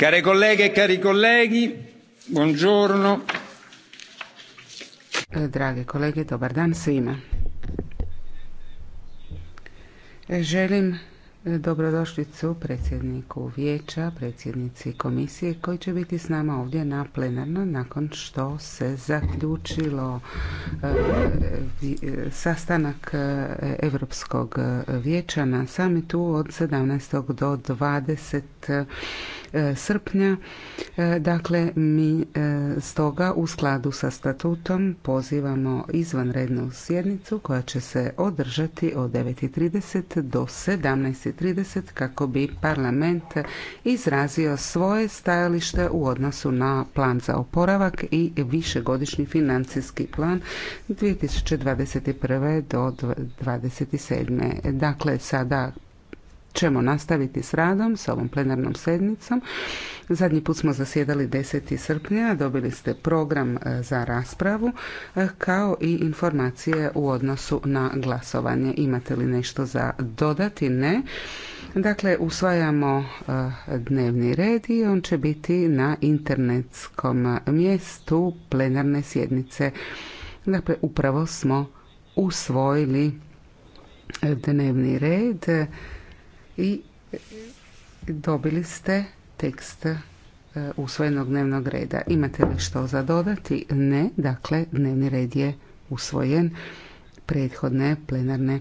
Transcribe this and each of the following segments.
Care kolege i e cari kolegi, buongiorno. Eh, Drage kolege, dobar dan svima. E, želim eh, dobrodošlicu predsjedniku vijeća, predsjednici komisije koji će biti s nama ovdje na plenarno nakon što se zaključilo eh, sastanak Europskog vijeća na samitu od 17. do 20. E, srpnja. E, dakle, mi e, stoga u skladu sa statutom pozivamo izvanrednu sjednicu koja će se održati od 9.30 do 17.30 kako bi parlament izrazio svoje stajalište u odnosu na plan za oporavak i višegodišnji financijski plan 2021. do 2027. Dakle, sada ćemo nastaviti s radom, s ovom plenarnom sednicom. Zadnji put smo zasjedali 10. srpnja, dobili ste program e, za raspravu e, kao i informacije u odnosu na glasovanje. Imate li nešto za dodati? Ne. Dakle, usvajamo e, dnevni red i on će biti na internetskom mjestu plenarne sjednice. Dakle, upravo smo usvojili dnevni red i dobili ste tekst e, usvojenog dnevnog reda. Imate li što za dodati? Ne, dakle dnevni red je usvojen prethodne plenarne.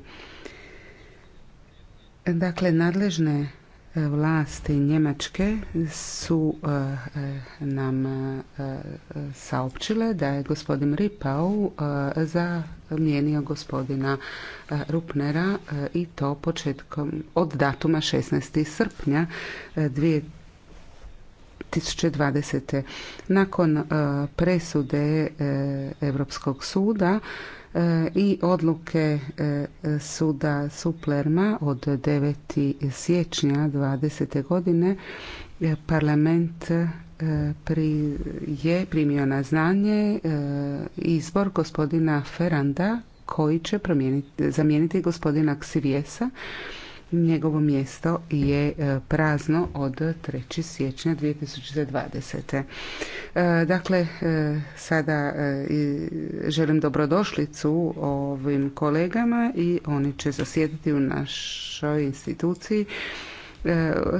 Dakle, nadležne vlasti Njemačke su e, e, nam saopćile da je gospodin Ripau za mijenio gospodina e, Rupnera e, i to početkom od datuma 16. srpnja 2020. E, Nakon presude Europskog suda i odluke suda Suplerma od 9. siječnja 2020. godine parlament E, pri, je primio na znanje e, izbor gospodina Feranda koji će zamijeniti gospodina Ksivijesa. Njegovo mjesto je e, prazno od 3. siječnja 2020. Dakle, sada želim dobrodošlicu ovim kolegama i oni će zasjediti u našoj instituciji E,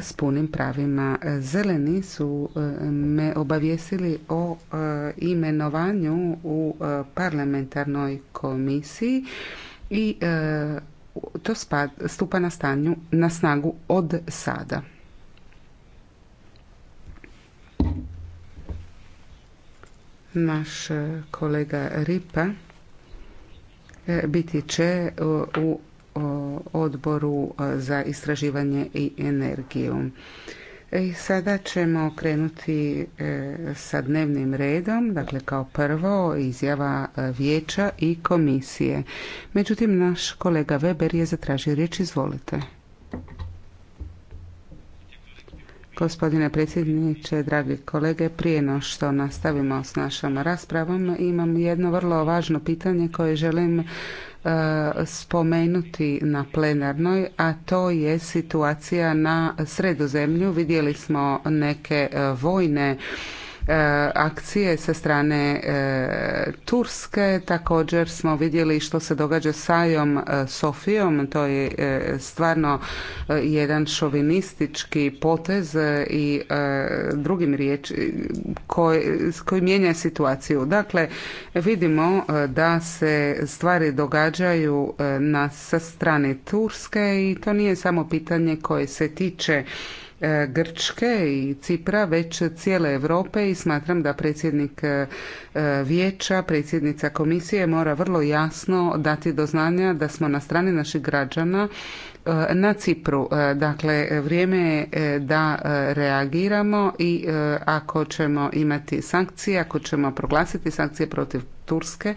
s punim pravima. Zeleni su e, me obavijestili o e, imenovanju u parlamentarnoj komisiji i to stupa na, stanju, na snagu od sada. Naš kolega Ripa biti će u odboru za istraživanje i energiju. I e, sada ćemo krenuti e, sa dnevnim redom, dakle kao prvo izjava e, vijeća i komisije. Međutim, naš kolega Weber je zatražio riječ, izvolite. Gospodine predsjedniče, dragi kolege, prije no što nastavimo s našom raspravom, imam jedno vrlo važno pitanje koje želim E, spomenuti na plenarnoj, a to je situacija na sredozemlju. Vidjeli smo neke e, vojne E, akcije sa strane e, Turske. Također smo vidjeli što se događa s e, Sofijom. To je stvarno jedan šovinistički potez i drugim riječi koji, koji mijenja situaciju. Dakle, vidimo da se stvari događaju na, sa strane Turske i to nije samo pitanje koje se tiče E, Grčke i Cipra, već cijele Europe i smatram da predsjednik e, vijeća, predsjednica komisije mora vrlo jasno dati do znanja da smo na strani naših građana e, na Cipru. Dakle, vrijeme je da reagiramo i ako ćemo imati sankcije, ako ćemo proglasiti sankcije protiv Turske,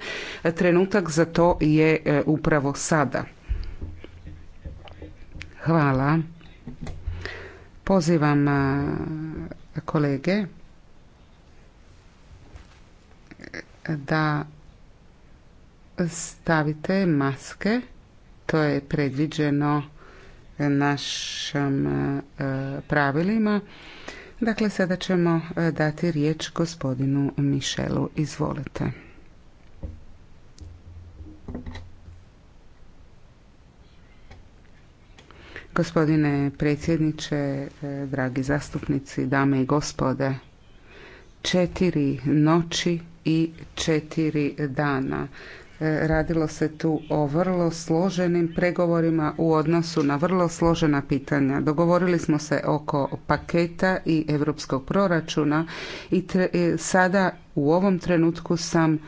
trenutak za to je upravo sada. Hvala. Pozivam e, kolege da stavite maske. To je predviđeno našim e, pravilima. Dakle, sada ćemo e, dati riječ gospodinu Mišelu. Izvolite. Gospodine predsjedniče, e, dragi zastupnici, dame i gospode, četiri noći i četiri dana. E, radilo se tu o vrlo složenim pregovorima u odnosu na vrlo složena pitanja. Dogovorili smo se oko paketa i europskog proračuna i e, sada u ovom trenutku sam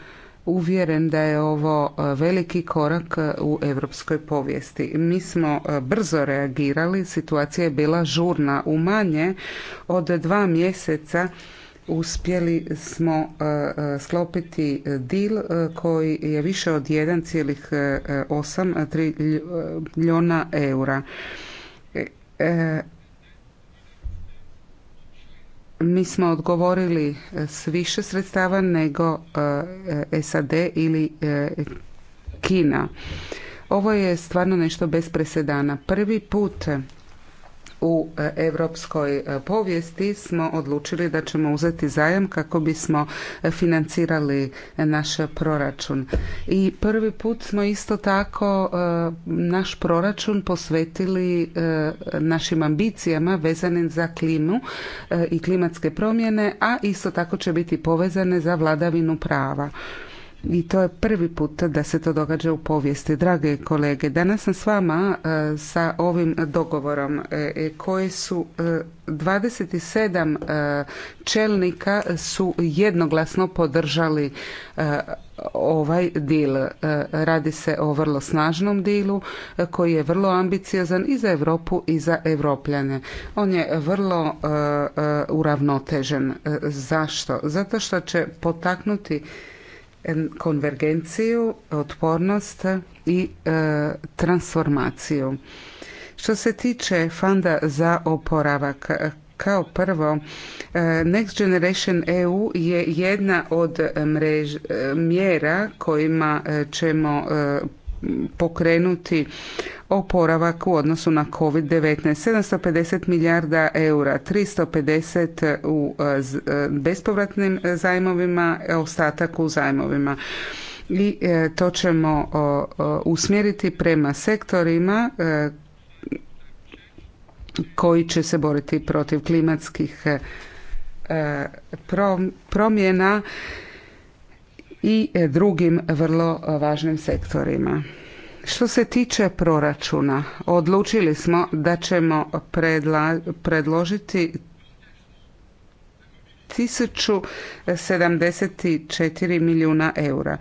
uvjeren da je ovo e, veliki korak e, u europskoj povijesti. Mi smo e, brzo reagirali, situacija je bila žurna. U manje od dva mjeseca uspjeli smo sklopiti dil koji je više od 1,8 milijuna eura mi smo odgovorili e, s više sredstava nego e, SAD ili e, Kina. Ovo je stvarno nešto bez presedana. Prvi put u europskoj e, povijesti smo odlučili da ćemo uzeti zajam kako bismo e, financirali e, naš proračun. I prvi put smo isto tako naš proračun posvetili našim ambicijama vezanim za klimu i klimatske promjene, a isto tako će biti povezane za vladavinu prava i to je prvi put da se to događa u povijesti. Drage kolege, danas sam s vama e, sa ovim dogovorom e, e, koje su 27 čelnika su jednoglasno podržali ovaj dil. Radi se o vrlo snažnom dilu koji je vrlo ambiciozan i za Europu i za Evropljane. On je vrlo uravnotežen. Zašto? Zato što će potaknuti konvergenciju, otpornost i e, transformaciju. Što se tiče fanda za oporavak, kao prvo, e, Next Generation EU je jedna od e, mjera kojima ćemo pokrenuti oporavak u odnosu na COVID-19. 750 milijarda eura, 350 u e, e, bespovratnim zajmovima, ostatak u zajmovima i e, to ćemo usmjeriti prema sektorima koji će se boriti protiv klimatskih promjena i e, drugim vrlo važnim sektorima. Što se tiče proračuna, odlučili smo da ćemo predla, predložiti 1074 milijuna eura.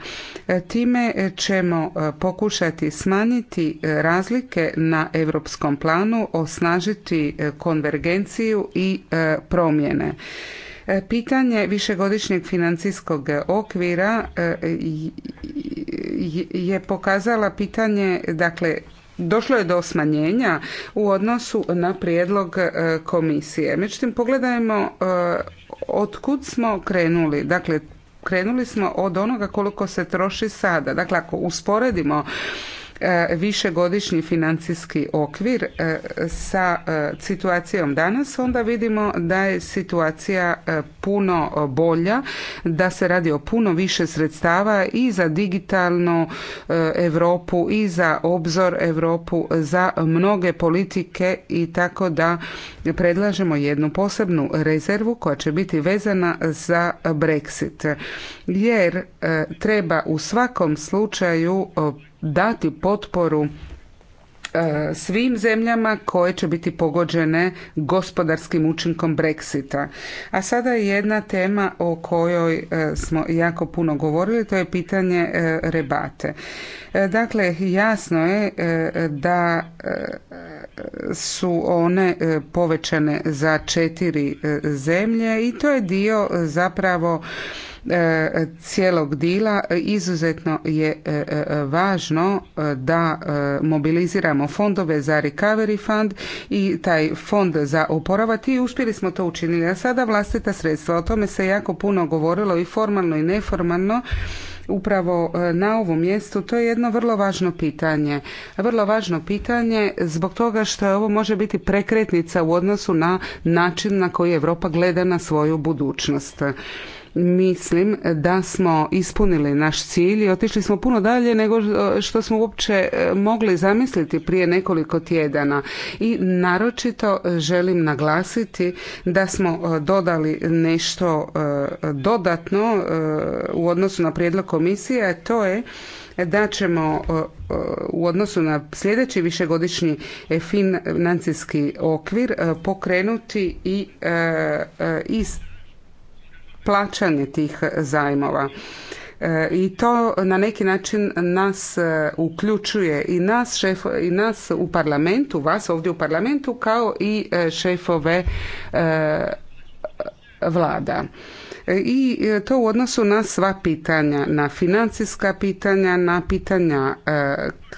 E, time ćemo e, pokušati smanjiti razlike na europskom planu, osnažiti konvergenciju i promjene. E, pitanje višegodišnjeg financijskog okvira e, je pokazala pitanje, dakle, Došlo je do smanjenja u odnosu na prijedlog e, komisije. Međutim, pogledajmo otkud smo krenuli. Dakle, krenuli smo od onoga koliko se troši sada. Dakle, ako usporedimo E, višegodišnji financijski okvir e, sa e, situacijom danas, onda vidimo da je situacija puno bolja, da se radi o puno više sredstava i za digitalnu Europu i za obzor Europu, za mnoge politike i tako da predlažemo jednu posebnu rezervu koja će biti vezana za Brexit. Jer treba u svakom slučaju dati potporu e, svim zemljama koje će biti pogođene gospodarskim učinkom Brexita. A sada je jedna tema o kojoj e, smo jako puno govorili, to je pitanje e, rebate. Dakle, jasno je da su one povećane za četiri zemlje i to je dio zapravo E, cijelog dila izuzetno je e, e, važno da mobiliziramo fondove za recovery fund i taj fond za oporavati i uspjeli smo to učiniti. A sada vlastita sredstva, o tome se jako puno govorilo i formalno i neformalno upravo na ovom mjestu, to je jedno vrlo važno pitanje. Vrlo važno pitanje zbog toga što ovo može biti prekretnica u odnosu na način na koji Europa gleda na svoju budućnost. Mislim da smo ispunili naš cilj i otišli smo puno dalje nego što smo uopće e, mogli zamisliti prije nekoliko tjedana. I naročito želim naglasiti da smo e, dodali nešto e, dodatno u odnosu na prijedlog komisije, a to je da ćemo u odnosu na sljedeći višegodišnji financijski okvir pokrenuti i iz plaćanje tih zajmova. E, I to na neki način nas e, uključuje i nas, i nas u parlamentu, vas ovdje u parlamentu kao i e, šefove vlada i to u odnosu na sva pitanja, na financijska pitanja, na pitanja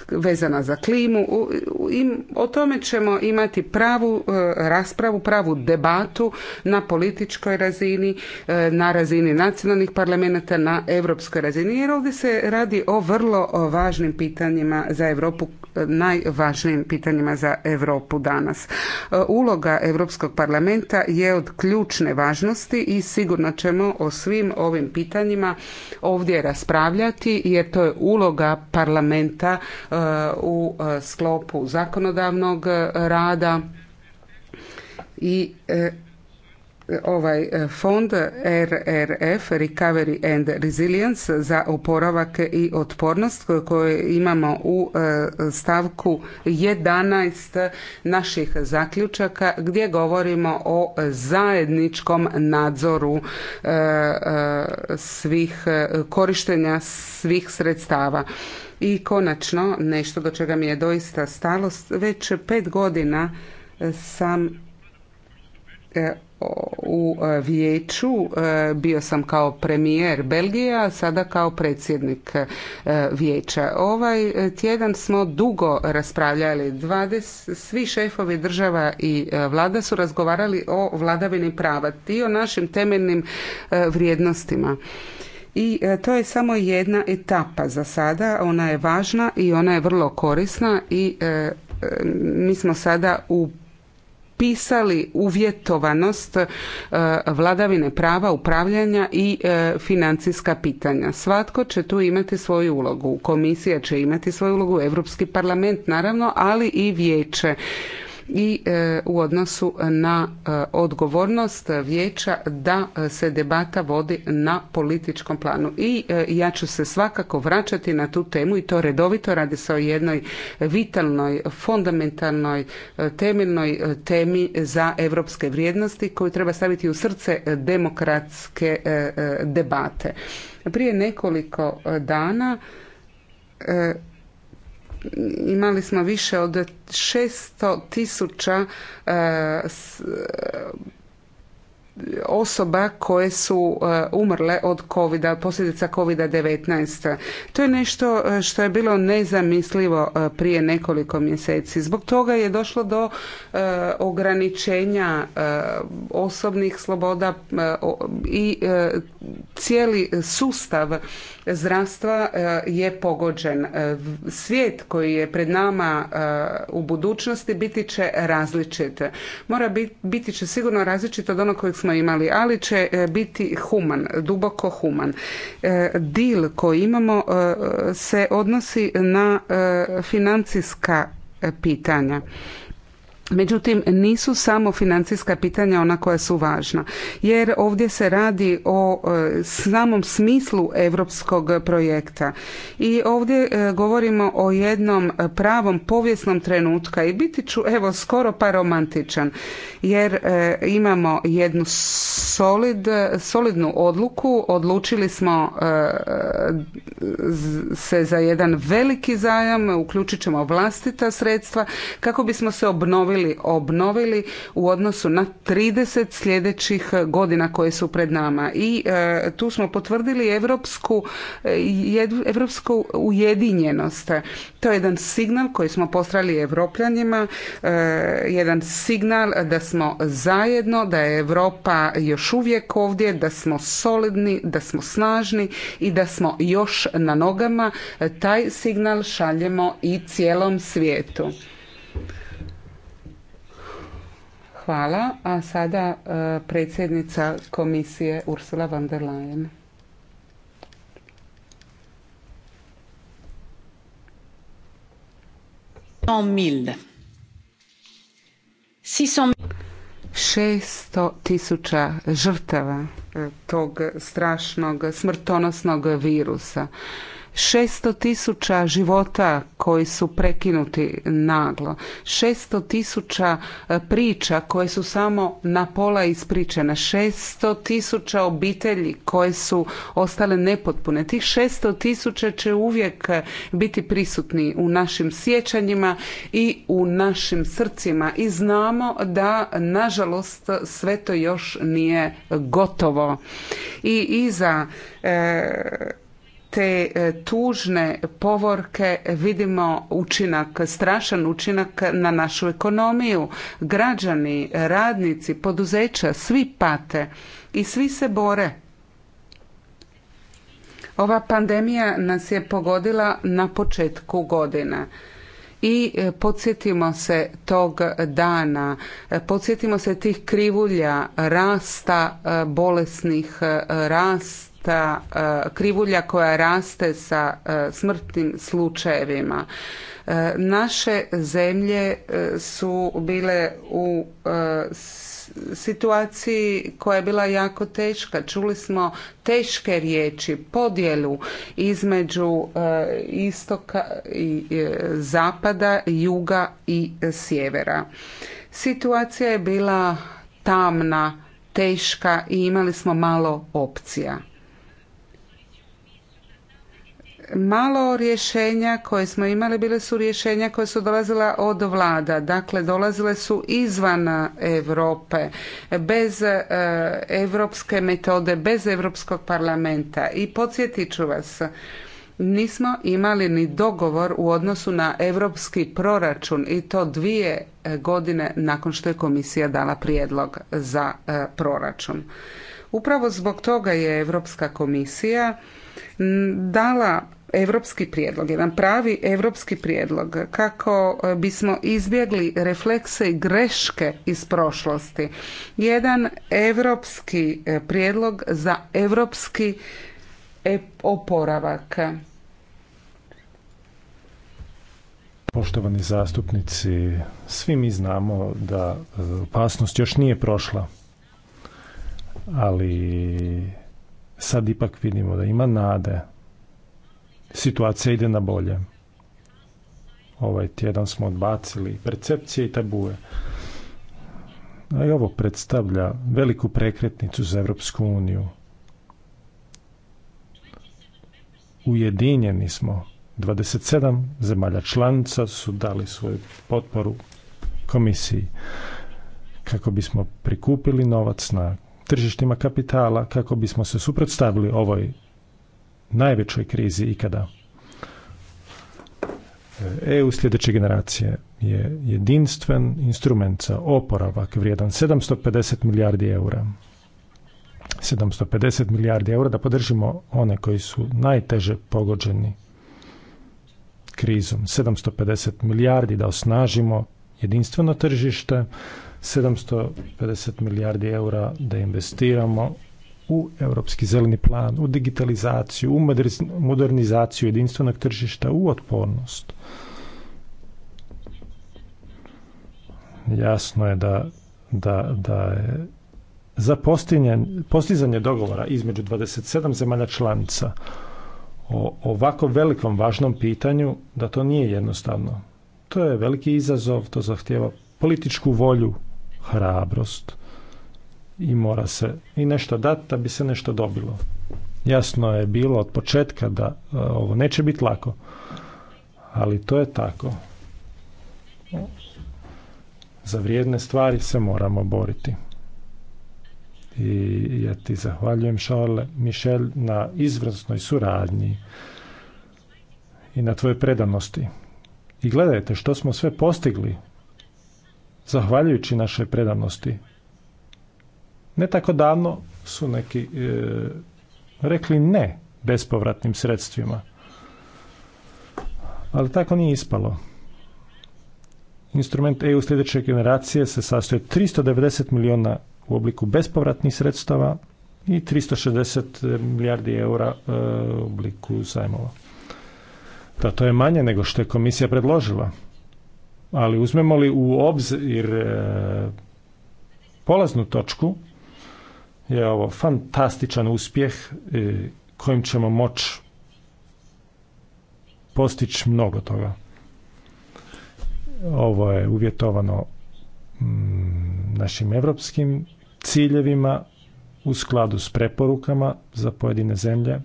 vezana za klimu i o tome ćemo imati pravu e, raspravu, pravu debatu na političkoj razini, e, na razini nacionalnih parlamenta, na europskoj razini jer ovdje se radi o vrlo važnim pitanjima za Europu e, najvažnijim pitanjima za Europu danas. Uloga Europskog parlamenta je od ključne važnosti i sigurno ćemo o svim ovim pitanjima ovdje raspravljati jer to je uloga parlamenta u e, sklopu zakonodavnog e, rada i e, ovaj fond RRF Recovery and Resilience za oporavak i otpornost koje imamo u stavku 11 naših zaključaka gdje govorimo o zajedničkom nadzoru svih korištenja svih sredstava. I konačno, nešto do čega mi je doista stalo, već pet godina e, sam e, u e, vijeću bio sam kao premijer Belgije, a sada kao predsjednik vijeća. Ovaj tjedan smo dugo raspravljali. 20, svi šefovi država i vlada su razgovarali o vladavini prava i o našim temeljnim vrijednostima i e, to je samo jedna etapa za sada. Ona je važna i ona je vrlo korisna i e, e, mi smo sada u pisali uvjetovanost vladavine prava upravljanja i financijska pitanja. Svatko će tu imati svoju ulogu. Komisija će imati svoju ulogu, Europski parlament naravno, ali i vijeće i e, u odnosu na e, odgovornost vijeća da e, se debata vodi na političkom planu. I ja ću se svakako vraćati na tu temu i to redovito radi se o jednoj vitalnoj, fundamentalnoj, temeljnoj temi za europske vrijednosti koju treba staviti u srce demokratske debate. Prije nekoliko dana imali smo više od 600 tisuća e, e, osoba koje su e, umrle od kovida posljedica covid 19 To je nešto što je bilo nezamislivo prije nekoliko mjeseci. Zbog toga je došlo do ograničenja osobnih sloboda i cijeli sustav zdravstva e, je pogođen. E, svijet koji je pred nama e, u budućnosti biti će različit. Mora biti, biti će sigurno različit od onog kojeg smo imali, ali će biti human, duboko human. Dil koji imamo se odnosi na financijska pitanja. Međutim, nisu samo financijska pitanja ona koja su važna, jer ovdje se radi o e, samom smislu europskog projekta. I ovdje e, govorimo o jednom pravom povijesnom trenutka i biti ću evo skoro pa romantičan, jer e, imamo jednu solid, solidnu odluku, odlučili smo se za jedan veliki zajam, uključit ćemo vlastita sredstva kako bismo se obnovili ili obnovili u odnosu na 30 sljedećih godina koje su pred nama. I e, tu smo potvrdili evropsku, e, evropsku ujedinjenost. To je jedan signal koji smo postrali evropljanjima, e, jedan signal da smo zajedno, da je Europa još uvijek ovdje, da smo solidni, da smo snažni i da smo još na nogama. taj signal šaljemo i cijelom svijetu. Hvala. A sada e, predsjednica komisije Ursula von der Leyen. Šesto tisuća žrtava e, tog strašnog smrtonosnog virusa. 600 tisuća života koji su prekinuti naglo, 600 tisuća e, priča koje su samo na pola ispričane, 600 tisuća obitelji koje su ostale nepotpune. Tih 600 tisuća će uvijek e, biti prisutni u našim sjećanjima i u našim srcima i znamo da nažalost sve to još nije gotovo. I iza e, te e, tužne povorke vidimo učinak, strašan učinak na našu ekonomiju. Građani, radnici, poduzeća, svi pate i svi se bore. Ova pandemija nas je pogodila na početku godine i e, podsjetimo se tog dana, e, podsjetimo se tih krivulja rasta bolesnih, rasta ta e, krivulja koja raste sa e, smrtnim slučajevima. E, naše zemlje su bile u situaciji koja je bila jako teška. Čuli smo teške riječi, podjelu između istoka i zapada, juga i sjevera. Situacija je bila tamna, teška i imali smo malo opcija malo rješenja koje smo imali bile su rješenja koje su dolazila od vlada, dakle dolazile su izvan Europe, bez europske metode, bez Europskog parlamenta. I podsjetit ću vas, nismo imali ni dogovor u odnosu na europski proračun i to dvije godine nakon što je komisija dala prijedlog za e, proračun. Upravo zbog toga je Europska komisija dala europski prijedlog, jedan pravi europski prijedlog kako e, bismo izbjegli reflekse i greške iz prošlosti. Jedan europski e, prijedlog za europski e, oporavak. Poštovani zastupnici, svi mi znamo da opasnost još nije prošla, ali sad ipak vidimo da ima nade situacija ide na bolje. Ovaj tjedan smo odbacili percepcije i tabue. A i ovo predstavlja veliku prekretnicu za Europsku uniju. Ujedinjeni smo. 27 zemalja članica su dali svoju potporu komisiji kako bismo prikupili novac na tržištima kapitala, kako bismo se suprotstavili ovoj najvećoj krizi ikada. EU e sljedeće generacije je jedinstven instrument za oporavak vrijedan 750 milijardi eura. 750 milijardi eura da podržimo one koji su najteže pogođeni krizom. 750 milijardi da osnažimo jedinstveno tržište, 750 milijardi eura da investiramo u europski zeleni plan, u digitalizaciju, u modernizaciju jedinstvenog tržišta, u otpornost. Jasno je da, da, da je za postizanje dogovora između 27 zemalja članica o ovako velikom važnom pitanju da to nije jednostavno. To je veliki izazov, to zahtjeva političku volju, hrabrost i mora se i nešto dati da bi se nešto dobilo. Jasno je bilo od početka da e, ovo neće biti lako, ali to je tako. Za vrijedne stvari se moramo boriti. I ja ti zahvaljujem, Šarle, Michel, na izvrsnoj suradnji i na tvojoj predanosti. I gledajte što smo sve postigli zahvaljujući našoj predanosti ne tako davno su neki e, rekli ne bespovratnim sredstvima. Ali tako nije ispalo. Instrument EU sljedeće generacije se sastoji 390 milijuna u obliku bespovratnih sredstava i 360 milijardi eura e, u obliku zajmova. Da, pa to je manje nego što je komisija predložila. Ali uzmemo li u obzir e, polaznu točku, je ovo fantastičan uspjeh e, kojim ćemo moć postići mnogo toga. Ovo je uvjetovano mm, našim evropskim ciljevima u skladu s preporukama za pojedine zemlje.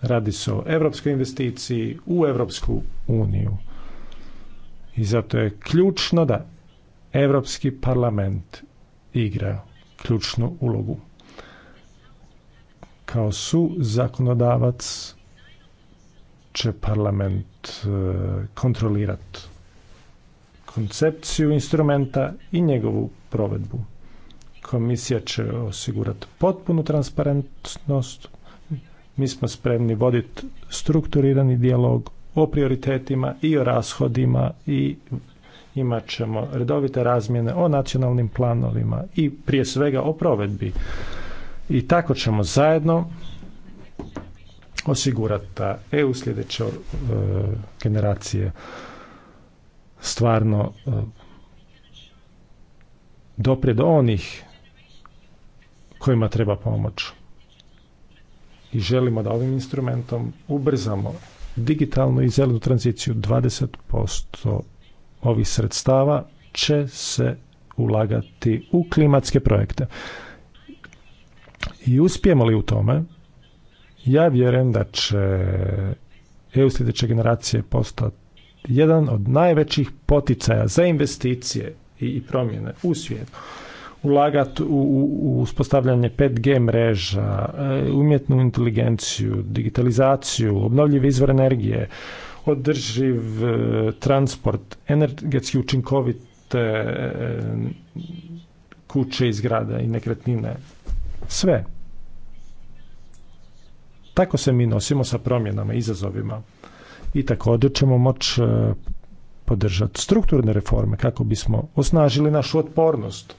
Radi se o evropskoj investiciji u Evropsku uniju. I zato je ključno da Evropski parlament igra ključnu ulogu. Kao su zakonodavac će parlament e, kontrolirati koncepciju instrumenta i njegovu provedbu. Komisija će osigurati potpunu transparentnost. Mi smo spremni voditi strukturirani dijalog o prioritetima i o rashodima i imat ćemo redovite razmjene o nacionalnim planovima i prije svega o provedbi. I tako ćemo zajedno osigurati da EU sljedeće e, generacije stvarno e, onih kojima treba pomoć. I želimo da ovim instrumentom ubrzamo digitalnu i zelenu tranziciju 20% ovih sredstava će se ulagati u klimatske projekte. I uspijemo li u tome, ja vjerujem da će EU sljedeće generacije postati jedan od najvećih poticaja za investicije i promjene u svijetu. Ulagati u uspostavljanje 5G mreža, e, umjetnu inteligenciju, digitalizaciju, obnovljive izvore energije, održiv e, transport, energetski učinkovite e, kuće i zgrada i nekretnine. Sve. Tako se mi nosimo sa promjenama, izazovima. I također ćemo moći e, podržati strukturne reforme kako bismo osnažili našu otpornost.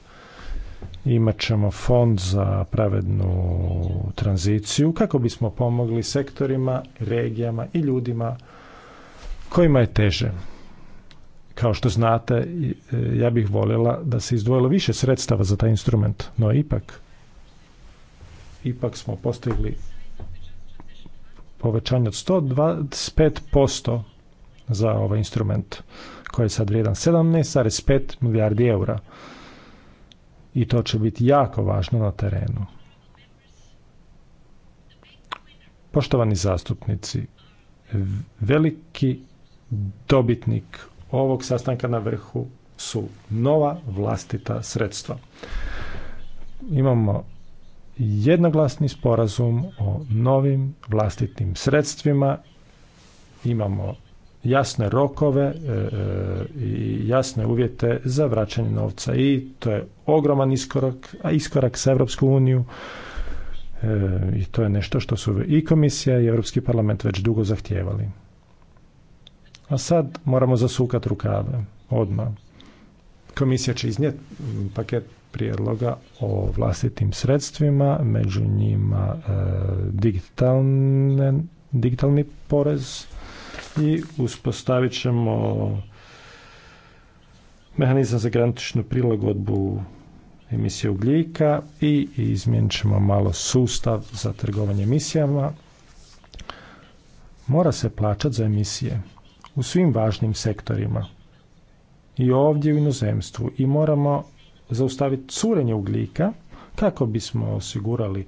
Imat ćemo fond za pravednu tranziciju kako bismo pomogli sektorima, regijama i ljudima kojima je teže. Kao što znate, e, ja bih voljela da se izdvojilo više sredstava za taj instrument, no ipak ipak smo postigli povećanje od 125% za ovaj instrument koji je sad vrijedan 17,5 milijardi eura. I to će biti jako važno na terenu. Poštovani zastupnici, veliki dobitnik ovog sastanka na vrhu su nova vlastita sredstva. Imamo jednoglasni sporazum o novim vlastitim sredstvima, imamo jasne rokove e, e, i jasne uvjete za vraćanje novca i to je ogroman iskorak, a iskorak sa Europsku uniju e, i to je nešto što su i komisija i Europski parlament već dugo zahtijevali. A sad moramo zasukat rukave, odmah. Komisija će iznijeti paket prijedloga o vlastitim sredstvima, među njima e, digitalni porez i uspostavit ćemo mehanizam za garantičnu prilagodbu emisije ugljika i izmijenit ćemo malo sustav za trgovanje emisijama. Mora se plaćati za emisije u svim važnim sektorima. I ovdje u inozemstvu. I moramo zaustaviti curenje ugljika kako bismo osigurali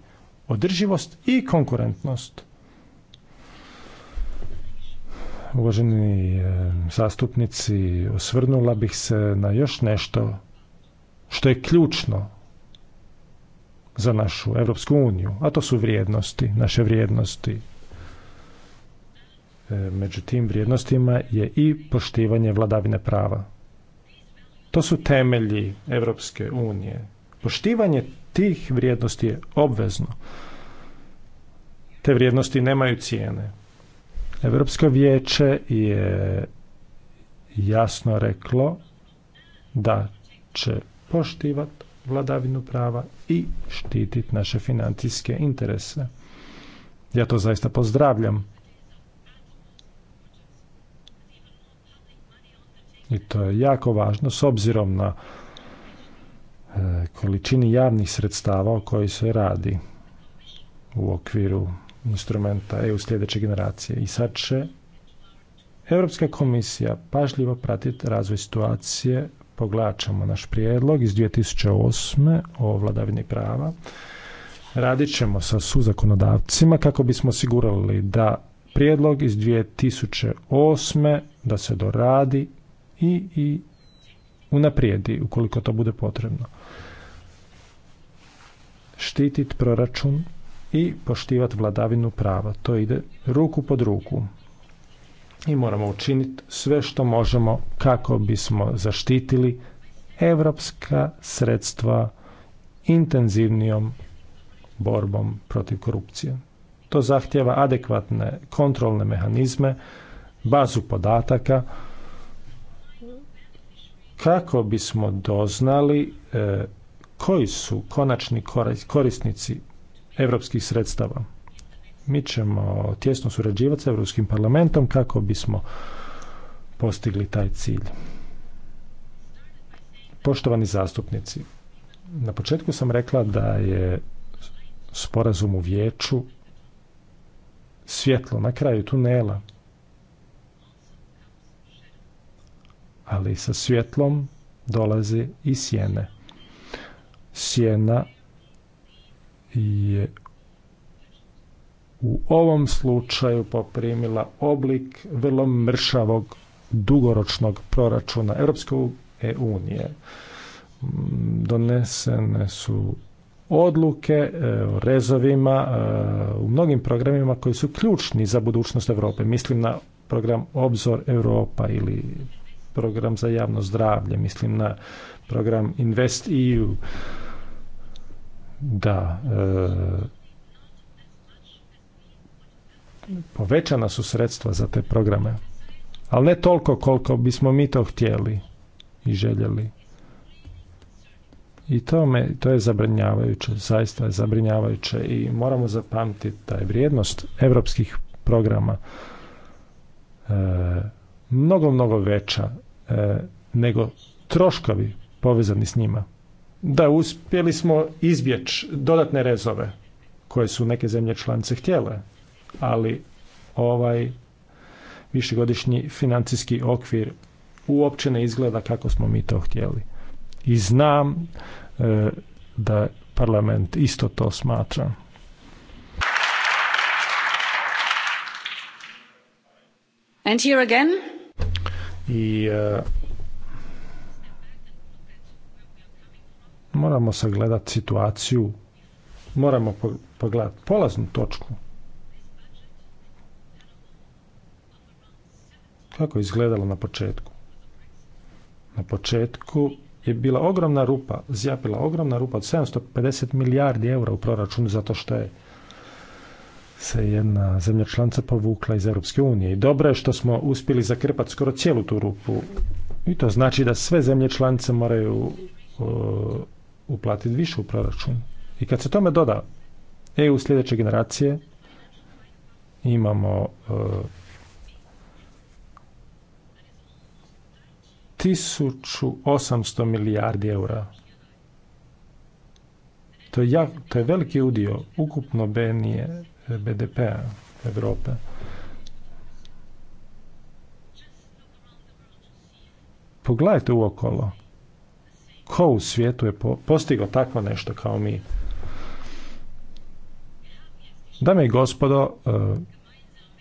održivost i konkurentnost. Uvaženi e, zastupnici, osvrnula bih se na još nešto što je ključno za našu Europsku uniju, a to su vrijednosti, naše vrijednosti, E, među tim vrijednostima je i poštivanje vladavine prava. To su temelji Europske unije. Poštivanje tih vrijednosti je obvezno. Te vrijednosti nemaju cijene. Europsko vijeće je jasno reklo da će poštivati vladavinu prava i štititi naše financijske interese. Ja to zaista pozdravljam. i to je jako važno s obzirom na e, količini javnih sredstava o kojoj se radi u okviru instrumenta EU sljedeće generacije. I sad će Europska komisija pažljivo pratiti razvoj situacije. Poglačamo naš prijedlog iz 2008. o vladavini prava. Radit ćemo sa suzakonodavcima kako bismo osigurali da prijedlog iz 2008. da se doradi i, i unaprijedi ukoliko to bude potrebno. Štititi proračun i poštivati vladavinu prava. To ide ruku pod ruku. I moramo učiniti sve što možemo kako bismo zaštitili evropska sredstva intenzivnijom borbom protiv korupcije. To zahtjeva adekvatne kontrolne mehanizme, bazu podataka, kako bismo doznali e, koji su konačni korisnici europskih sredstava. Mi ćemo tjesno surađivati sa Europskim parlamentom kako bismo postigli taj cilj. Poštovani zastupnici, na početku sam rekla da je sporazum u vijeću svjetlo na kraju tunela. ali sa svjetlom dolazi i sjene. Sjena je u ovom slučaju poprimila oblik vrlo mršavog dugoročnog proračuna Europske unije. Donesene su odluke e, o rezovima e, u mnogim programima koji su ključni za budućnost Europe. Mislim na program Obzor Europa ili program za javno zdravlje, mislim na program Invest EU, da e, povećana su sredstva za te programe, ali ne toliko koliko bismo mi to htjeli i željeli. I to, me, to je zabrinjavajuće, zaista je zabrinjavajuće i moramo zapamtiti da je vrijednost evropskih programa e, mnogo, mnogo veća e, nego troškovi povezani s njima. Da, uspjeli smo izbjeć dodatne rezove koje su neke zemlje članice htjele, ali ovaj višegodišnji financijski okvir uopće ne izgleda kako smo mi to htjeli. I znam e, da parlament isto to smatra. And here again, i e, moramo sagledati situaciju, moramo pogledati polaznu točku. Kako je izgledalo na početku? Na početku je bila ogromna rupa, zjapila ogromna rupa od 750 milijardi eura u proračunu zato što je se jedna zemlja članca povukla iz Europske unije. I dobro je što smo uspjeli zakrpati skoro cijelu tu rupu. I to znači da sve zemlje članice moraju uh, uplatiti više u proračun. I kad se tome doda EU sljedeće generacije, imamo uh, tisuća milijardi eura. To je, jak, to je veliki udio ukupno benije BDP-a Europe. Pogledajte uokolo. Ko u svijetu je postigao takvo nešto kao mi? Dame i gospodo, e,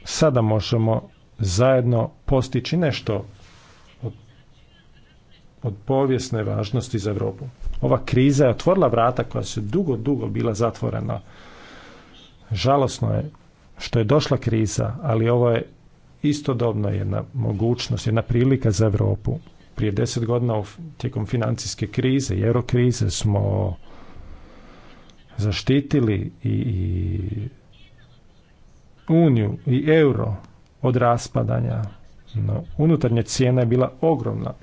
sada možemo zajedno postići nešto od, od povijesne važnosti za Europu. Ova kriza je otvorila vrata koja su dugo, dugo bila zatvorena. Žalosno je što je došla kriza, ali ovo je istodobno jedna mogućnost, jedna prilika za Europu. Prije deset godina tijekom financijske krize i eurokrize smo zaštitili i, i Uniju i euro od raspadanja. No, unutarnja cijena je bila ogromna.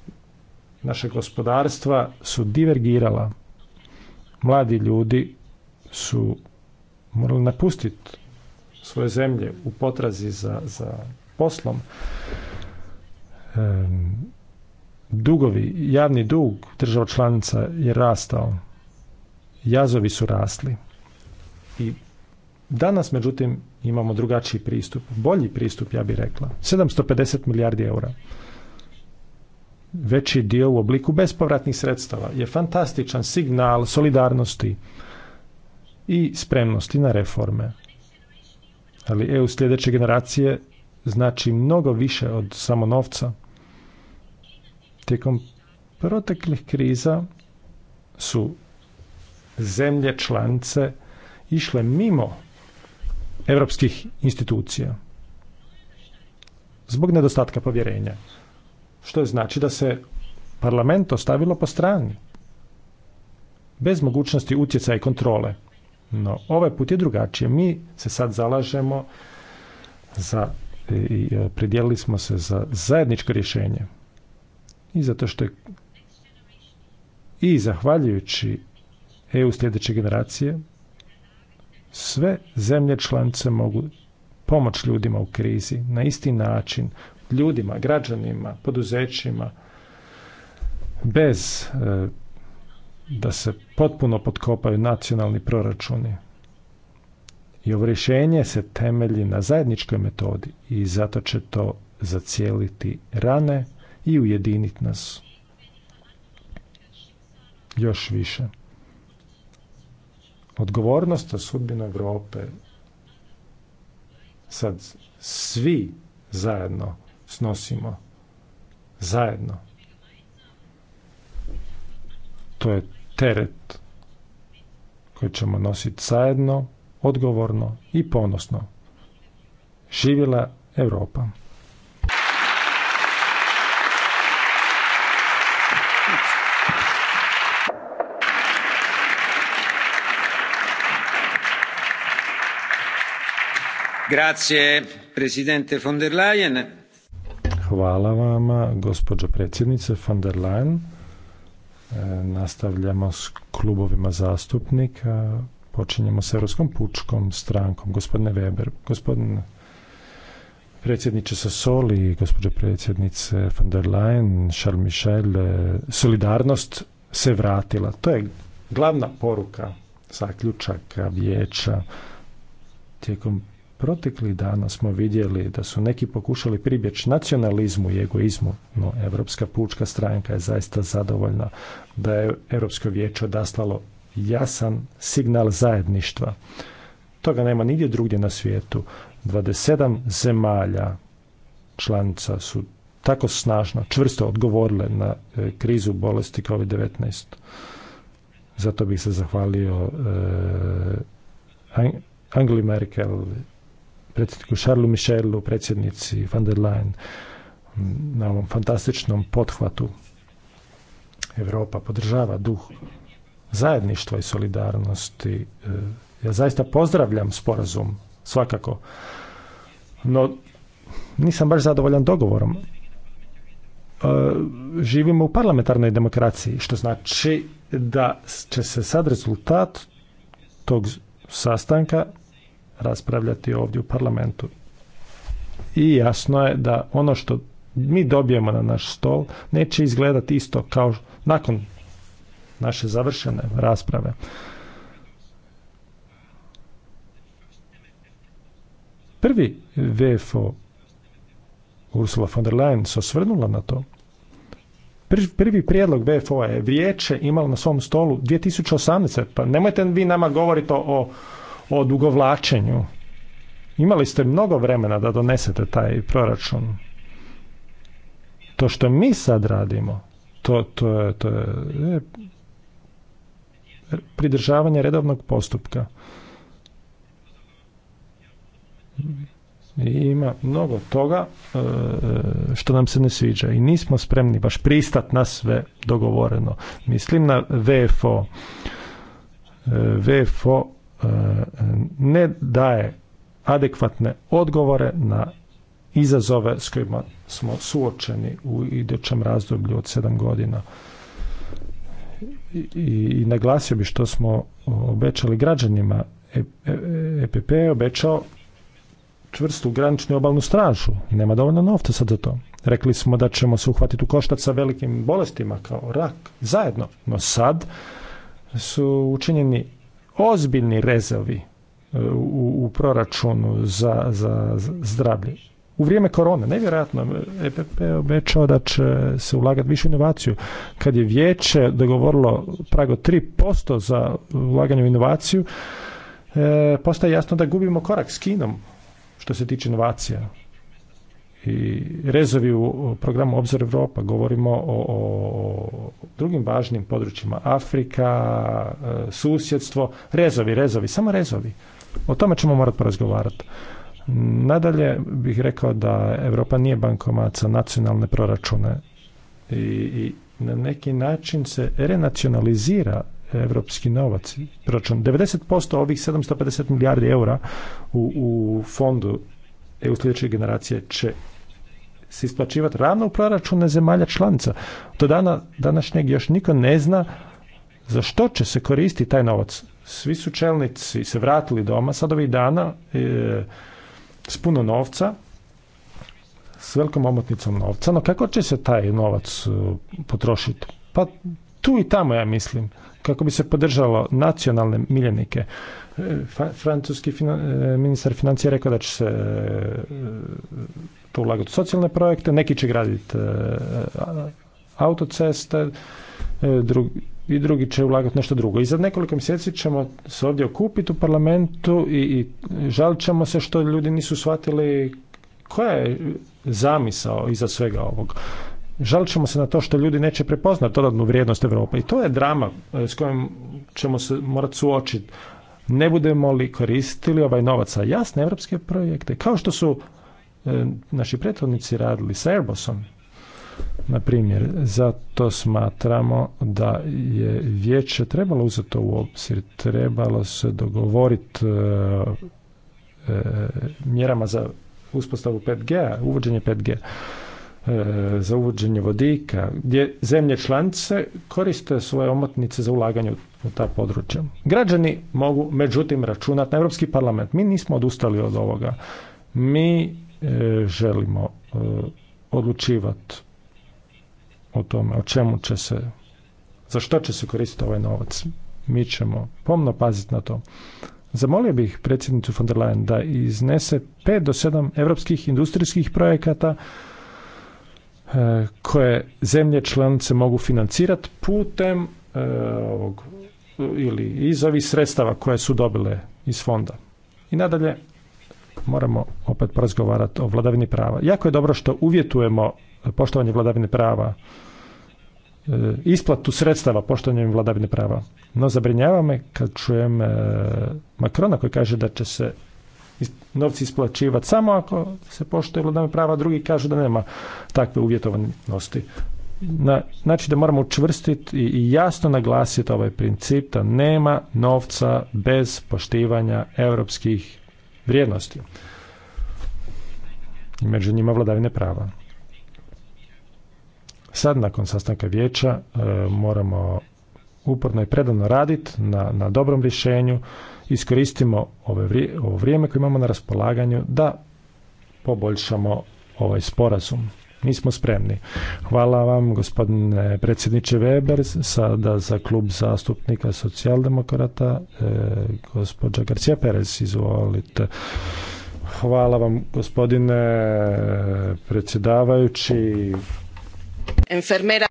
Naše gospodarstva su divergirala. Mladi ljudi su morali napustiti svoje zemlje u potrazi za, za poslom. E, dugovi, javni dug država članica je rastao. Jazovi su rasli. I danas, međutim, imamo drugačiji pristup. Bolji pristup, ja bih rekla. 750 milijardi eura. Veći dio u obliku bespovratnih sredstava je fantastičan signal solidarnosti i spremnosti na reforme. Ali EU sljedeće generacije znači mnogo više od samo novca. Tijekom proteklih kriza su zemlje članice išle mimo europskih institucija zbog nedostatka povjerenja. Što je znači da se parlament ostavilo po strani, bez mogućnosti utjecaja i kontrole. No, ovaj put je drugačije. Mi se sad zalažemo za i e, predijelili smo se za zajedničko rješenje. I zato što je i zahvaljujući EU sljedeće generacije sve zemlje članice mogu pomoć ljudima u krizi na isti način, ljudima, građanima, poduzećima bez e, da se potpuno potkopaju nacionalni proračuni. I ovo rješenje se temelji na zajedničkoj metodi i zato će to zacijeliti rane i ujediniti nas još više. Odgovornost o sudbinu Europe sad svi zajedno snosimo. Zajedno. To je teret koji ćemo nositi zajedno, odgovorno i ponosno. Živjela Europa! Grazie, presidente von der Leyen. Hvala vama, gospođo predsjednice von der Leyen. E, nastavljamo s klubovima zastupnika. Počinjemo s Europskom pučkom strankom. Gospodine Weber, gospodine predsjedniče Sassoli, gospođo predsjednice von der Leyen, Charles Michel, e, solidarnost se vratila. To je glavna poruka zaključaka vijeća tijekom Proteklih dana smo vidjeli da su neki pokušali pribjeći nacionalizmu i egoizmu, no Europska pučka stranka je zaista zadovoljna da je Europsko vijeće odaslalo jasan signal zajedništva. Toga nema nigdje drugdje na svijetu. 27 zemalja članica su tako snažno, čvrsto odgovorile na e, krizu bolesti COVID-19. Zato bih se zahvalio e, Angli Merkel predsjedniku Charlesu Michelu, predsjednici van der Leyen na ovom fantastičnom pothvatu. Europa podržava duh zajedništva i solidarnosti. E, ja zaista pozdravljam sporazum, svakako. No, nisam baš zadovoljan dogovorom. E, živimo u parlamentarnoj demokraciji, što znači da će se sad rezultat tog sastanka raspravljati ovdje u parlamentu. I jasno je da ono što mi dobijemo na naš stol neće izgledati isto kao nakon naše završene rasprave. Prvi VFO Ursula von der Leyen se osvrnula na to. Prvi prijedlog bfo a je vijeće imalo na svom stolu 2018. Pa nemojte vi nama govoriti o o dugovlačenju. Imali ste mnogo vremena da donesete taj proračun. To što mi sad radimo, to, to, je, to je e, pridržavanje redovnog postupka. I ima mnogo toga e, što nam se ne sviđa i nismo spremni baš pristat na sve dogovoreno. Mislim na VFO. E, VFO ne daje adekvatne odgovore na izazove s kojima smo suočeni u idućem razdoblju od sedam godina. I, i naglasio bi što smo obećali građanima. EPP e, e je obećao čvrstu graničnu obalnu stražu. Nema dovoljno novca sad za to. Rekli smo da ćemo se uhvatiti u koštac sa velikim bolestima kao rak zajedno. No sad su učinjeni ozbiljni rezovi e, u, proračunu za, za zdravlje. U vrijeme korone, nevjerojatno, EPP je obećao da će se ulagati više inovaciju. Kad je vijeće dogovorilo prago 3% za ulaganje u inovaciju, e, postaje jasno da gubimo korak s Kinom što se tiče inovacija i rezovi u programu Obzor Europa, govorimo o, drugim važnim područjima, Afrika, e, susjedstvo, rezovi, rezovi, samo rezovi. O tome ćemo morati porazgovarati. Nadalje bih rekao da Europa nije bankomat za nacionalne proračune i, i na neki način se renacionalizira evropski novac, proračun. 90% ovih 750 milijardi eura u, u fondu EU sljedeće generacije će se isplaćivati ravno u proračune zemalja članica. Do dana današnjeg još niko ne zna za što će se koristiti taj novac. Svi su čelnici se vratili doma sad ovih dana e, s puno novca, s velikom omotnicom novca, no kako će se taj novac e, potrošiti? Pa tu i tamo ja mislim kako bi se podržalo nacionalne miljenike. E, francuski ministar financija rekao da će se ulagati u socijalne projekte, neki će graditi e, autoceste, e, drugi, i drugi će ulagati nešto drugo. I za nekoliko mjeseci ćemo se ovdje okupiti u parlamentu i, i žalit ćemo se što ljudi nisu shvatili koja je zamisao iza svega ovog. Žalit ćemo se na to što ljudi neće prepoznati dodatnu vrijednost Europe. I to je drama e, s kojom ćemo se morati suočiti. Ne budemo li koristili ovaj novac za jasne evropske projekte, kao što su E, naši prethodnici radili sa Airbusom, na primjer. Zato smatramo da je vijeće trebalo uzeti u obzir, trebalo se dogovoriti e, e, mjerama za uspostavu 5G, uvođenje 5G, za uvođenje vodika, gdje zemlje članice koriste svoje omotnice za ulaganje u ta područja. Građani mogu međutim računati na Europski parlament. Mi nismo odustali od ovoga. Mi E, želimo e, odlučivati o tome o čemu će se, za što će se koristiti ovaj novac. Mi ćemo pomno paziti na to. Zamolio bih predsjednicu von der Leyen da iznese pet do sedam europskih industrijskih projekata e, koje zemlje članice mogu financirati putem ovog ili iz ovih sredstava koje su dobile iz fonda. I nadalje, moramo opet porazgovarati o vladavini prava. Jako je dobro što uvjetujemo poštovanje vladavine prava, e, isplatu sredstava poštovanjem vladavine prava. No zabrinjava me kad čujem e, Makrona koji kaže da će se novci isplaćivati samo ako se poštuju vladavina prava, drugi kažu da nema takve uvjetovanosti. Na, znači da moramo učvrstiti i jasno naglasiti ovaj princip da nema novca bez poštivanja europskih vrijednosti i među njima vladavine prava. Sad, nakon sastanka vijeća, e, moramo uporno i predano raditi na, na dobrom rješenju, iskoristimo ove ovo vrijeme koje imamo na raspolaganju da poboljšamo ovaj sporazum smo spremni. Hvala vam gospodine predsjedniče Weber, sada za klub zastupnika socijaldemokrata e, gospođa Garcia Perez, izvolite. Hvala vam gospodine predsjedavajući. Enfermera.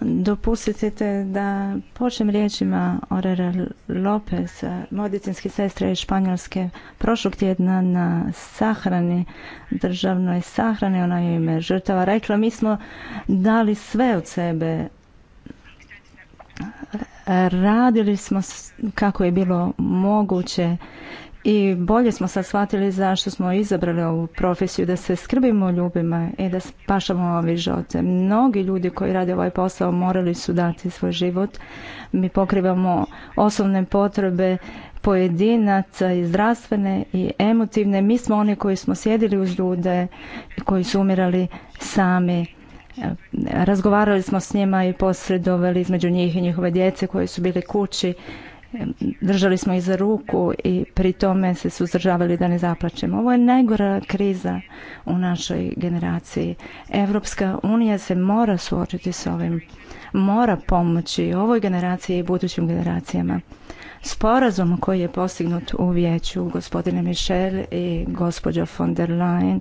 Dopustite da počnem riječima Orera Lopez, medicinske sestre iz Španjolske, prošlog tjedna na sahrani, državnoj sahrani, ona je ime žrtava rekla, mi smo dali sve od sebe, radili smo kako je bilo moguće i bolje smo sad shvatili zašto smo izabrali ovu profesiju, da se skrbimo ljubima i da spašamo ove žote. Mnogi ljudi koji rade ovaj posao morali su dati svoj život. Mi pokrivamo osobne potrebe pojedinaca i zdravstvene i emotivne. Mi smo oni koji smo sjedili uz ljude koji su umirali sami. Razgovarali smo s njima i posredovali između njih i njihove djece koji su bili kući držali smo za ruku i pri tome se suzdržavali da ne zaplaćemo. Ovo je najgora kriza u našoj generaciji. Evropska unija se mora suočiti s ovim, mora pomoći ovoj generaciji i budućim generacijama. Sporazum koji je postignut u vijeću gospodine Michel i gospođo von der Leyen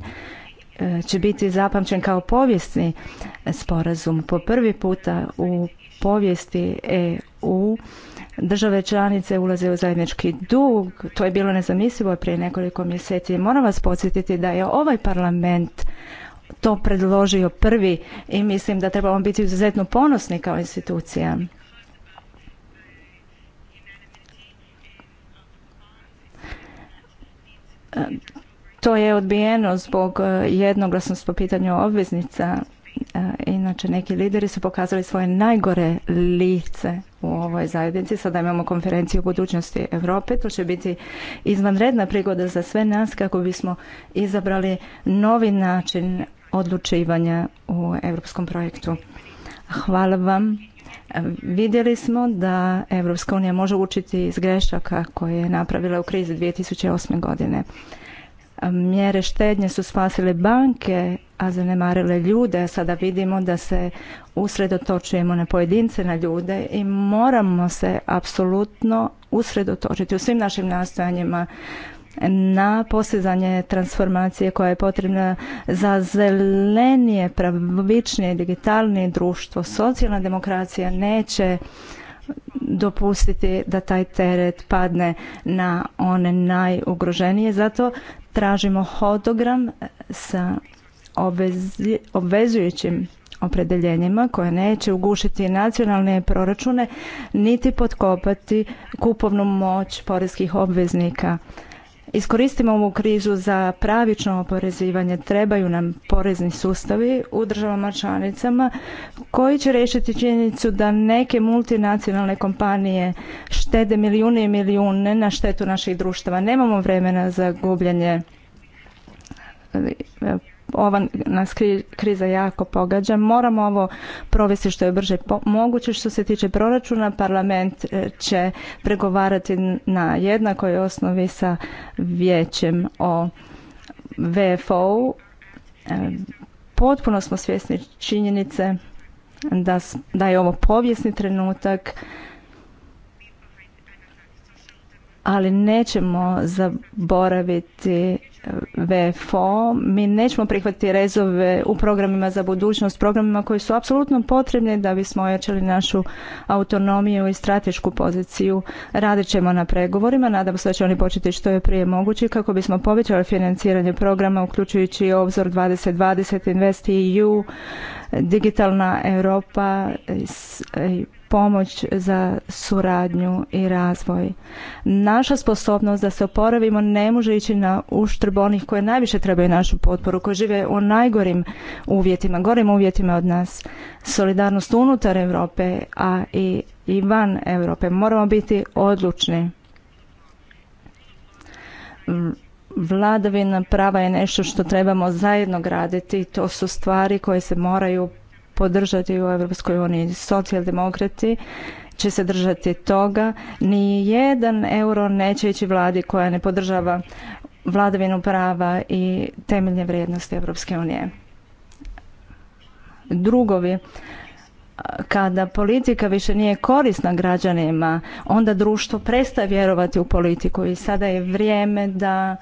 eh, će biti zapamćen kao povijesni sporazum. Po prvi puta u povijesti EU države članice ulaze u zajednički dug, to je bilo nezamislivo prije nekoliko mjeseci. Moram vas podsjetiti da je ovaj parlament to predložio prvi i mislim da trebamo biti izuzetno ponosni kao institucija. To je odbijeno zbog e, jednoglasnosti po pitanju obveznica. E, inače, neki lideri su pokazali svoje najgore lice u ovoj zajednici. Sada imamo konferenciju o budućnosti Europe. To će biti izvanredna prigoda za sve nas kako bismo izabrali novi način odlučivanja u europskom projektu. Hvala vam. Vidjeli smo da Europska unija može učiti iz grešaka koje je napravila u krizi 2008. godine. Mjere štednje su spasile banke, a zanemarile ljude, a sada vidimo da se usredotočujemo na pojedince, na ljude i moramo se apsolutno usredotočiti u svim našim nastojanjima na postizanje transformacije koja je potrebna za zelenije, pravičnije, digitalnije društvo. Socijalna demokracija neće dopustiti da taj teret padne na one najugroženije. Zato tražimo hodogram sa obvezujućim opredeljenjima koje neće ugušiti nacionalne proračune niti potkopati kupovnu moć porezkih obveznika iskoristimo ovu krizu za pravično oporezivanje. Trebaju nam porezni sustavi u državama članicama koji će riješiti činjenicu da neke multinacionalne kompanije štede milijune i milijune na štetu naših društava. Nemamo vremena za gubljenje ova nas kriza jako pogađa. Moramo ovo provesti što je brže moguće. Što se tiče proračuna, parlament e, će pregovarati na jednakoj osnovi sa vijećem o vfo e, Potpuno smo svjesni činjenice da, da je ovo povijesni trenutak ali nećemo zaboraviti VFO, mi nećemo prihvatiti rezove u programima za budućnost, programima koji su apsolutno potrebni da bismo ojačali našu autonomiju i stratešku poziciju. Radit ćemo na pregovorima, nadam se da će oni početi što je prije moguće kako bismo povećali financiranje programa uključujući obzor 2020, Invest EU, digitalna Europa, pomoć za suradnju i razvoj. Naša sposobnost da se oporavimo ne može ići na uštrb onih koje najviše trebaju našu potporu, koji žive u najgorim uvjetima, gorim uvjetima od nas. Solidarnost unutar Europe, a i, i van Europe. Moramo biti odlučni. Mm, vladavina prava je nešto što trebamo zajedno graditi. To su stvari koje se moraju podržati u Europskoj uniji. Socijaldemokrati će se držati toga. Ni jedan euro neće ići vladi koja ne podržava vladavinu prava i temeljne vrijednosti Europske unije. Drugovi, kada politika više nije korisna građanima, onda društvo prestaje vjerovati u politiku i sada je vrijeme da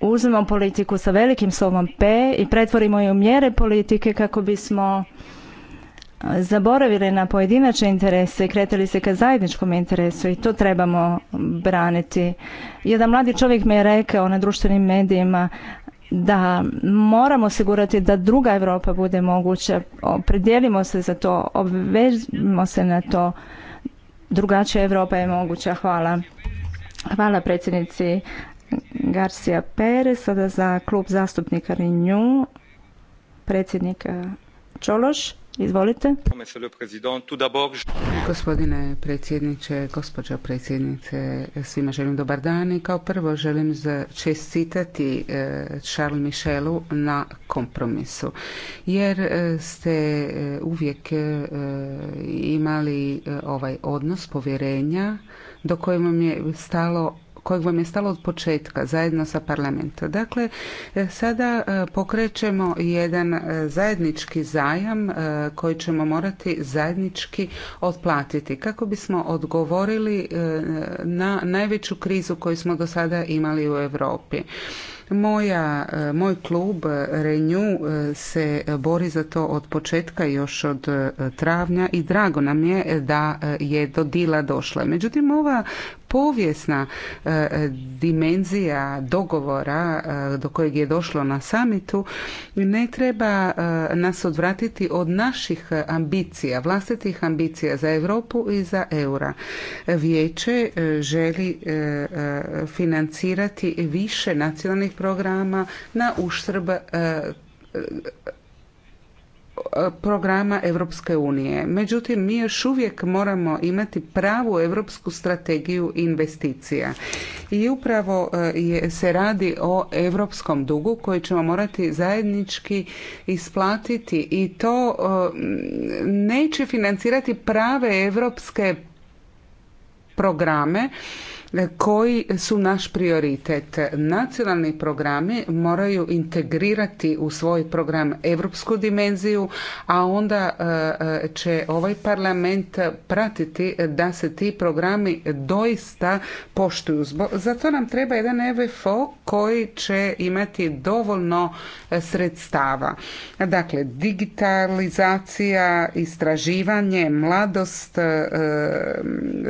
uzmemo politiku sa velikim slovom P i pretvorimo ju u mjere politike kako bismo e, zaboravili na pojedinačne interese i kretali se ka zajedničkom interesu i to trebamo braniti. Jedan mladi čovjek mi je rekao na društvenim medijima da moramo osigurati da druga Europa bude moguća. Predijelimo se za to, obvežimo se na to. Drugačija Europa je moguća. Hvala. Hvala predsjednici Garcia Perez, sada za klub zastupnika Renew, predsjednik eh, Čološ. Izvolite. Gospodine predsjedniče, gospođo predsjednice, svima želim dobar dan i kao prvo želim čestitati eh, Charles Michelu na kompromisu. Jer eh, ste uvijek imali ovaj odnos povjerenja do kojeg vam je stalo kojeg vam je stalo od početka zajedno sa parlamentom. Dakle, e, sada e, pokrećemo jedan e, zajednički zajam koji ćemo morati zajednički otplatiti kako bismo odgovorili na najveću krizu koju smo do sada imali u Europi. Moja, moj klub Renju se bori za to od početka još od travnja i drago nam je da je do dila došla. Međutim, ova povijesna e, e, dimenzija dogovora e, do kojeg je došlo na samitu ne treba nas odvratiti od naših ambicija, vlastitih ambicija za Europu i za eura. Vijeće želi financirati više nacionalnih programa na uštrb programa Europske unije. Međutim, mi još uvijek moramo imati pravu europsku strategiju investicija. I upravo e, je, se radi o europskom dugu koji ćemo morati zajednički isplatiti i to e, neće financirati prave europske programe koji su naš prioritet. Nacionalni programi moraju integrirati u svoj program europsku dimenziju, a onda e, e, će ovaj parlament pratiti da se ti programi doista poštuju. Zato nam treba jedan EVFO koji će imati dovoljno e, sredstava. Dakle, digitalizacija, istraživanje, mladost,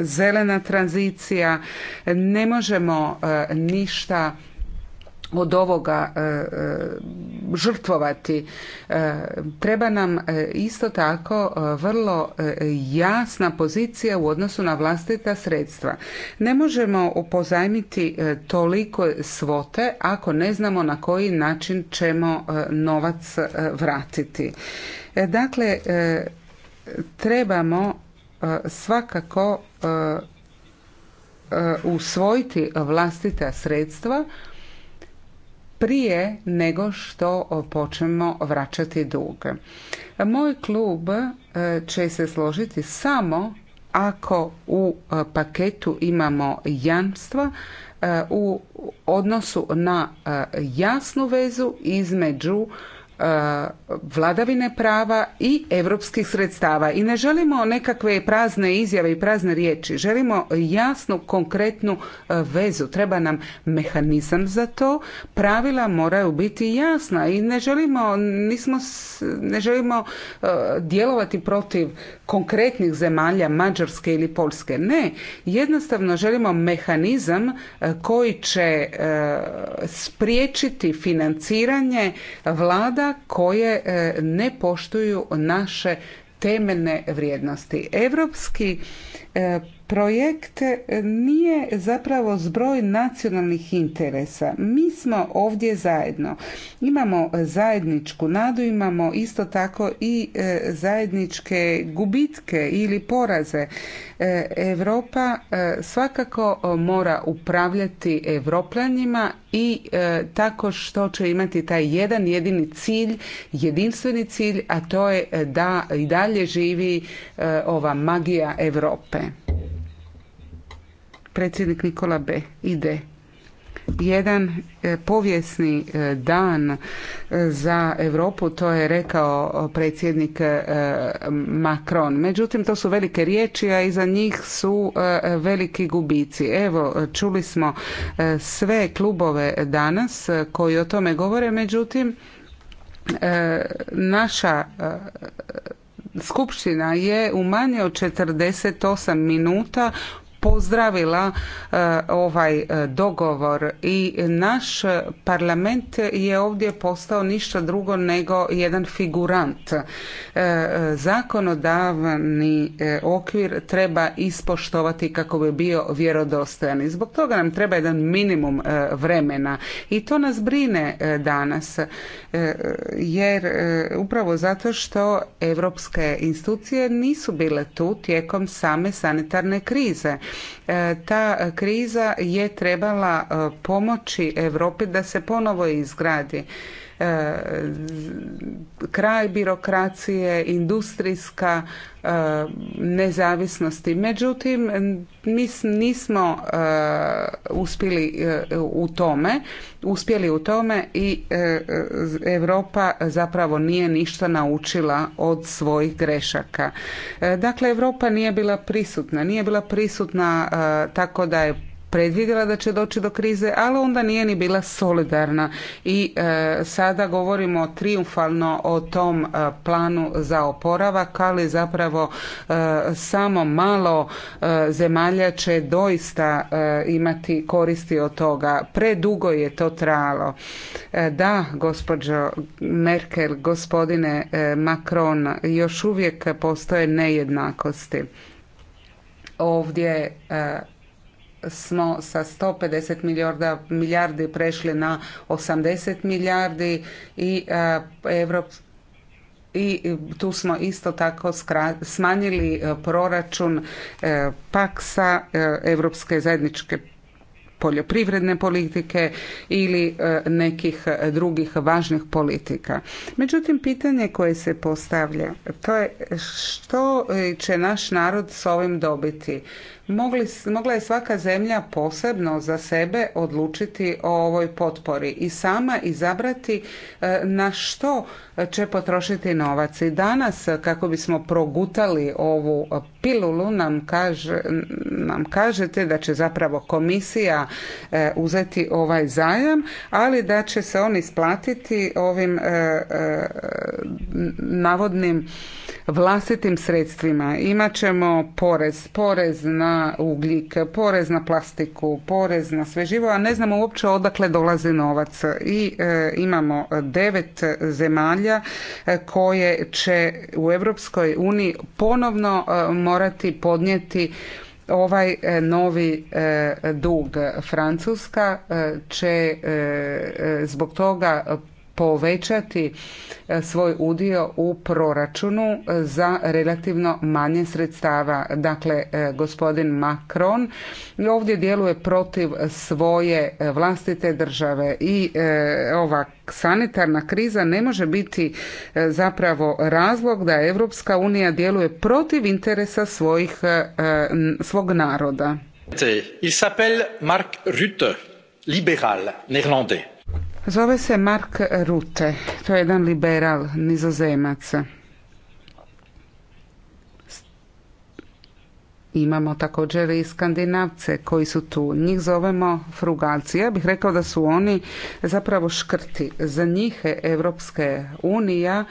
zelena tranzicija, ne možemo e, ništa od ovoga e, e, žrtvovati. Treba nam isto tako vrlo jasna pozicija u odnosu na vlastita sredstva. Ne možemo upozajmiti toliko svote ako ne znamo na koji način ćemo novac vratiti. Dakle, trebamo svakako Uh, usvojiti vlastita sredstva prije nego što počnemo vraćati dug. Moj klub uh, će se složiti samo ako u uh, paketu imamo jamstva u odnosu na jasnu vezu između E, vladavine prava i europskih sredstava. I ne želimo nekakve prazne izjave i prazne riječi. Želimo jasnu, konkretnu e, vezu. Treba nam mehanizam za to. Pravila moraju biti jasna i ne želimo, nismo, ne želimo e, djelovati protiv konkretnih zemalja Mađarske ili Poljske. Ne, jednostavno želimo mehanizam e, koji će e, spriječiti financiranje vlada koje e, ne poštuju naše temeljne vrijednosti. Europski projekt nije zapravo zbroj nacionalnih interesa. Mi smo ovdje zajedno. Imamo zajedničku nadu, imamo isto tako i e, zajedničke gubitke ili poraze. E, Europa e, svakako mora upravljati evropljanjima i tako što će imati taj jedan jedini cilj, jedinstveni cilj, a to je da i dalje živi ova magija Europe predsjednik Nikola B. ide jedan e, povijesni e, dan e, za Europu, to je rekao predsjednik Macron. Međutim, to su velike riječi, a iza njih su veliki gubici. Evo, čuli smo sve klubove danas koji o tome govore, međutim, naša skupština je u manje od 48 minuta pozdravila e, ovaj e, dogovor i naš parlament je ovdje postao ništa drugo nego jedan figurant. E, zakonodavni okvir treba ispoštovati kako bi bio vjerodostojan i zbog toga nam treba jedan minimum vremena i to nas brine danas jer upravo zato što europske institucije nisu bile tu tijekom same sanitarne krize E, ta kriza je trebala e, pomoći Europi da se ponovo izgradi kraj birokracije, industrijska e, nezavisnosti. Međutim, mi nismo e, uspjeli e, u tome, uspjeli u tome i Europa zapravo nije ništa naučila od svojih grešaka. Dakle, Europa nije bila prisutna, nije bila prisutna tako da je predvidjela da će doći do krize, ali onda nije ni bila solidarna. I e, sada govorimo triumfalno o tom e, planu za oporavak, ali zapravo e, samo malo zemalja će doista imati koristi od toga. Predugo je to trajalo. Da, gospođo Merkel, gospodine Macron, još uvijek postoje nejednakosti. Ovdje smo sa 150 milijarda, milijardi prešli na 80 milijardi i e, Evrop, i tu smo isto tako smanjili e, proračun e, paksa Europske zajedničke poljoprivredne politike ili nekih drugih važnih politika. Međutim, pitanje koje se postavlja to je što će naš narod s ovim dobiti? mogla je svaka zemlja posebno za sebe odlučiti o ovoj potpori i sama izabrati e, na što će potrošiti novac. I danas e, kako bismo progutali ovu pilulu nam, kaže, nam kažete da će zapravo komisija e, uzeti ovaj zajam, ali da će se on isplatiti ovim navodnim vlastitim sredstvima. ćemo porez, porez na ugljik, porez na plastiku, porez na sve živo, a ne znamo uopće odakle dolazi novac. I e, imamo devet zemalja e, koje će u Europskoj uniji ponovno e, morati podnijeti ovaj novi dug Francuska će zbog toga povećati e, svoj udio u proračunu za relativno manje sredstava. Dakle, e, gospodin Macron ovdje djeluje protiv svoje vlastite države i e, ova sanitarna kriza ne može biti zapravo razlog da Europska unija djeluje protiv interesa svojih, svog naroda. Il s'appelle Mark Rutte, libéral, néerlandais Zove se Mark Rute. To je jedan liberal nizozemac. Imamo također i skandinavce koji su tu. Njih zovemo frugalci. Ja bih rekao da su oni zapravo škrti. Za njih je Evropska unija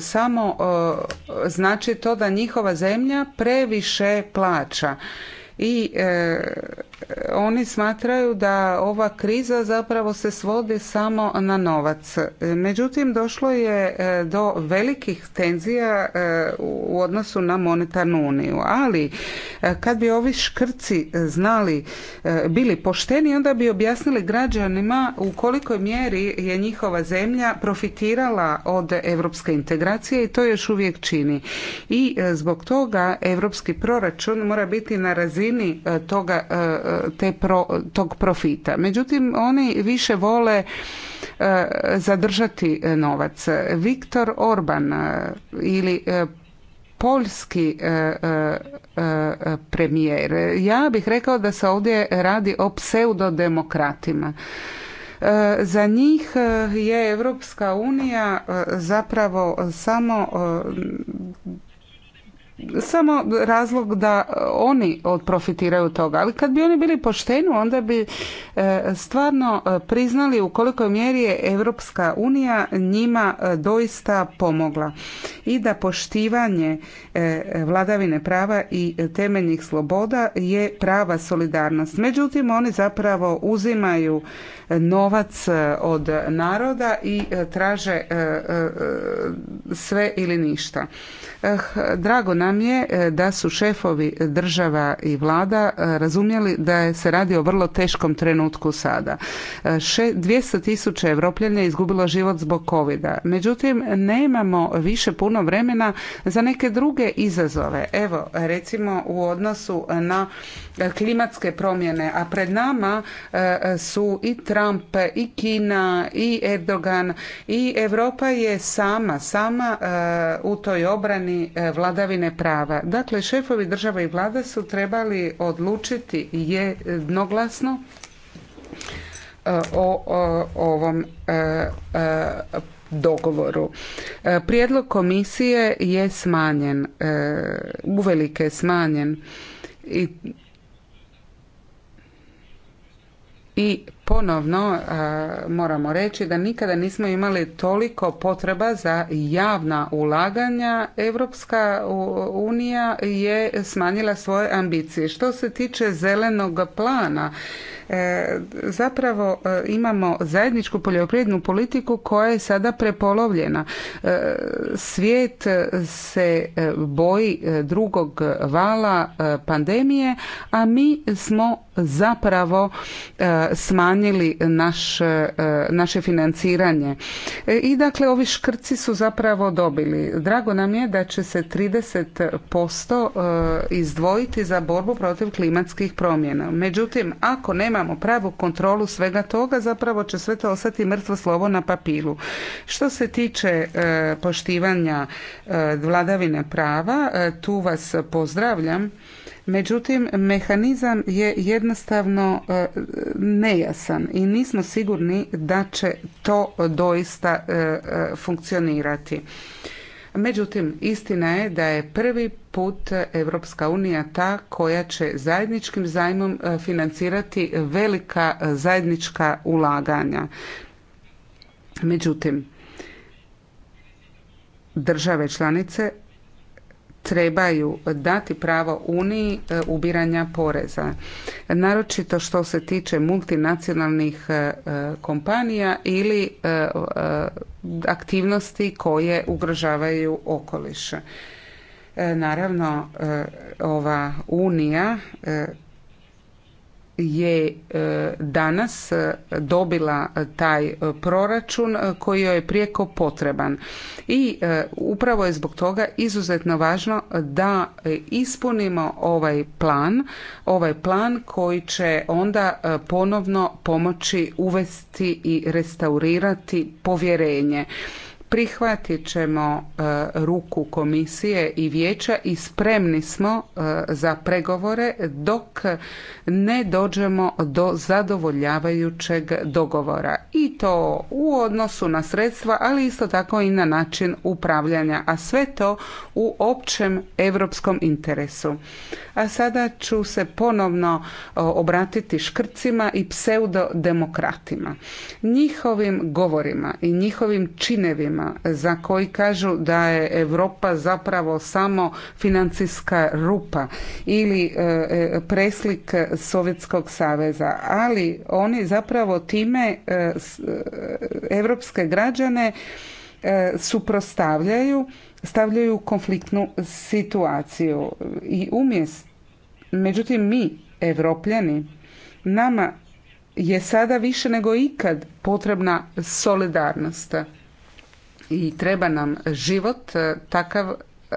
samo znači to da njihova zemlja previše plaća. I e, oni smatraju da ova kriza zapravo se svodi samo na novac. Međutim, došlo je e, do velikih tenzija e, u odnosu na monetarnu uniju. Ali, e, kad bi ovi škrci znali, bili pošteni, onda bi objasnili građanima u kolikoj mjeri je njihova zemlja profitirala od europske integracije i to još uvijek čini. I zbog toga europski proračun mora biti na razini toga te tog profita. Međutim, oni više vole e, zadržati e, novac. Viktor Orban e, ili poljski premijer. Ja bih rekao da se ovdje radi o pseudodemokratima. Za njih je Europska unija zapravo samo samo razlog da oni profitiraju toga. Ali kad bi oni bili pošteni, onda bi e, stvarno e, priznali u kolikoj mjeri je Europska unija njima e, doista pomogla i da poštivanje vladavine prava i temeljnih sloboda je prava solidarnost. Međutim, oni zapravo uzimaju novac od naroda i traže sve ili ništa. Eh, drago nam je e, da su šefovi država i vlada e, razumjeli da se radi o vrlo teškom trenutku sada. 200 e, tisuća evropljanja je izgubilo život zbog covida. Međutim, nemamo više puno vremena za neke druge izazove. Evo, recimo u odnosu na klimatske promjene, a pred nama su i Trump, i Kina, i Erdogan, i Europa je sama, sama u toj obrani vladavine prava. Dakle, šefovi država i vlada su trebali odlučiti jednoglasno e, o, ovom e, e, dogovoru. Prijedlog komisije je smanjen, uvelike uvelike smanjen i i ponovno e, moramo reći da nikada nismo imali toliko potreba za javna ulaganja. Europska unija je smanjila svoje ambicije. Što se tiče zelenog plana, E, zapravo e, imamo zajedničku poljoprivrednu politiku koja je sada prepolovljena. E, svijet se boji drugog vala pandemije, a mi smo zapravo smanjili naš, naše financiranje. I dakle, ovi škrci su zapravo dobili. Drago nam je da će se 30% izdvojiti za borbu protiv klimatskih promjena. Međutim, ako ne nemamo pravu kontrolu svega toga, zapravo će sve to ostati mrtvo slovo na papiru. Što se tiče e, poštivanja e, vladavine prava, e, tu vas pozdravljam. Međutim, mehanizam je jednostavno nejasan i nismo sigurni da će to doista funkcionirati. Međutim, istina je da je prvi put Europska unija ta koja će zajedničkim zajmom e, financirati velika e, zajednička ulaganja. Međutim, države članice trebaju dati pravo Uniji e, ubiranja poreza. Naročito što se tiče multinacionalnih kompanija ili aktivnosti koje ugrožavaju okoliš. E, naravno, e, ova unija e, je danas dobila taj proračun koji joj je prijeko potreban. I upravo je zbog toga izuzetno važno da ispunimo ovaj plan, ovaj plan koji će onda ponovno pomoći uvesti i restaurirati povjerenje prihvatit ćemo e, ruku komisije i vijeća i spremni smo e, za pregovore dok ne dođemo do zadovoljavajućeg dogovora i to u odnosu na sredstva, ali isto tako i na način upravljanja, a sve to u općem europskom interesu. A sada ću se ponovno e, obratiti škrcima i pseudodemokratima. Njihovim govorima i njihovim činovima za koji kažu da je Europa zapravo samo financijska rupa ili e, e, preslik Sovjetskog saveza, ali oni zapravo time europske e, građane suprostavljaju, stavljaju u konfliktnu situaciju i umjesto međutim mi Evropljani nama je sada više nego ikad potrebna solidarnost i treba nam život e, takav e,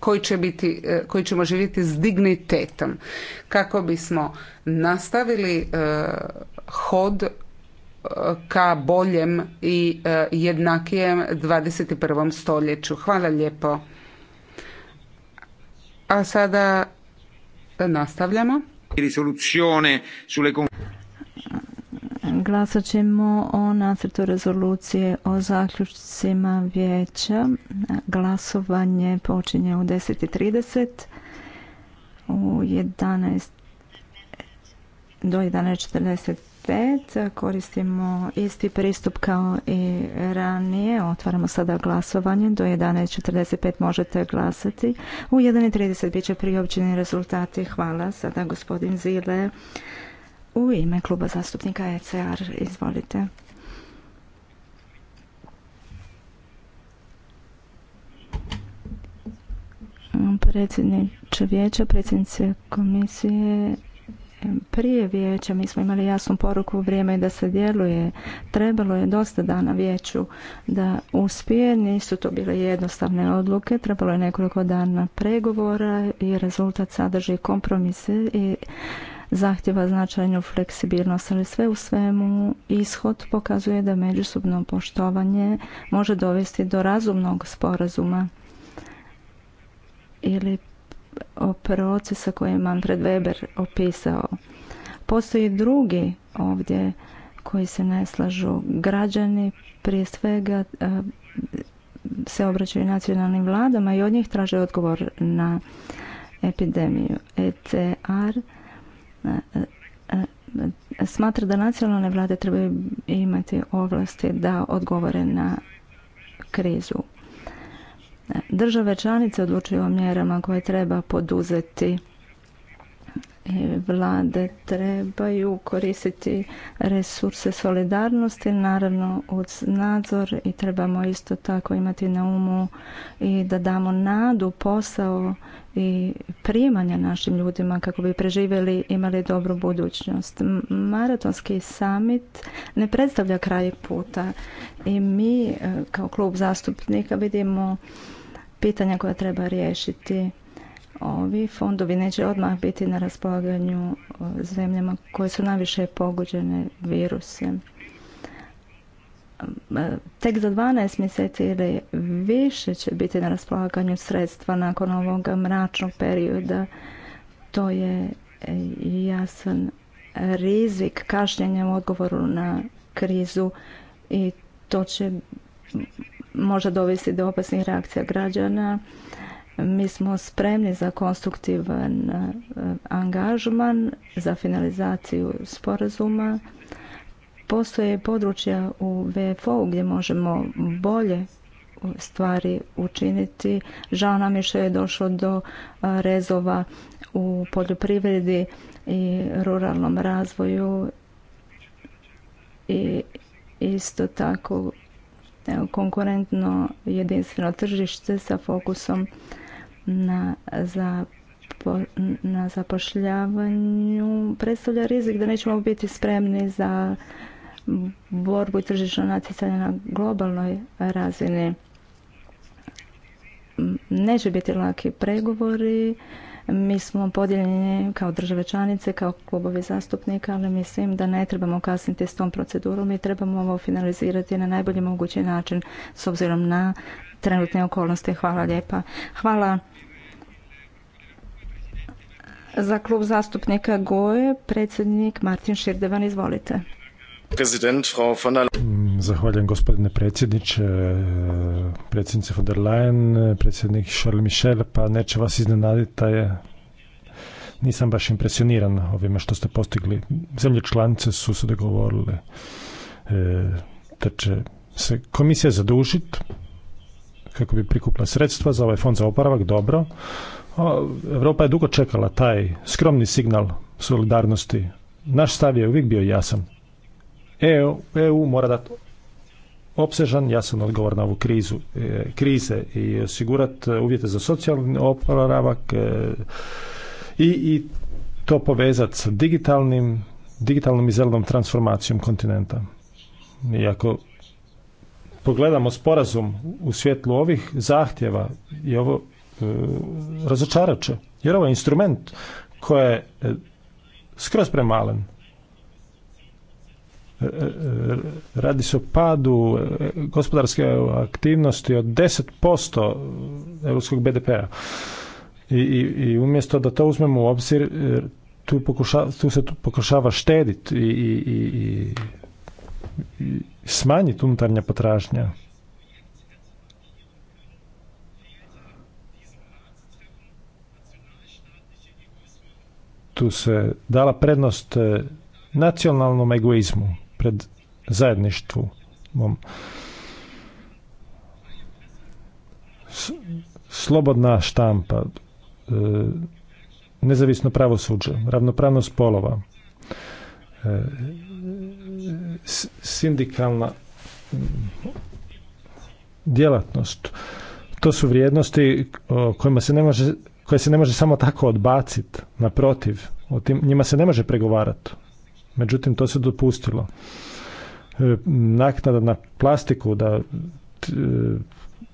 koji, će biti, e, koji ćemo živjeti s dignitetom kako bismo nastavili hod ka boljem i jednakijem 21. stoljeću. Hvala lijepo. A sada nastavljamo. Risoluzione sulle Glasat ćemo o nacrtu rezolucije o zaključcima vijeća. Glasovanje počinje u 10.30 u 11 do 11.45 koristimo isti pristup kao i ranije. Otvaramo sada glasovanje. Do 11.45 možete glasati. U 11.30 bit će priopćeni rezultati. Hvala. Sada gospodin Zile u ime kluba zastupnika ECR. Izvolite. Mm, predsjedniče vijeća, predsjednice komisije, prije vijeća mi smo imali jasnu poruku vrijeme da se djeluje. Trebalo je dosta dana vijeću da uspije. Nisu to bile jednostavne odluke. Trebalo je nekoliko dana pregovora i rezultat sadrži kompromise i zahtjeva značajnu fleksibilnost, ali sve u svemu ishod pokazuje da međusobno poštovanje može dovesti do razumnog sporazuma ili o procesa koji je Manfred Weber opisao. Postoji drugi ovdje koji se ne slažu. Građani prije svega eh, se obraćaju nacionalnim vladama i od njih traže odgovor na epidemiju. ECR E, e, e, smatra da nacionalne vlade trebaju imati ovlasti da odgovore na krizu. Države članice odlučuju o mjerama koje treba poduzeti E, vlade trebaju koristiti resurse solidarnosti, naravno uz nadzor i trebamo isto tako imati na umu i da damo nadu, posao i primanja našim ljudima kako bi preživjeli imali dobru budućnost. Maratonski summit ne predstavlja kraj puta i mi e, kao klub zastupnika vidimo pitanja koja treba riješiti ovi fondovi neće odmah biti na raspolaganju e, zemljama koje su najviše pogođene virusem. E, tek za 12 mjeseci ili više će biti na raspolaganju sredstva nakon ovog mračnog perioda. To je e, jasan rizik kašnjenja u odgovoru na krizu i to će možda dovesti do opasnih reakcija građana mi smo spremni za konstruktivan e, angažman, za finalizaciju sporazuma. Postoje područja u VFO gdje možemo bolje stvari učiniti. Žao nam je što je došlo do e, rezova u poljoprivredi i ruralnom razvoju i isto tako konkurentno jedinstveno tržište sa fokusom na, za, na zapošljavanju predstavlja rizik da nećemo biti spremni za borbu i tržično natjecanje na globalnoj razini. Neće biti laki pregovori, mi smo podijeljeni kao države članice, kao klubovi zastupnika, ali mislim da ne trebamo kasniti s tom procedurom i trebamo ovo finalizirati na najbolji mogući način s obzirom na trenutne okolnosti. Hvala lijepa. Hvala za klub zastupnika GOE, predsjednik Martin Širdevan, izvolite. Mm, Zahvaljujem gospodine predsjedniče, eh, predsjednice von der Leyen, eh, predsjednik Charles Michel, pa neće vas iznenaditi da je nisam baš impresioniran ovime što ste postigli. Zemlje članice su se dogovorile eh, da će se komisija zadužiti kako bi prikupila sredstva za ovaj fond za oporavak, dobro. Europa je dugo čekala taj skromni signal solidarnosti. Naš stav je uvijek bio jasan. EU, e mora dati opsežan, jasan odgovor na ovu krizu, e, krize i osigurati uvjete za socijalni oporavak e, i, i to povezati s digitalnim, digitalnom i zelenom transformacijom kontinenta. I ako pogledamo sporazum u svjetlu ovih zahtjeva i ovo e, razočarat Jer ovo je instrument koji je skroz premalen radi se o padu e, gospodarske aktivnosti od 10% europskog BDP-a. I, i, umjesto da to uzmemo u obzir, e, tu, tu se tu pokušava štediti i, i, i smanjiti unutarnja potražnja. Tu se dala prednost e, nacionalnom egoizmu pred mom. Slobodna štampa, e, nezavisno pravosuđe, ravnopravnost polova, e, sindikalna mm, djelatnost. To su vrijednosti kojima se ne može koje se ne može samo tako odbaciti, naprotiv, o tim, njima se ne može pregovarati. Međutim, to se dopustilo. E, naknada na plastiku, da e,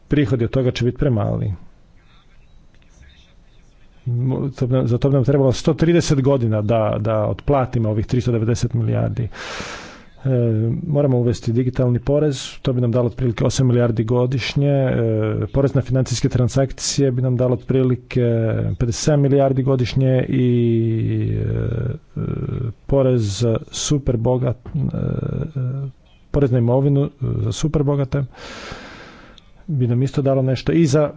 prihodi od toga će biti premali. Za to bi nam trebalo 130 godina da, da otplatimo ovih 390 milijardi. E, moramo uvesti digitalni porez, to bi nam dalo otprilike 8 milijardi godišnje, e, porez na financijske transakcije bi nam dalo otprilike 57 milijardi godišnje i e, porez za super bogat, porez na imovinu za super bogate bi nam isto dalo nešto i za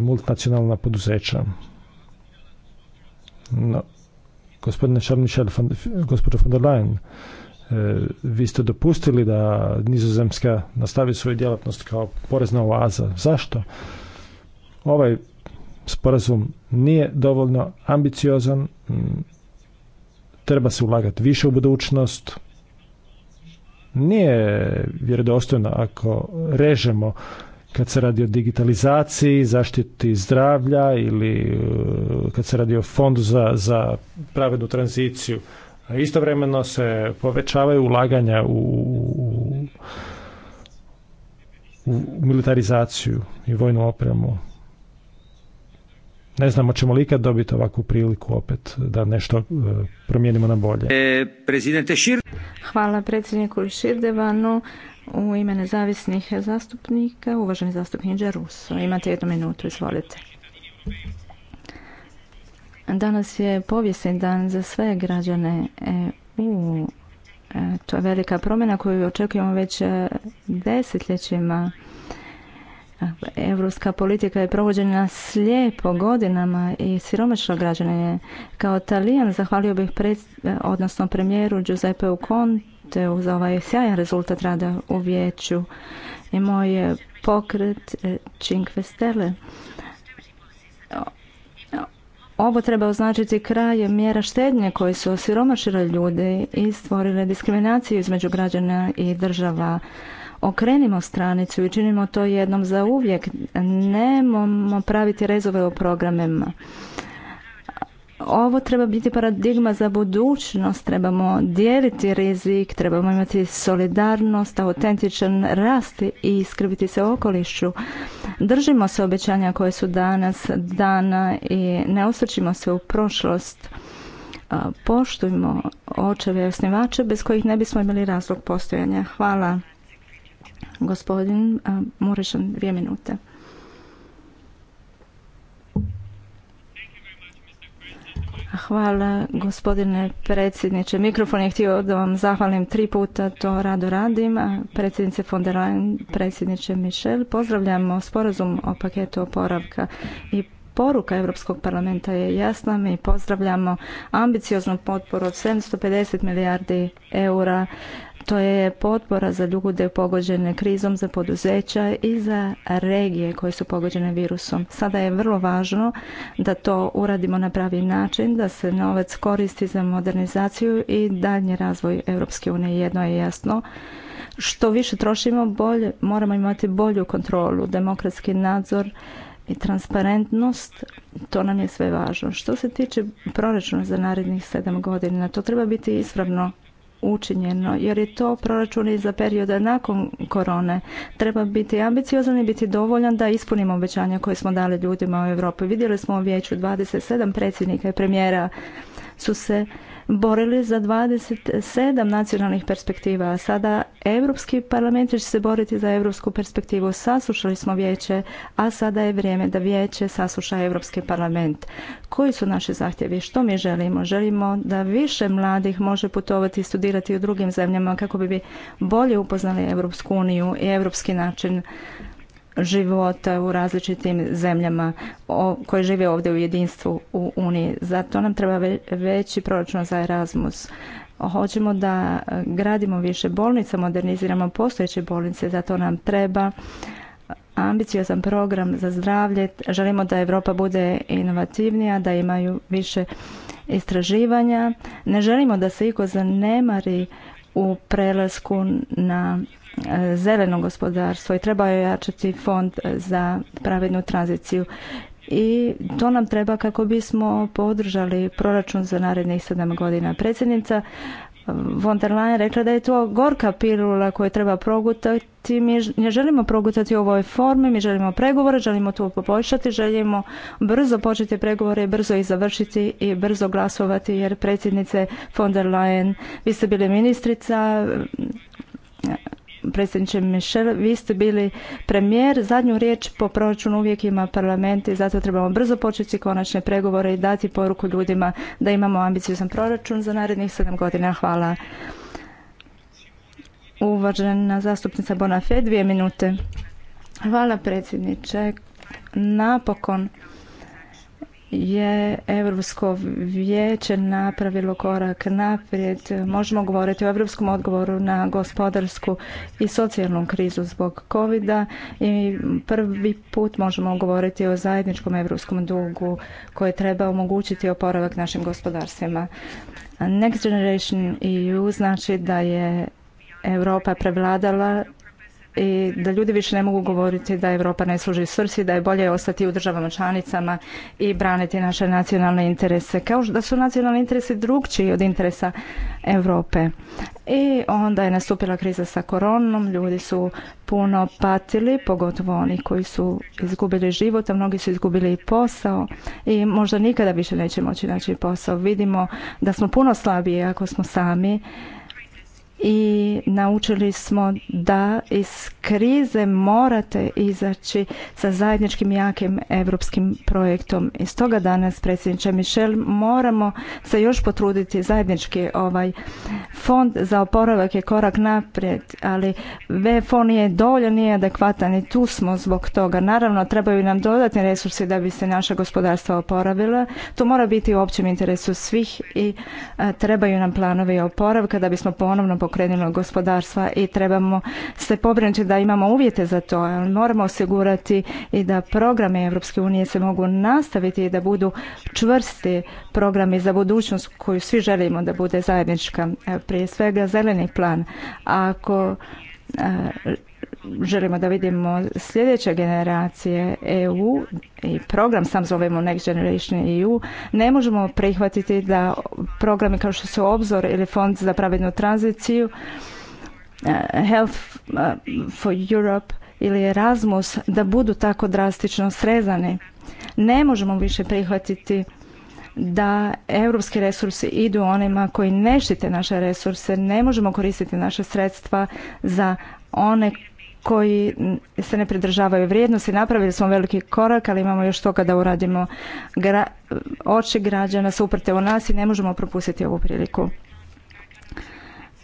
multinacionalna poduzeća. No, gospodine Charles Michel, gospođo von E, vi ste dopustili da Nizozemska nastavi svoju djelatnost kao porezna oaza. Zašto? Ovaj sporazum nije dovoljno ambiciozan, treba se ulagati više u budućnost. Nije vjerodostojno ako režemo kad se radi o digitalizaciji, zaštiti zdravlja ili e, kad se radi o fondu za, za pravednu tranziciju Istovremeno se povećavaju ulaganja u, u, militarizaciju i vojnu opremu. Ne znamo ćemo li ikad dobiti ovakvu priliku opet da nešto e, promijenimo na bolje. E, Hvala predsjedniku Širdevanu. U ime nezavisnih zastupnika, uvaženi zastupnik Russo, imate jednu minutu, izvolite. Danas je povijesni dan za sve građane EU. E, to je velika promjena koju očekujemo već e, desetljećima. Europska politika je provođena slijepo godinama i siromašno građane. Kao Talijan zahvalio bih pred, e, odnosno premijeru Giuseppe Conteu za ovaj sjajan rezultat rada u vijeću i moj pokret Cinque Stelle. Ovo treba označiti kraj mjera štednje koje su osiromašile ljude i stvorile diskriminaciju između građana i država. Okrenimo stranicu i činimo to jednom za uvijek. Nemamo praviti rezove u programima. Ovo treba biti paradigma za budućnost, trebamo dijeliti rizik, trebamo imati solidarnost, autentičan rast i skrbiti se okolišću. Držimo se obećanja koje su danas dana i ne osvrćimo se u prošlost. Poštujmo očeve i osnivače bez kojih ne bismo imali razlog postojanja. Hvala gospodin Murešan, dvije minute. Hvala gospodine predsjedniče. Mikrofon je htio da vam zahvalim tri puta, to rado radim. Predsjednice von der Leyen, predsjedniče Michel, pozdravljamo sporazum o paketu oporavka i Poruka Europskog parlamenta je jasna, mi pozdravljamo ambicioznu potporu od 750 milijardi eura to je potpora za ljude pogođene krizom, za poduzeća i za regije koje su pogođene virusom. Sada je vrlo važno da to uradimo na pravi način, da se novac koristi za modernizaciju i daljnji razvoj Europske unije. Jedno je jasno, što više trošimo, bolje moramo imati bolju kontrolu, demokratski nadzor i transparentnost, to nam je sve važno. Što se tiče proračuna za narednih sedam godina, to treba biti ispravno učinjeno jer je to proračun i za perioda nakon korone. Treba biti ambiciozan i biti dovoljan da ispunimo obećanja koje smo dali ljudima u Europi. Vidjeli smo u vijeću 27 predsjednika i premijera su se borili za 27 nacionalnih perspektiva, a sada Europski parlament će se boriti za europsku perspektivu. Saslušali smo vijeće, a sada je vrijeme da vijeće sasluša Europski parlament. Koji su naši zahtjevi? Što mi želimo? Želimo da više mladih može putovati i studirati u drugim zemljama kako bi bolje upoznali Europsku uniju i europski način života u različitim zemljama koje žive ovdje u jedinstvu u Uniji. Zato nam treba veći proračun za Erasmus. Hoćemo da gradimo više bolnica, moderniziramo postojeće bolnice, zato nam treba ambiciozan program za zdravlje. Želimo da Europa bude inovativnija, da imaju više istraživanja. Ne želimo da se iko zanemari u prelasku na zeleno gospodarstvo i treba jačati fond za pravednu tranziciju i to nam treba kako bismo podržali proračun za narednih sedam godina. Predsjednica um, von der Leyen rekla da je to gorka pilula koju treba progutati. Mi ne želimo progutati u ovoj formi, mi želimo pregovore, želimo to poboljšati, želimo brzo početi pregovore, brzo ih završiti i brzo glasovati jer predsjednice von der Leyen, vi ste bili ministrica, predsjedniče Michel, vi ste bili premijer, zadnju riječ po proračunu uvijek ima parlament i zato trebamo brzo početi konačne pregovore i dati poruku ljudima da imamo ambiciozan proračun za narednih sedam godina. Hvala. Uvažena zastupnica bonafe dvije minute. Hvala predsjedniče. Napokon je Europsko vijeće napravilo korak naprijed. Možemo govoriti o europskom odgovoru na gospodarsku i socijalnu krizu zbog covid i prvi put možemo govoriti o zajedničkom europskom dugu koje treba omogućiti oporavak našim gospodarstvima. Next Generation EU znači da je Europa prevladala i da ljudi više ne mogu govoriti da Europa ne služi svrsi, da je bolje ostati u državama članicama i braniti naše nacionalne interese, kao da su nacionalni interesi drugčiji od interesa Europe. I onda je nastupila kriza sa koronom, ljudi su puno patili, pogotovo oni koji su izgubili život, a mnogi su izgubili i posao i možda nikada više neće moći naći posao. Vidimo da smo puno slabiji ako smo sami i naučili smo da iz krize morate izaći sa zajedničkim jakim europskim projektom. I stoga danas, predsjedniče Mišel, moramo se još potruditi zajednički ovaj fond za oporavak je korak naprijed, ali VFO je dovoljno nije adekvatan i tu smo zbog toga. Naravno, trebaju nam dodatni resursi da bi se naša gospodarstva oporavila. To mora biti u općem interesu svih i trebaju nam planovi oporavka da bismo ponovno po kružno gospodarstva i trebamo se pobrinuti da imamo uvjete za to. Moramo osigurati i da programe Europske unije se mogu nastaviti i da budu čvrsti programi za budućnost koju svi želimo da bude zajednička. Prije svega zeleni plan. Ako e, želimo da vidimo sljedeće generacije EU i program sam zovemo Next Generation EU, ne možemo prihvatiti da programi kao što su Obzor ili Fond za pravednu tranziciju, eh, Health eh, for Europe ili Erasmus da budu tako drastično srezani. Ne možemo više prihvatiti da europski resursi idu onima koji ne štite naše resurse, ne možemo koristiti naše sredstva za one koji se ne pridržavaju vrijednosti. Napravili smo veliki korak, ali imamo još toga kada uradimo. Gra oči građana su u nas i ne možemo propustiti ovu priliku.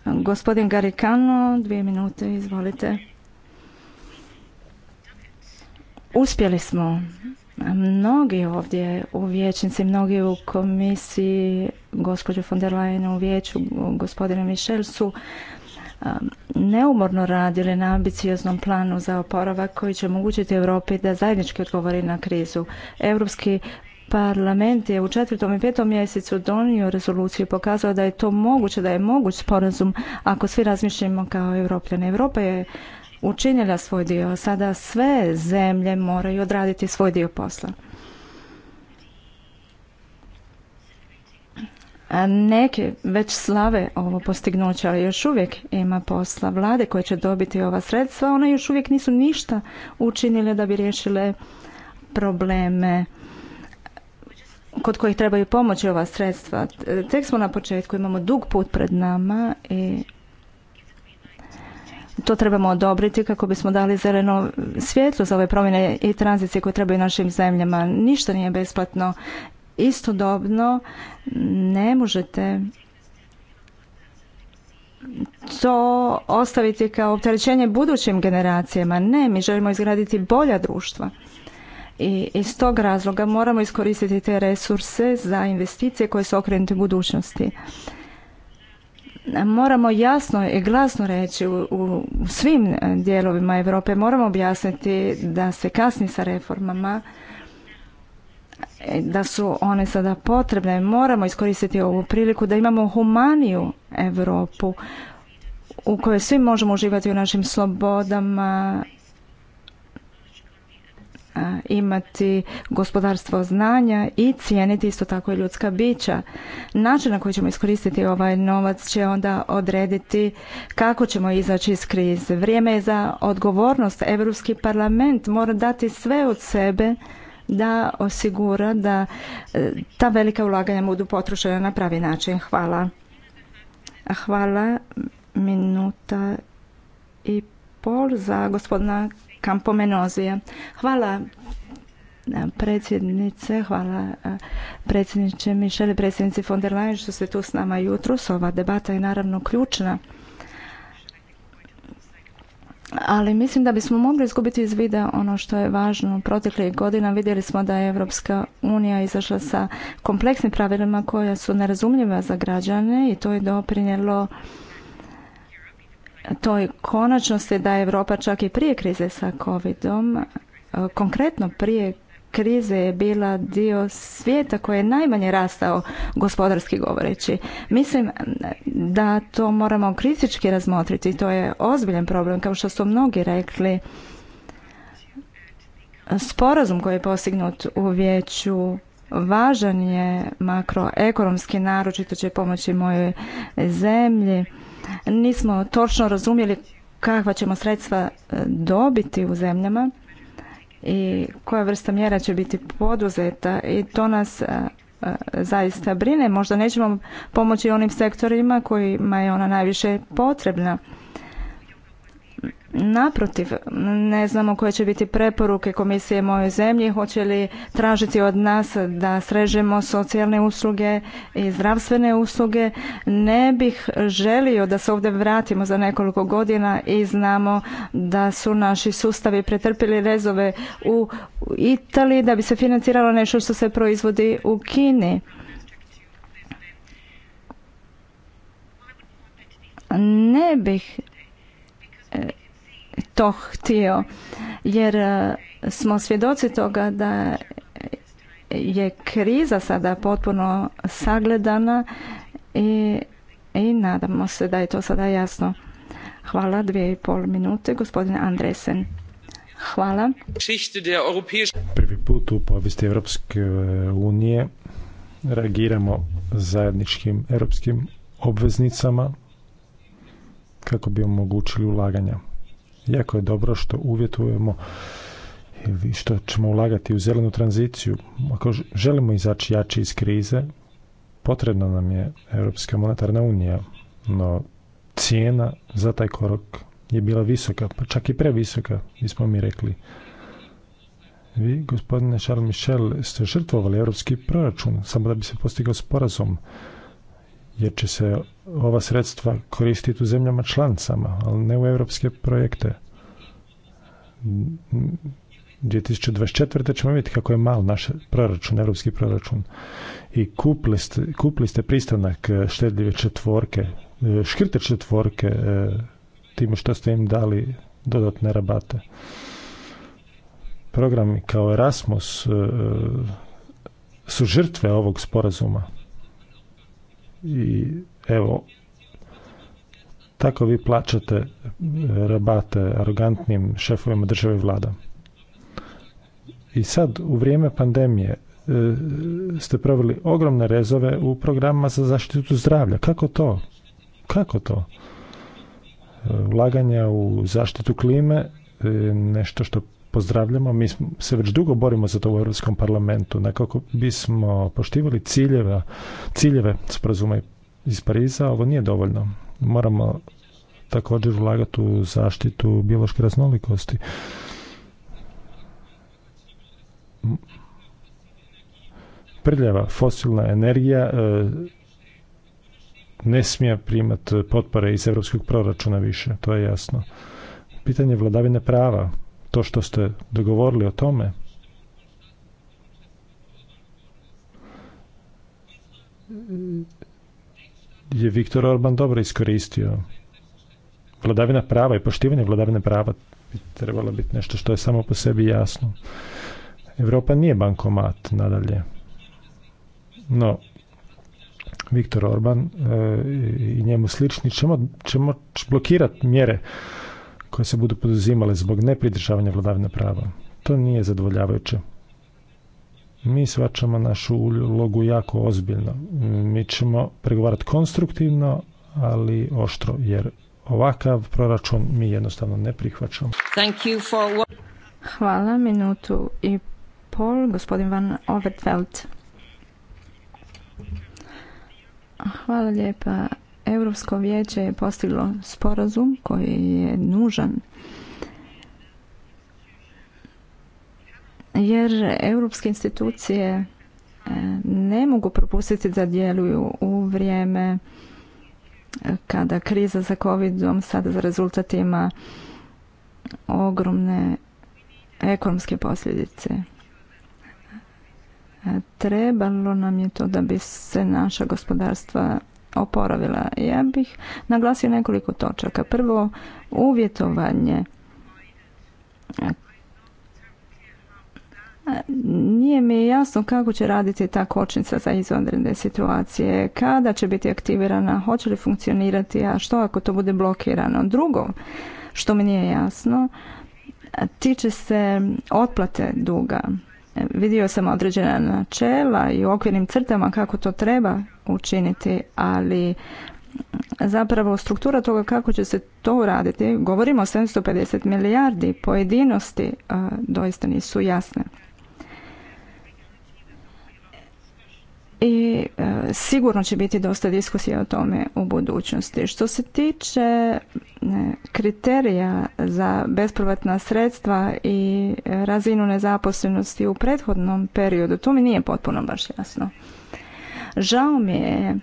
Gospodin Garikano, dvije minute, izvolite. Uspjeli smo. Mnogi ovdje u vijećnici, mnogi u komisiji, gospođo von der Leyen u vijeću, gospodine Michelsu, Um, neumorno radili na ambicioznom planu za oporavak koji će omogućiti Europi da zajednički odgovori na krizu. Europski Parlament je u četvrtom i petom mjesecu donio rezoluciju i pokazao da je to moguće, da je moguć sporazum ako svi razmišljamo kao Europljani. Europa je učinila svoj dio, sada sve zemlje moraju odraditi svoj dio posla. neke već slave ovo postignuće, ali još uvijek ima posla. Vlade koje će dobiti ova sredstva, one još uvijek nisu ništa učinile da bi riješile probleme kod kojih trebaju pomoći ova sredstva. Tek smo na početku, imamo dug put pred nama i to trebamo odobriti kako bismo dali zeleno svjetlo za ove promjene i tranzicije koje trebaju našim zemljama. Ništa nije besplatno istodobno ne možete to ostaviti kao opterećenje budućim generacijama. Ne, mi želimo izgraditi bolja društva. I iz tog razloga moramo iskoristiti te resurse za investicije koje su okrenute budućnosti. Moramo jasno i glasno reći u, u svim dijelovima Europe, moramo objasniti da se kasni sa reformama da su one sada potrebne. Moramo iskoristiti ovu priliku da imamo humaniju Europu u kojoj svi možemo uživati u našim slobodama, imati gospodarstvo znanja i cijeniti isto tako i ljudska bića. Način na koji ćemo iskoristiti ovaj novac će onda odrediti kako ćemo izaći iz krize. Vrijeme je za odgovornost. Europski parlament mora dati sve od sebe da osigura da e, ta velika ulaganja budu potrošena na pravi način. Hvala. Hvala. Minuta i pol za gospodina Kampomenozija. Hvala e, predsjednice, hvala e, predsjedniče Mišele, predsjednici von der Leyen što ste tu s nama jutros. Ova debata je naravno ključna ali mislim da bismo mogli izgubiti iz vida ono što je važno. Proteklih godina vidjeli smo da je Europska unija izašla sa kompleksnim pravilima koja su nerazumljiva za građane i to je doprinjelo toj konačnosti da je Europa čak i prije krize sa covidom, konkretno prije krize je bila dio svijeta koji je najmanje rastao gospodarski govoreći. Mislim da to moramo kritički razmotriti. To je ozbiljan problem, kao što su mnogi rekli. Sporazum koji je postignut u vijeću važan je makroekonomski, naročito će pomoći mojoj zemlji. Nismo točno razumjeli kakva ćemo sredstva dobiti u zemljama i koja vrsta mjera će biti poduzeta i to nas e, e, zaista brine. Možda nećemo pomoći onim sektorima kojima je ona najviše potrebna. Naprotiv, ne znamo koje će biti preporuke komisije mojoj zemlji, hoće li tražiti od nas da srežemo socijalne usluge i zdravstvene usluge. Ne bih želio da se ovdje vratimo za nekoliko godina i znamo da su naši sustavi pretrpili rezove u Italiji da bi se financiralo nešto što se proizvodi u Kini. Ne bih to htio jer e, smo svjedoci toga da je kriza sada potpuno sagledana i, i nadamo se da je to sada jasno. Hvala, dvije i pol minute, gospodine Andresen. Hvala. Prvi put u povijesti Europske e, unije reagiramo zajedničkim europskim obveznicama kako bi omogućili ulaganja. Jako je dobro što uvjetujemo i što ćemo ulagati u zelenu tranziciju. Ako želimo izaći jači iz krize, potrebna nam je Europska monetarna unija, no cijena za taj korok je bila visoka, pa čak i previsoka, smo mi rekli. Vi, gospodine Charles Michel, ste žrtvovali europski proračun samo da bi se postigao sporazum jer će se ova sredstva koristiti u zemljama članicama, ali ne u europske projekte. 2024. ćemo vidjeti kako je mal naš proračun, europski proračun. I kupili ste, ste pristanak e, štedljive četvorke, e, škrte četvorke, e, time što ste im dali dodatne rabate. Programi kao Erasmus su žrtve ovog sporazuma i evo, tako vi plaćate e, rabate arogantnim šefovima države i vlada. I sad, u vrijeme pandemije, e, ste proveli ogromne rezove u programima za zaštitu zdravlja. Kako to? Kako to? E, ulaganja u zaštitu klime, nešto što pozdravljamo. Mi se već dugo borimo za to u Europskom parlamentu. Nekako bismo poštivali ciljeva, ciljeve sporazuma iz Pariza, ovo nije dovoljno. Moramo također ulagati u zaštitu biološke raznolikosti. Prljava fosilna energija e, ne smije primati potpore iz europskog proračuna više, to je jasno. Pitanje vladavine prava, što ste dogovorili o tome. je Viktor Orban dobro iskoristio. Vladavina prava i poštivanje vladavine prava bi trebalo biti nešto što je samo po sebi jasno. Europa nije bankomat nadalje. No, Viktor Orban e, i njemu slični ćemo blokirati mjere koje se budu poduzimale zbog nepridržavanja vladavine prava. To nije zadovoljavajuće. Mi svačamo našu ulogu jako ozbiljno. Mi ćemo pregovarati konstruktivno, ali oštro, jer ovakav proračun mi jednostavno ne prihvaćamo. Thank Hvala, minutu i pol, gospodin Van Overtveld. Hvala lijepa Europsko vijeće je postiglo sporazum koji je nužan jer europske institucije e, ne mogu propustiti da djeluju u vrijeme e, kada kriza za covidom sada za rezultat ima ogromne ekonomske posljedice. E, trebalo nam je to da bi se naša gospodarstva oporavila. Ja bih naglasio nekoliko točaka. Prvo, uvjetovanje nije mi jasno kako će raditi ta kočnica za izvanredne situacije, kada će biti aktivirana, hoće li funkcionirati, a što ako to bude blokirano. Drugo, što mi nije jasno, tiče se otplate duga. Vidio sam određena načela i u okvirnim crtama kako to treba učiniti, ali zapravo struktura toga kako će se to uraditi, govorimo o 750 milijardi, pojedinosti doista nisu jasne. i e, sigurno će biti dosta diskusija o tome u budućnosti. Što se tiče kriterija za bespovratna sredstva i razinu nezaposlenosti u prethodnom periodu, to mi nije potpuno baš jasno. Žao mi je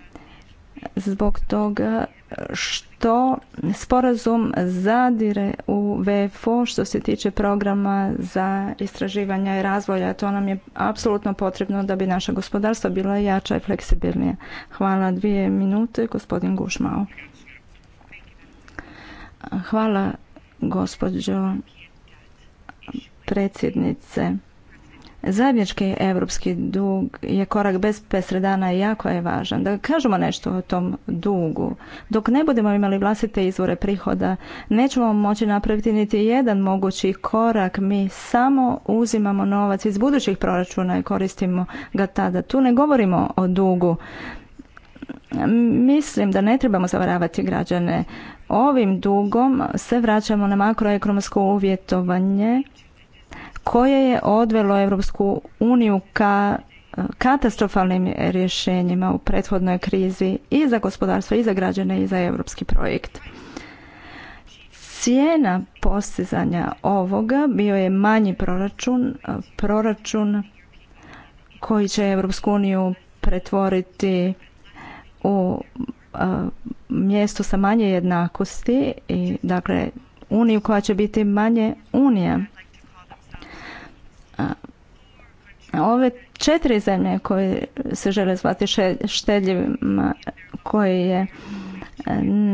zbog toga što sporazum zadire u VFO što se tiče programa za istraživanja i razvoja. To nam je apsolutno potrebno da bi naša gospodarstva bila jača i fleksibilnija. Hvala dvije minute, gospodin Gušmao. Hvala gospođo predsjednice. Zajednički europski dug je korak bez presredana i jako je važan. Da kažemo nešto o tom dugu. Dok ne budemo imali vlastite izvore prihoda, nećemo moći napraviti niti jedan mogući korak. Mi samo uzimamo novac iz budućih proračuna i koristimo ga tada. Tu ne govorimo o dugu. Mislim da ne trebamo zavaravati građane. Ovim dugom se vraćamo na makroekonomsko uvjetovanje koje je odvelo Europsku uniju ka e, katastrofalnim rješenjima u prethodnoj krizi i za gospodarstvo i za građane i za europski projekt. Cijena postizanja ovoga bio je manji proračun, e, proračun koji će Europsku uniju pretvoriti u e, mjesto sa manje jednakosti i dakle uniju koja će biti manje unija. Ove četiri zemlje koje se žele zvati štedljivima, koje e,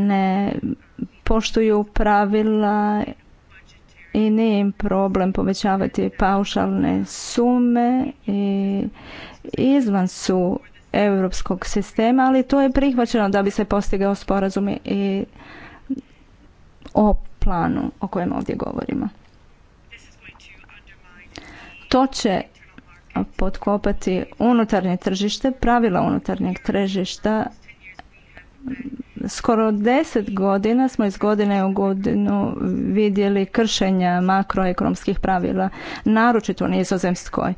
ne poštuju pravila i nije im problem povećavati paušalne sume i izvan su europskog sistema, ali to je prihvaćeno da bi se postigao sporazum i o planu o kojem ovdje govorimo. To će potkopati unutarnje tržište, pravila unutarnjeg tržišta. Skoro deset godina smo iz godine u godinu vidjeli kršenja makroekonomskih pravila, naročito u nizozemskoj.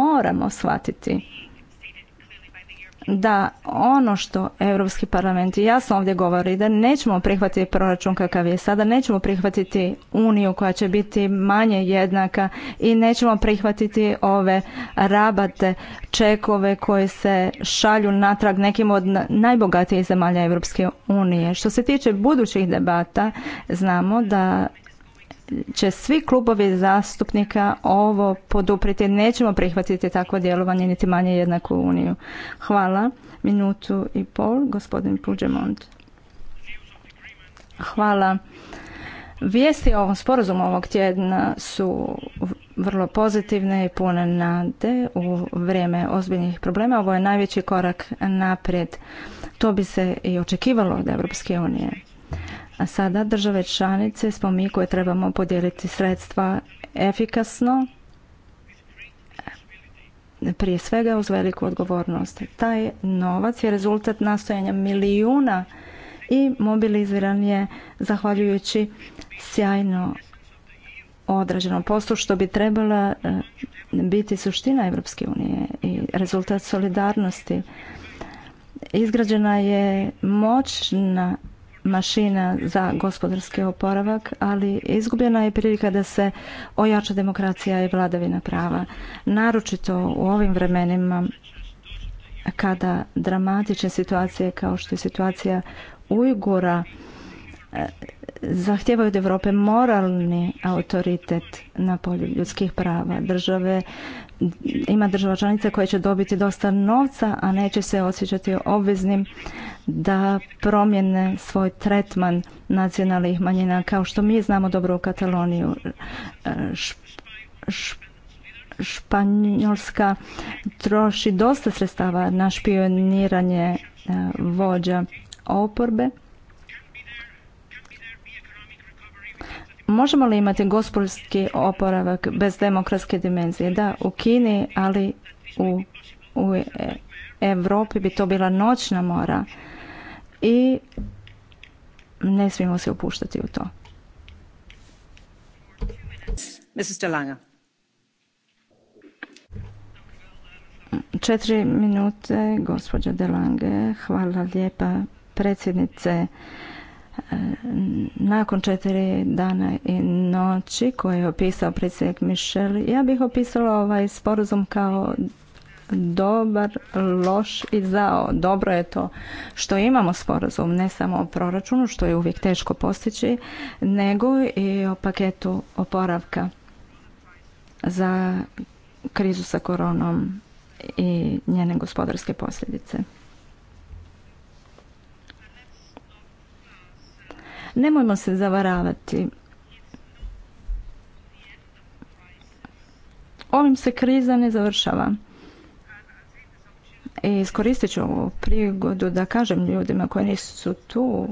Moramo shvatiti da ono što Europski parlament i jasno ovdje govori da nećemo prihvatiti proračun kakav je sada, nećemo prihvatiti uniju koja će biti manje jednaka i nećemo prihvatiti ove rabate, čekove koje se šalju natrag nekim od najbogatijih zemalja Europske unije. Što se tiče budućih debata, znamo da će svi klubovi zastupnika ovo poduprijeti. Nećemo prihvatiti takvo djelovanje, niti manje jednaku uniju. Hvala. Minutu i pol, gospodin Puđemont. Hvala. Vijesti o ovom sporazumu ovog tjedna su vrlo pozitivne i pune nade u vrijeme ozbiljnih problema. Ovo je najveći korak naprijed. To bi se i očekivalo od Europske unije. A sada države članice smo mi koje trebamo podijeliti sredstva efikasno, prije svega uz veliku odgovornost. Taj novac je rezultat nastojanja milijuna i mobiliziran je zahvaljujući sjajno odrađenom poslu što bi trebala e, biti suština Europske unije i rezultat solidarnosti. Izgrađena je moćna mašina za gospodarski oporavak, ali izgubljena je prilika da se ojača demokracija i vladavina prava. Naročito u ovim vremenima kada dramatične situacije kao što je situacija Ujgura e, zahtijevaju od Europe moralni autoritet na polju ljudskih prava. Države ima država članica koje će dobiti dosta novca, a neće se osjećati obveznim da promijene svoj tretman nacionalnih manjina. Kao što mi znamo dobro u Kataloniju, Španjolska troši dosta sredstava na špioniranje e, vođa oporbe Možemo li imati gospodarski oporavak bez demokratske dimenzije? Da, u Kini, ali u, u Europi bi to bila noćna mora i ne smijemo se opuštati u to. Četiri minute, gospođa Delange. Hvala lijepa predsjednice nakon četiri dana i noći koje je opisao predsjednik Mišel, ja bih opisala ovaj sporazum kao dobar, loš i zao. Dobro je to što imamo sporazum, ne samo o proračunu, što je uvijek teško postići, nego i o paketu oporavka za krizu sa koronom i njene gospodarske posljedice. Nemojmo se zavaravati. Ovim se kriza ne završava. I iskoristit ću ovu prigodu da kažem ljudima koji nisu tu,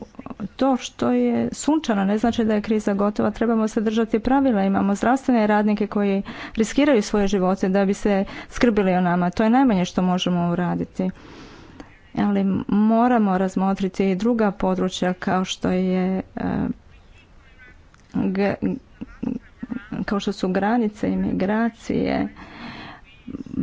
to što je sunčano ne znači da je kriza gotova, trebamo se držati pravila, imamo zdravstvene radnike koji riskiraju svoje živote da bi se skrbili o nama, to je najmanje što možemo uraditi ali moramo razmotriti i druga područja kao što je eh, kao što su granice imigracije.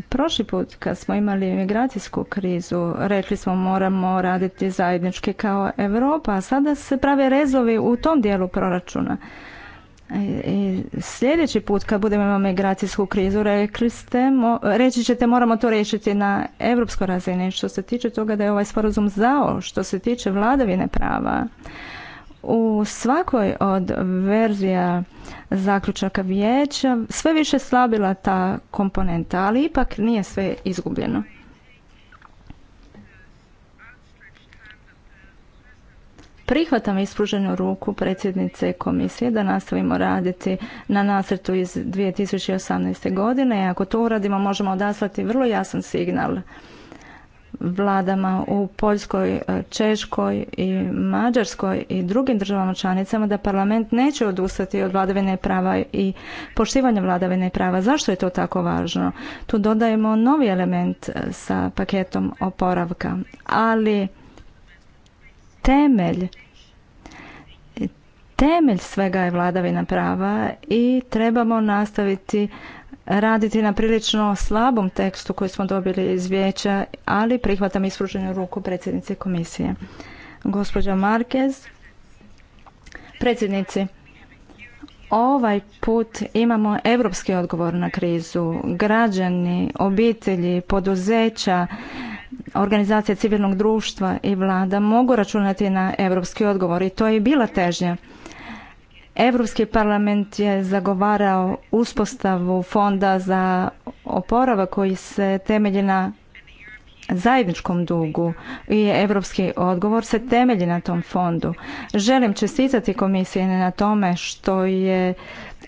Prošli put kad smo imali imigracijsku krizu, rekli smo moramo raditi zajednički kao Europa, a sada se prave rezovi u tom dijelu proračuna. Sljedeći put kad budemo imali migracijsku krizu, rekli ste, reći ćete moramo to riješiti na europskoj razini. Što se tiče toga da je ovaj sporazum zao, što se tiče vladavine prava, u svakoj od verzija zaključaka vijeća sve više slabila ta komponenta, ali ipak nije sve izgubljeno. Prihvatam ispruženu ruku predsjednice komisije da nastavimo raditi na nasrtu iz 2018. godine i ako to uradimo možemo odaslati vrlo jasan signal vladama u Poljskoj, Češkoj i Mađarskoj i drugim državama članicama da parlament neće odustati od vladavine prava i poštivanja vladavine prava. Zašto je to tako važno? Tu dodajemo novi element sa paketom oporavka, ali temelj temelj svega je vladavina prava i trebamo nastaviti raditi na prilično slabom tekstu koji smo dobili iz vijeća, ali prihvatam ispruženu ruku predsjednice komisije. Gospođa Marquez, predsjednici, ovaj put imamo europski odgovor na krizu. Građani, obitelji, poduzeća, organizacije civilnog društva i vlada mogu računati na europski odgovor i to je bila težnja. Europski parlament je zagovarao uspostavu fonda za oporava koji se temelji na zajedničkom dugu i europski odgovor se temelji na tom fondu. Želim čestitati Komisije na tome što je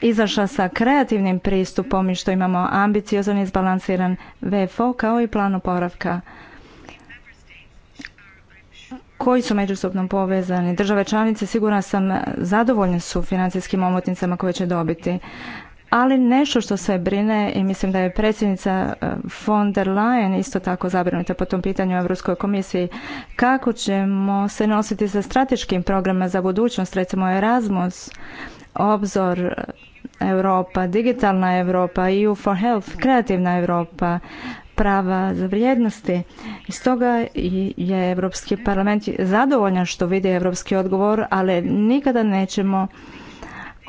izašla sa kreativnim pristupom i što imamo ambiciozan i izbalansiran VFO kao i plan oporavka koji su međusobno povezani. Države članice sigurno sam zadovoljne su financijskim omotnicama koje će dobiti. Ali nešto što sve brine i mislim da je predsjednica e, von der Leyen isto tako zabrinuta po tom pitanju u Europskoj komisiji, kako ćemo se nositi sa strateškim programima za budućnost, recimo Erasmus, obzor Europa, digitalna Europa, EU for health, kreativna Europa, prava za vrijednosti. I stoga je Europski parlament zadovoljan što vidi europski odgovor, ali nikada nećemo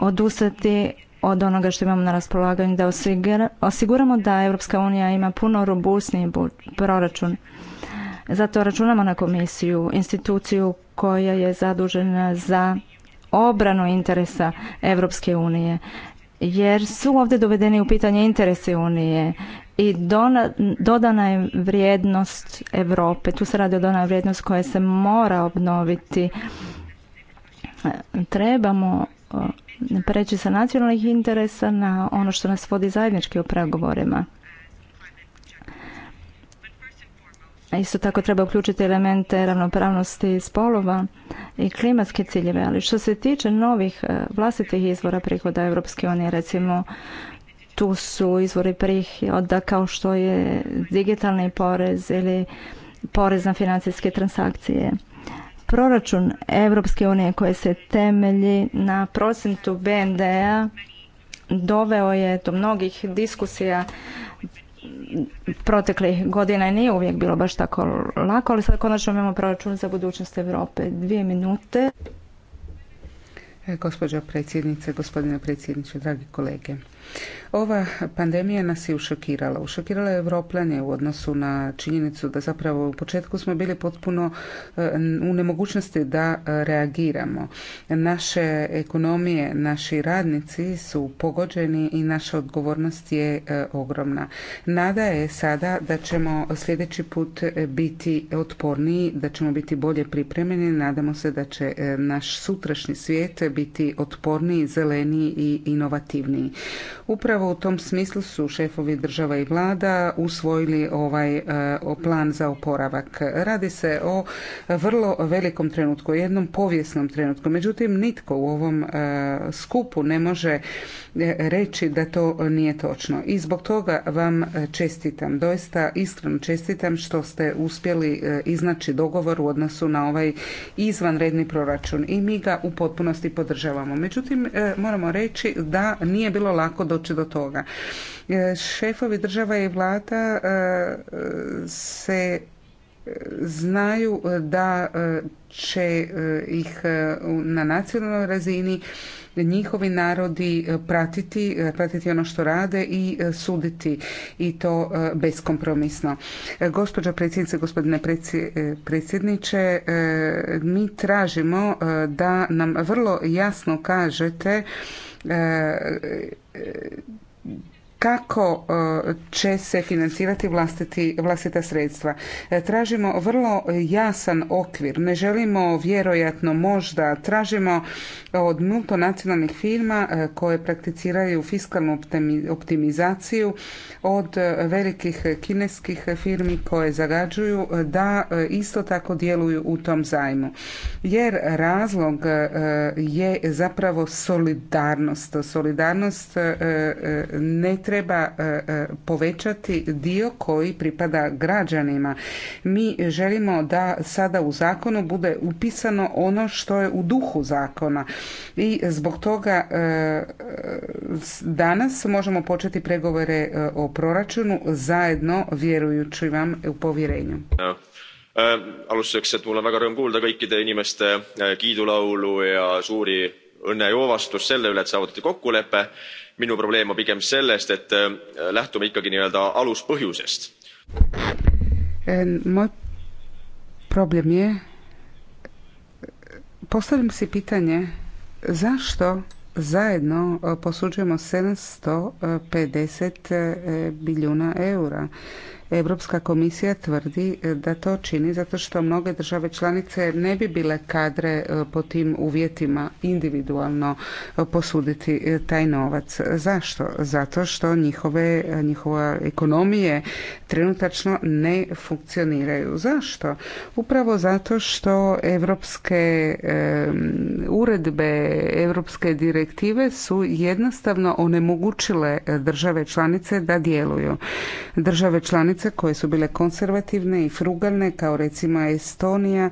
odustati od onoga što imamo na raspolaganju, da osiguramo da Europska unija ima puno robustniji proračun. Zato računamo na komisiju, instituciju koja je zadužena za obranu interesa Europske unije jer su ovdje dovedeni u pitanje interese Unije i dodana je vrijednost Europe. Tu se radi o dodana vrijednost koja se mora obnoviti. Trebamo preći sa nacionalnih interesa na ono što nas vodi zajednički u pregovorima. Isto tako treba uključiti elemente ravnopravnosti spolova i klimatske ciljeve, ali što se tiče novih e, vlastitih izvora prihoda Europske unije, recimo tu su izvori prihoda kao što je digitalni porez ili porez na financijske transakcije. Proračun Europske unije koji se temelji na procentu BND-a doveo je do mnogih diskusija protekle godina nije uvijek bilo baš tako lako, ali sad konačno imamo proračun za budućnost Europe. Dvije minute. E, gospođo predsjednice, gospodine predsjedniče, dragi kolege. Ova pandemija nas je ušokirala. Ušokirala je Evropljane u odnosu na činjenicu da zapravo u početku smo bili potpuno eh, u nemogućnosti da eh, reagiramo. Naše ekonomije, naši radnici su pogođeni i naša odgovornost je eh, ogromna. Nada je sada da ćemo sljedeći put biti otporniji, da ćemo biti bolje pripremljeni. Nadamo se da će naš sutrašnji svijet biti otporniji, zeleniji i inovativniji. Upravo Upravo u tom smislu su šefovi država i vlada usvojili ovaj e, plan za oporavak. Radi se o vrlo velikom trenutku, jednom povijesnom trenutku. Međutim, nitko u ovom e, skupu ne može e, reći da to nije točno. I zbog toga vam čestitam, doista iskreno čestitam što ste uspjeli iznaći dogovor u odnosu na ovaj izvanredni proračun i mi ga u potpunosti podržavamo. Međutim, moramo reći da nije bilo lako doći do toga. E, šefovi država i vlada e, se e, znaju da će ih na nacionalnoj razini njihovi narodi pratiti, pratiti ono što rade i suditi i to beskompromisno. Gospođo predsjednice, gospodine predsjedniče, mi tražimo da nam vrlo jasno kažete e, e kako e, će se financirati vlastiti, vlastita sredstva. E, tražimo vrlo jasan okvir, ne želimo vjerojatno možda, tražimo od multinacionalnih firma e, koje prakticiraju fiskalnu optimizaciju, od velikih kineskih firmi koje zagađuju da isto tako djeluju u tom zajmu. Jer razlog je zapravo solidarnost. Solidarnost ne treba e, e, povećati dio koji pripada građanima. Mi želimo da sada u zakonu bude upisano ono što je u duhu zakona i zbog toga e, danas možemo početi pregovore o proračunu zajedno vjerujući vam u povjerenju alustuseks et mul on väga rõõm kuulda kõikide inimeste kiidulaulu ja suuri õnne ja selle üle et saavutati kokkulepe minu probleem on pigem sellest et äh, lähtume ikkagi nii-öelda aluspõhjusest. moj problem je postavljam si pitanje zašto zajedno e, posuđujemo 750 e, e, milijuna eura Europska komisija tvrdi e, da to čini zato što mnoge države članice ne bi bile kadre e, po tim uvjetima individualno e, posuditi taj novac. Zašto? Zato što njihove, njihova ekonomije trenutačno ne funkcioniraju. Zašto? Upravo zato što europske uredbe, europske direktive su jednostavno onemogućile države članice da djeluju. Države članice koje su bile konservativne i frugalne kao recimo Estonija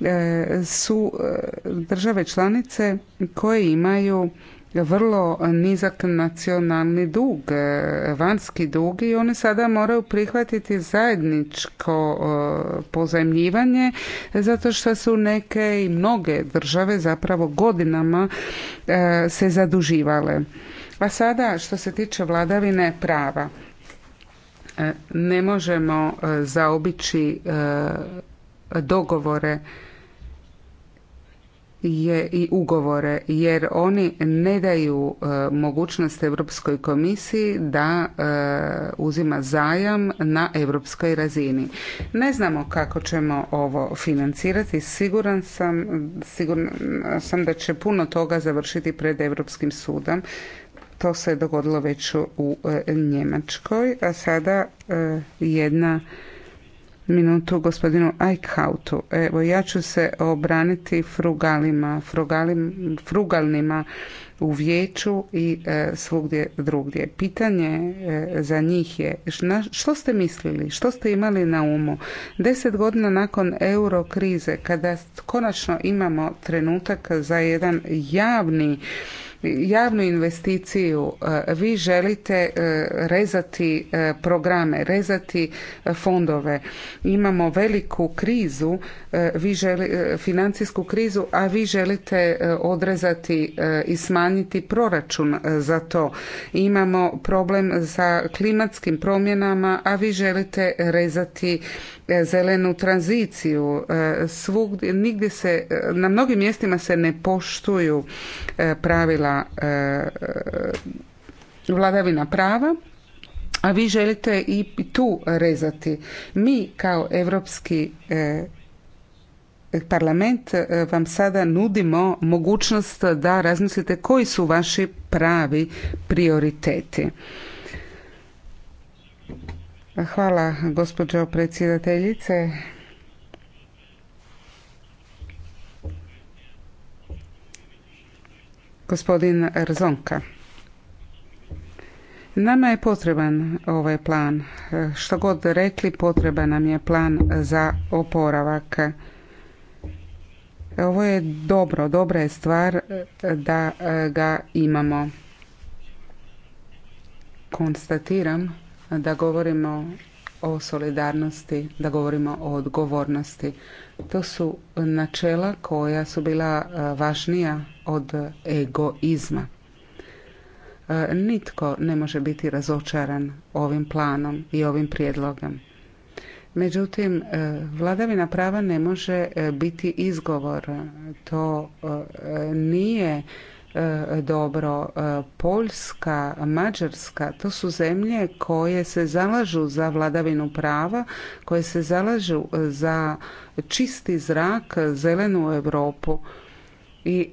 e, su e, države članice koje imaju vrlo nizak nacionalni dug, e, vanjski dug i one sada moraju prihvatiti zajedničko pozajmljivanje zato što su neke i mnoge države zapravo godinama se zaduživale. A sada što se tiče vladavine prava. E, ne možemo e, zaobići e, dogovore i ugovore jer oni ne daju mogućnost Europskoj komisiji da uzima zajam na europskoj razini. Ne znamo kako ćemo ovo financirati, siguran sam, siguran sam da će puno toga završiti pred Europskim sudom to se dogodilo već u e, Njemačkoj. A sada e, jedna minutu gospodinu Eichhautu. Evo, ja ću se obraniti frugalima, frugalim, frugalnima u vijeću i e, svugdje drugdje. Pitanje za njih je što ste mislili, što ste imali na umu deset godina nakon euro krize kada konačno imamo trenutak za jedan javni javnu investiciju e, vi želite e, rezati e, programe, rezati fondove. Imamo veliku krizu, vi financijsku krizu, a vi želite odrezati i smanjiti proračun za to. Imamo problem sa klimatskim promjenama, a vi želite rezati zelenu tranziciju. E, svugdje nigdje se, e, na mnogim mjestima se ne poštuju e, pravila vladavina prava a vi želite i tu rezati. Mi kao Europski parlament vam sada nudimo mogućnost da razmislite koji su vaši pravi prioriteti. Hvala gospođo predsjedateljice. Gospodin Rzonka. Nama je potreban ovaj plan. Što god rekli, potreban nam je plan za oporavak. Ovo je dobro, dobra je stvar da ga imamo. Konstatiram da govorimo o solidarnosti, da govorimo o odgovornosti. To su načela koja su bila e, važnija od egoizma. E, nitko ne može biti razočaran ovim planom i ovim prijedlogom. Međutim, e, vladavina prava ne može biti izgovor. To nije E, dobro. E, Poljska, Mađarska, to su zemlje koje se zalažu za vladavinu prava, koje se zalažu e, za čisti zrak, zelenu Europu. I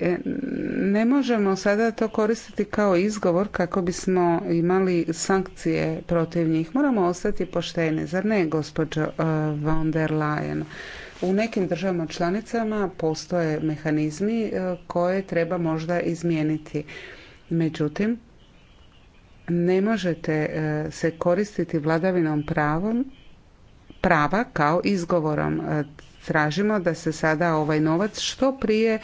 ne možemo sada to koristiti kao izgovor kako bismo imali sankcije protiv njih. Moramo ostati pošteni, zar ne, gospođo von der Leyen? U nekim državama članicama postoje mehanizmi e, koje treba možda izmijeniti. Međutim, ne možete e, se koristiti vladavinom pravom prava kao izgovorom. E, tražimo da se sada ovaj novac što prije e,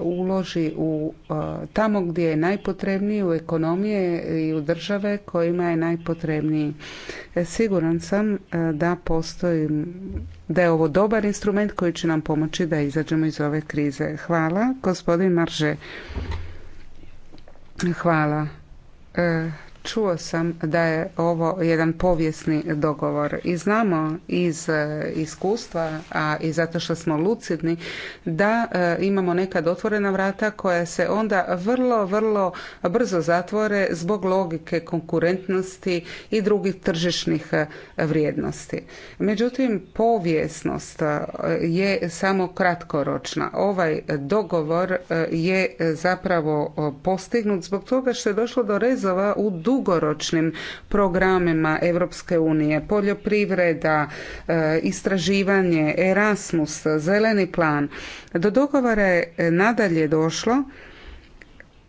uloži u e, tamo gdje je najpotrebniji u ekonomije i u države kojima je najpotrebniji. E, siguran sam da postoji da je ovo dobar instrument koji će nam pomoći da izađemo iz ove krize. Hvala, gospodin Marže. Hvala. Čuo sam da je ovo jedan povijesni dogovor i znamo iz e, iskustva, a i zato što smo lucidni, da e, imamo nekad otvorena vrata koja se onda vrlo, vrlo brzo zatvore zbog logike konkurentnosti i drugih tržišnih e, vrijednosti. Međutim, povijesnost je samo kratkoročna. Ovaj dogovor je zapravo postignut zbog toga što je došlo do rezova u dugu dugoročnim programima Europske unije, poljoprivreda, e, istraživanje, Erasmus, zeleni plan. Do dogovora je e, nadalje došlo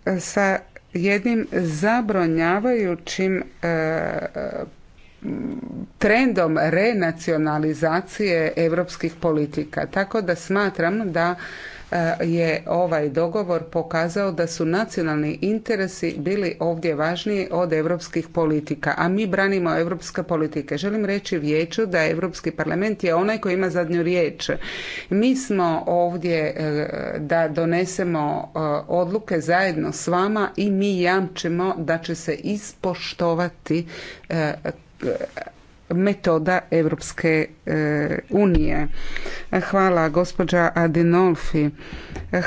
e, sa jednim zabronjavajućim trendom renacionalizacije europskih politika. Tako da smatram da E, je ovaj dogovor pokazao da su nacionalni interesi bili ovdje važniji od europskih politika, a mi branimo europske politike. Želim reći vijeću da Europski parlament je onaj koji ima zadnju riječ. Mi smo ovdje e, da donesemo e, odluke zajedno s vama i mi jamčimo da će se ispoštovati metoda Europske eh, unije. Hvala gospođa Adinolfi.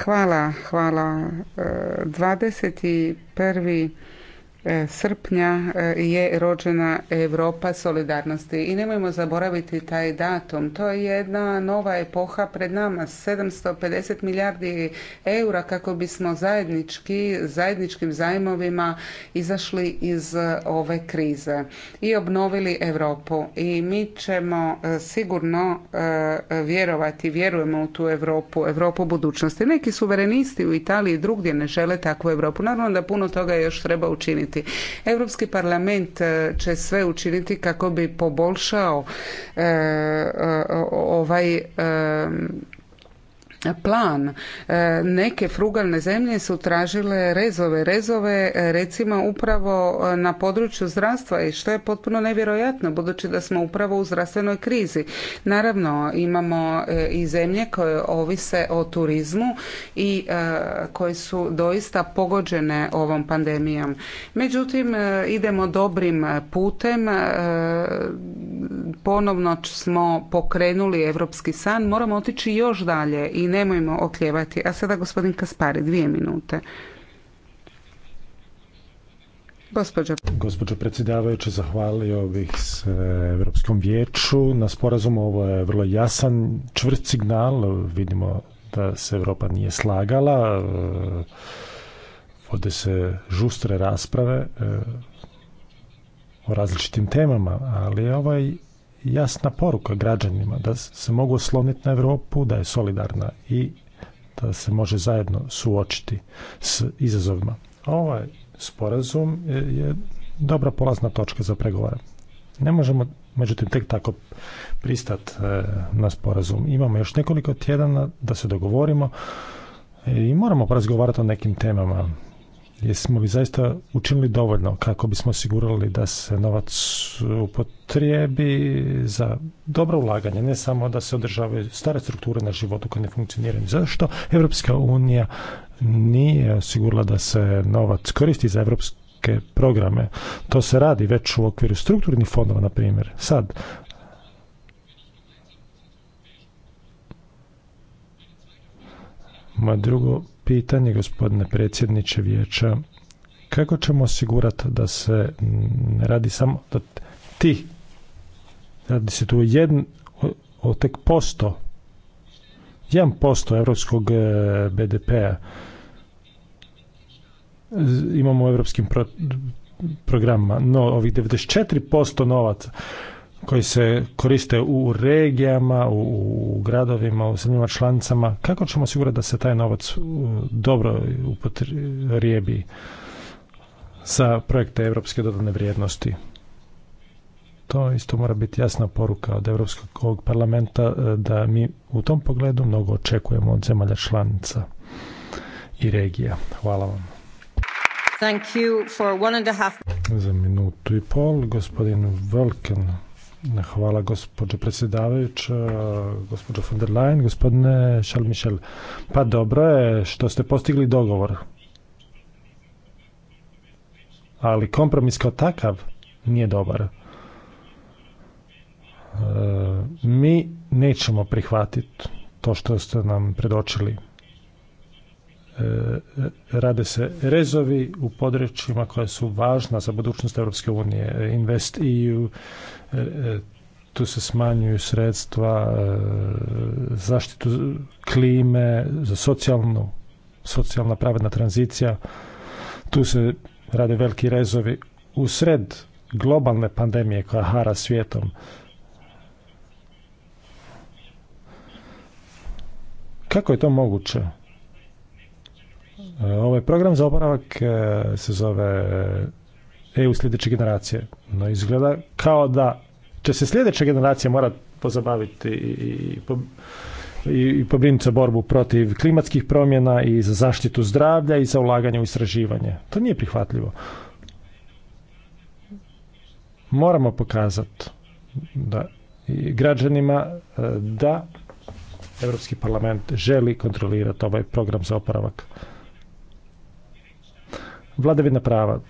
Hvala, hvala. 21. Eh, E, srpnja e, je rođena Europa solidarnosti i nemojmo zaboraviti taj datum. To je jedna nova epoha pred nama, 750 milijardi eura kako bismo zajednički, zajedničkim zajmovima izašli iz e, ove krize i obnovili Europu. I mi ćemo sigurno vjerovati, vjerujemo u tu Europu, Europu budućnosti. Neki suverenisti u Italiji drugdje ne žele takvu Europu. Naravno da puno toga još treba učiniti učiniti. Europski parlament e, će sve učiniti kako bi poboljšao e, e, ovaj plan. E, neke frugalne zemlje su tražile rezove, rezove e, recimo upravo e, na području zdravstva i što je potpuno nevjerojatno budući da smo upravo u zdravstvenoj krizi. Naravno imamo i zemlje koje ovise o turizmu i koje su doista pogođene ovom pandemijom. Međutim, idemo dobrim putem. Ponovno smo pokrenuli europski san. Moramo otići još dalje i nemojmo okljevati. A sada gospodin Kaspari, dvije minute. Gospođo. predsjedavajući predsjedavajuća, zahvalio bih se Europskom vijeću na sporazumu. Ovo je vrlo jasan, čvrst signal. Vidimo da se Europa nije slagala. Vode se žustre rasprave e, o različitim temama, ali ovaj jasna poruka građanima da se mogu osloniti na Europu, da je solidarna i da se može zajedno suočiti s izazovima. Ovaj sporazum je, dobra polazna točka za pregovore. Ne možemo, međutim, tek tako pristati e, na sporazum. Imamo još nekoliko tjedana da se dogovorimo i moramo porazgovarati o nekim temama jesmo li zaista učinili dovoljno kako bismo osigurali da se novac upotrijebi za dobro ulaganje, ne samo da se održavaju stare strukture na životu koje ne funkcioniraju. Zašto Evropska unija nije osigurala da se novac koristi za europske programe? To se radi već u okviru strukturnih fondova, na primjer. Sad, moje drugo pitanje, gospodine predsjedniče vijeća, kako ćemo osigurati da se ne radi samo da ti, radi se tu jedan, od tek posto, jedan posto evropskog e, BDP-a imamo u evropskim pro, programima, no ovih 94% novaca koji se koriste u regijama, u, gradovima, u zemljama članicama, kako ćemo osigurati da se taj novac dobro upotrijebi za projekte europske dodane vrijednosti? To isto mora biti jasna poruka od Evropskog parlamenta e, da mi u tom pogledu mnogo očekujemo od zemalja članica i regija. Hvala vam. Thank you for one and a half. Za minutu i pol, gospodin Vulcan. Hvala gospođo predsjedavajuća, gospođo von der Leyen, gospodine Charles Michel. Pa dobro je što ste postigli dogovor. Ali kompromis kao takav nije dobar. E, mi nećemo prihvatiti to što ste nam predočili. E, rade se rezovi u područjima koja su važna za budućnost Europske unije. Invest EU, tu se smanjuju sredstva e, zaštitu klime, za socijalnu, socijalna pravedna tranzicija. Tu se rade veliki rezovi u sred globalne pandemije koja hara svijetom. Kako je to moguće? E, ovaj program za oporavak e, se zove EU sljedeće generacije. No izgleda kao da će se sljedeća generacija morati pozabaviti i, i, i pobrinuti za borbu protiv klimatskih promjena i za zaštitu zdravlja i za ulaganje u istraživanje. To nije prihvatljivo. Moramo pokazati da građanima e, da Europski parlament želi kontrolirati ovaj program za oporavak. Vladavina prava,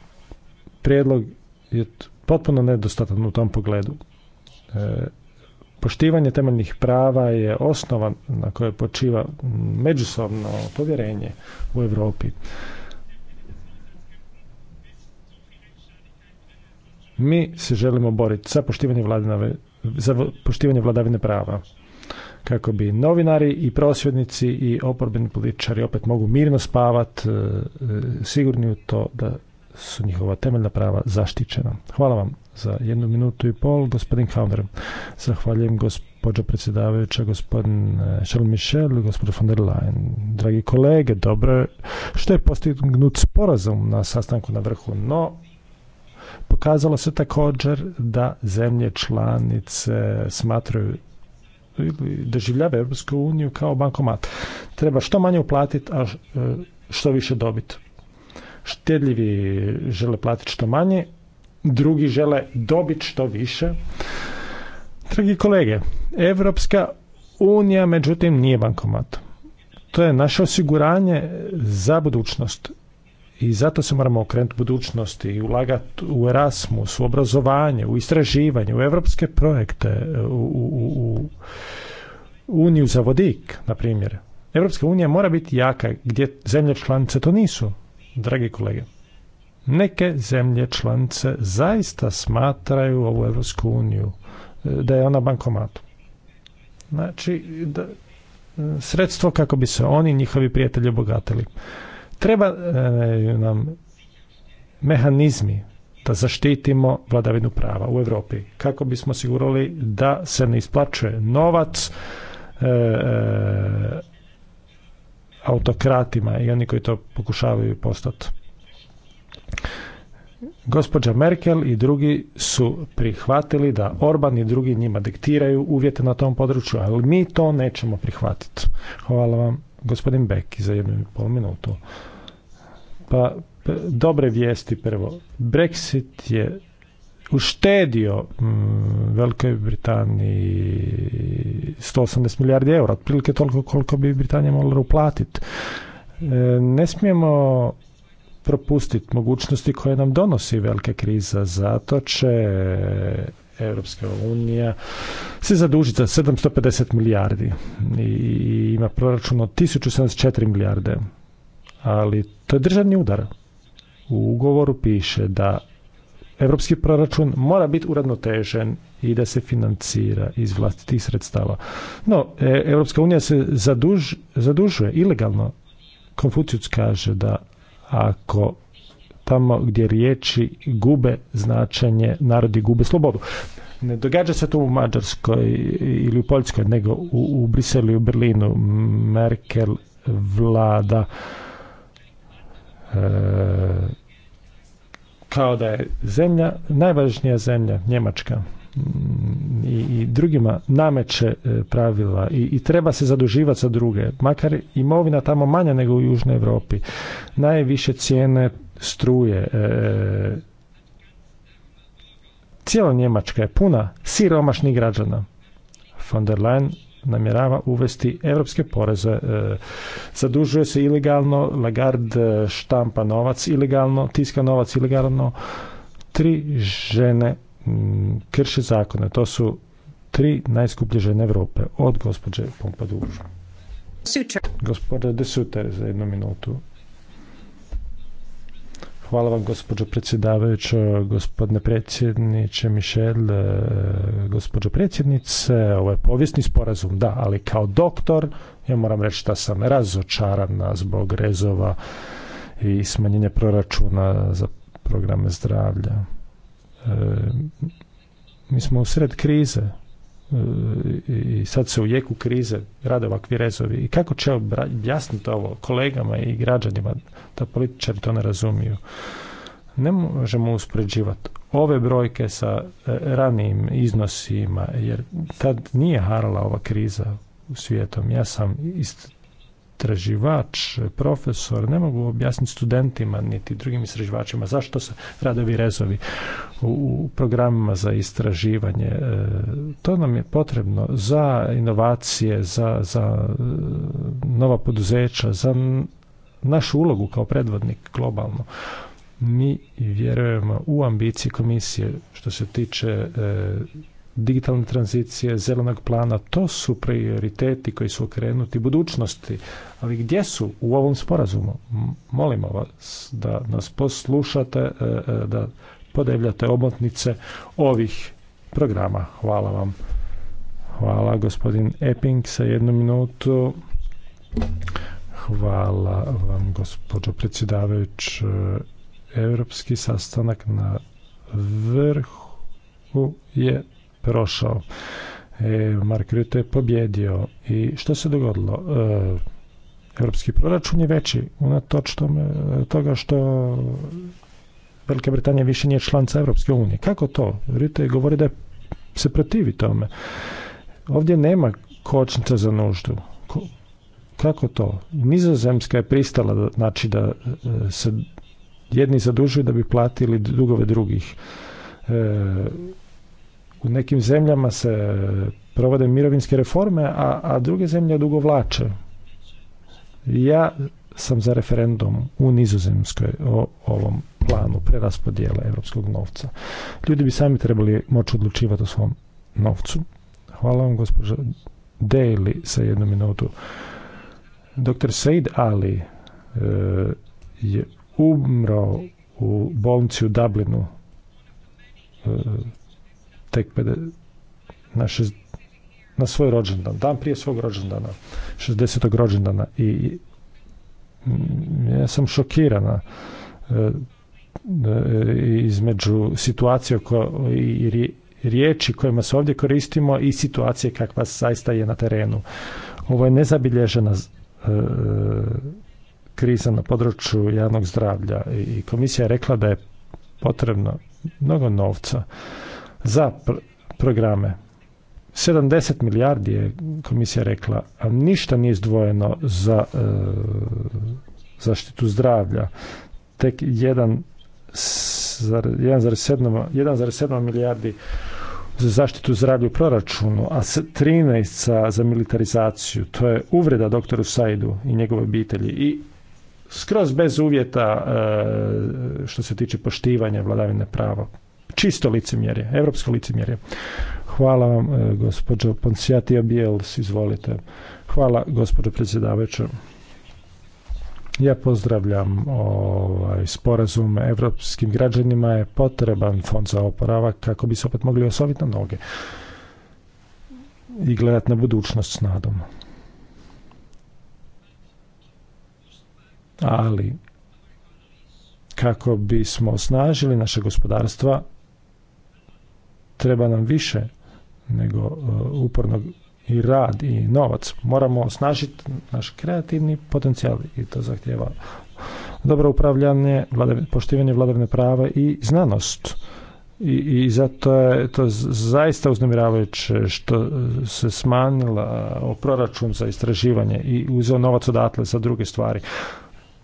prijedlog je potpuno nedostatan u tom pogledu. E, poštivanje temeljnih prava je osnova na kojoj počiva međusobno povjerenje u Europi. Mi se želimo boriti za poštivanje, za poštivanje vladavine prava kako bi novinari i prosvjednici i oporbeni političari opet mogu mirno spavat, e, e, sigurni u to da su njihova temeljna prava zaštićena. Hvala vam za jednu minutu i pol, gospodin Kauner. Zahvaljujem gospođo predsjedavajuća, gospodin e, Charles Michel, gospođo von der Leyen. Dragi kolege, dobro što je postignut sporazum na sastanku na vrhu, no pokazalo se također da zemlje članice smatraju ili doživljava Europsku uniju kao bankomat. Treba što manje uplatiti, a e, što više dobiti štedljivi žele platiti što manje, drugi žele dobiti što više. Dragi kolege, Evropska unija međutim nije bankomat. To je naše osiguranje za budućnost. I zato se moramo okrenuti budućnosti i ulagati u Erasmus, u obrazovanje, u istraživanje, u evropske projekte, u, u, u Uniju za vodik, na primjer. Evropska unija mora biti jaka gdje zemlje članice to nisu dragi kolege, neke zemlje članice zaista smatraju ovu Evropsku uniju e, da je ona bankomat. Znači, da, e, sredstvo kako bi se oni njihovi prijatelji obogatili. Treba e, nam mehanizmi da zaštitimo vladavinu prava u Europi kako bismo osigurali da se ne isplaćuje novac autokratima i oni koji to pokušavaju postati. Gospođa Merkel i drugi su prihvatili da Orban i drugi njima diktiraju uvjete na tom području, ali mi to nećemo prihvatiti. Hvala vam, gospodin Beki, za jednu pol minutu. Pa, dobre vijesti prvo. Brexit je uštedio mm, Velikoj Britaniji 180 milijardi eura, otprilike toliko koliko bi Britanija morala uplatiti. E, ne smijemo propustiti mogućnosti koje nam donosi velika kriza, zato će Evropska unija se zadužiti za 750 milijardi i ima proračun od 1074 milijarde. Ali to je državni udar. U ugovoru piše da Evropski proračun mora biti uravnotežen i da se financira iz vlastitih sredstava. No, e, Evropska unija se zaduž, zadužuje ilegalno. Konfucius kaže da ako tamo gdje riječi gube značenje, narodi gube slobodu. Ne događa se to u Mađarskoj ili u Poljskoj, nego u, u Briselu i u Berlinu. Merkel vlada e, kao da je zemlja, najvažnija zemlja, Njemačka, mm, i, i drugima nameće e, pravila i, i treba se zaduživati za druge. Makar imovina tamo manja nego u Južnoj Europi. Najviše cijene struje. E, cijela Njemačka je puna siromašnih građana. Von der Leyen namjerava uvesti evropske poreze. E, zadužuje se ilegalno, Lagard e, štampa novac ilegalno, tiska novac ilegalno. Tri žene krše zakone. To su tri najskuplje žene Europe od gospođe Pompadour. Gospoda de Suter za jednu minutu. Hvala vam gospođo predsjedavajuća, gospodine predsjedniče Mišel, e, gospođo predsjednice, ovo je povijesni sporazum, da, ali kao doktor ja moram reći da sam razočarana zbog rezova i smanjenja proračuna za programe zdravlja. E, mi smo u sred krize, E, i sad se u jeku krize rade ovakvi rezovi. I kako će objasniti ovo kolegama i građanima da političari to ne razumiju? Ne možemo uspoređivati ove brojke sa e, ranijim iznosima, jer tad nije harala ova kriza u svijetom. Ja sam iz istraživač, profesor, ne mogu objasniti studentima niti drugim istraživačima zašto se rade ovi rezovi u, programima za istraživanje. E, to nam je potrebno za inovacije, za, za e, nova poduzeća, za našu ulogu kao predvodnik globalno. Mi vjerujemo u ambicije komisije što se tiče e, digitalne tranzicije, zelenog plana, to su prioriteti koji su okrenuti budućnosti. Ali gdje su u ovom sporazumu? Molimo vas da nas poslušate, e, e, da podebljate obotnice ovih programa. Hvala vam. Hvala gospodin Epping sa jednu minutu. Hvala vam gospođo predsjedavajuć. Europski sastanak na vrhu je prošao. E, Mark Rutte je pobjedio. I što se dogodilo? E, Europski proračun je veći, unatoč tome, e, toga što Velika Britanija više nije članca Europske unije. Kako to? Rutte govori da se protivi tome. Ovdje nema kočnica za nuždu. kako to? Nizozemska je pristala da, znači da e, se jedni zadužuju da bi platili dugove drugih. E, u nekim zemljama se provode mirovinske reforme, a, a druge zemlje vlače. Ja sam za referendum u Nizozemskoj o ovom planu preraspodjele europskog novca. Ljudi bi sami trebali moći odlučivati o svom novcu. Hvala vam, gospođo Daly, sa jednu minutu. Dr. Said Ali e, je umro u bolnici u Dublinu. E, tek na, na svoj rođendan, dan prije svog rođendana, 60. rođendana i mm, ja sam šokirana e, e, između situacije i riječi kojima se ovdje koristimo i situacije kakva zaista je na terenu. Ovo je nezabilježena e, kriza na području javnog zdravlja i komisija je rekla da je potrebno mnogo novca za programe. 70 milijardi je komisija rekla, a ništa nije izdvojeno za e, zaštitu zdravlja. Tek 1,7 milijardi za zaštitu zdravlja u proračunu, a 13 za, za militarizaciju. To je uvreda doktoru Saidu i njegove obitelji i skroz bez uvjeta e, što se tiče poštivanja vladavine prava čisto licemjerje, evropsko licemjerje. Hvala vam, e, gospođo Poncijatija Bijels, izvolite. Hvala, gospođo predsjedavajuća. Ja pozdravljam ovaj sporazum evropskim građanima je potreban fond za oporavak kako bi se opet mogli osoviti na noge i gledati na budućnost s nadom. Ali kako bismo osnažili naše gospodarstva, Treba nam više nego e, upornog i rad i novac. Moramo osnažiti naš kreativni potencijal i to zahtjeva dobro upravljanje, vlade, poštivanje vladavine prava i znanost. I, i zato je to zaista uznemiravajuće što se smanjila o e, proračun za istraživanje i uzeo novac odatle za druge stvari.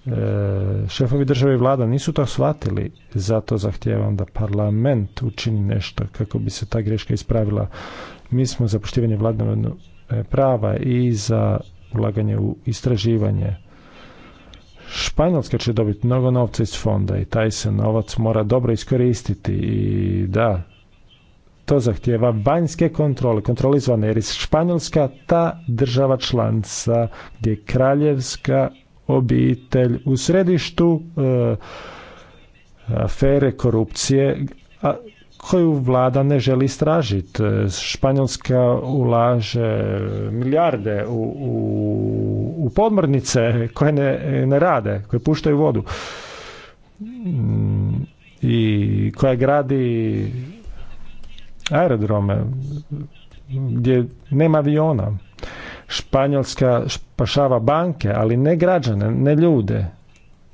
E, šefovi države i vlada nisu to shvatili, zato zahtijevam da parlament učini nešto kako bi se ta greška ispravila. Mi smo za poštivanje vladavnog e, prava i za ulaganje u istraživanje. Španjolska će dobiti mnogo novca iz fonda i taj se novac mora dobro iskoristiti i da, to zahtjeva banjske kontrole, kontrole jer je Španjolska ta država članca gdje kraljevska obitelj u središtu e, afere korupcije a, koju vlada ne želi istražiti. E, Španjolska ulaže milijarde u, u, u podmornice koje ne, ne rade, koje puštaju vodu mm, i koja gradi aerodrome gdje nema aviona. Španjolska spašava banke, ali ne građane, ne ljude.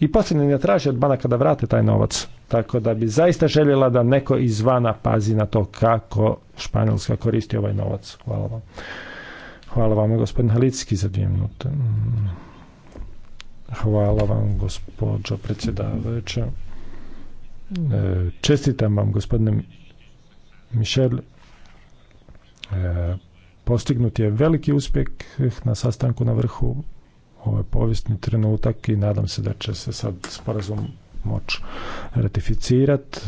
I posljednje ne traži od banaka da vrate taj novac. Tako da bi zaista željela da neko izvana pazi na to kako Španjolska koristi ovaj novac. Hvala vam. Hvala vam, gospodin Halicki, za dvije minute. Mm. Hvala vam, gospođo predsjedavajuća. E, čestitam vam, gospodine Mišel. E, Postignut je veliki uspjeh na sastanku na vrhu. Ovo je povijesni trenutak i nadam se da će se sad sporazum moći ratificirati. E,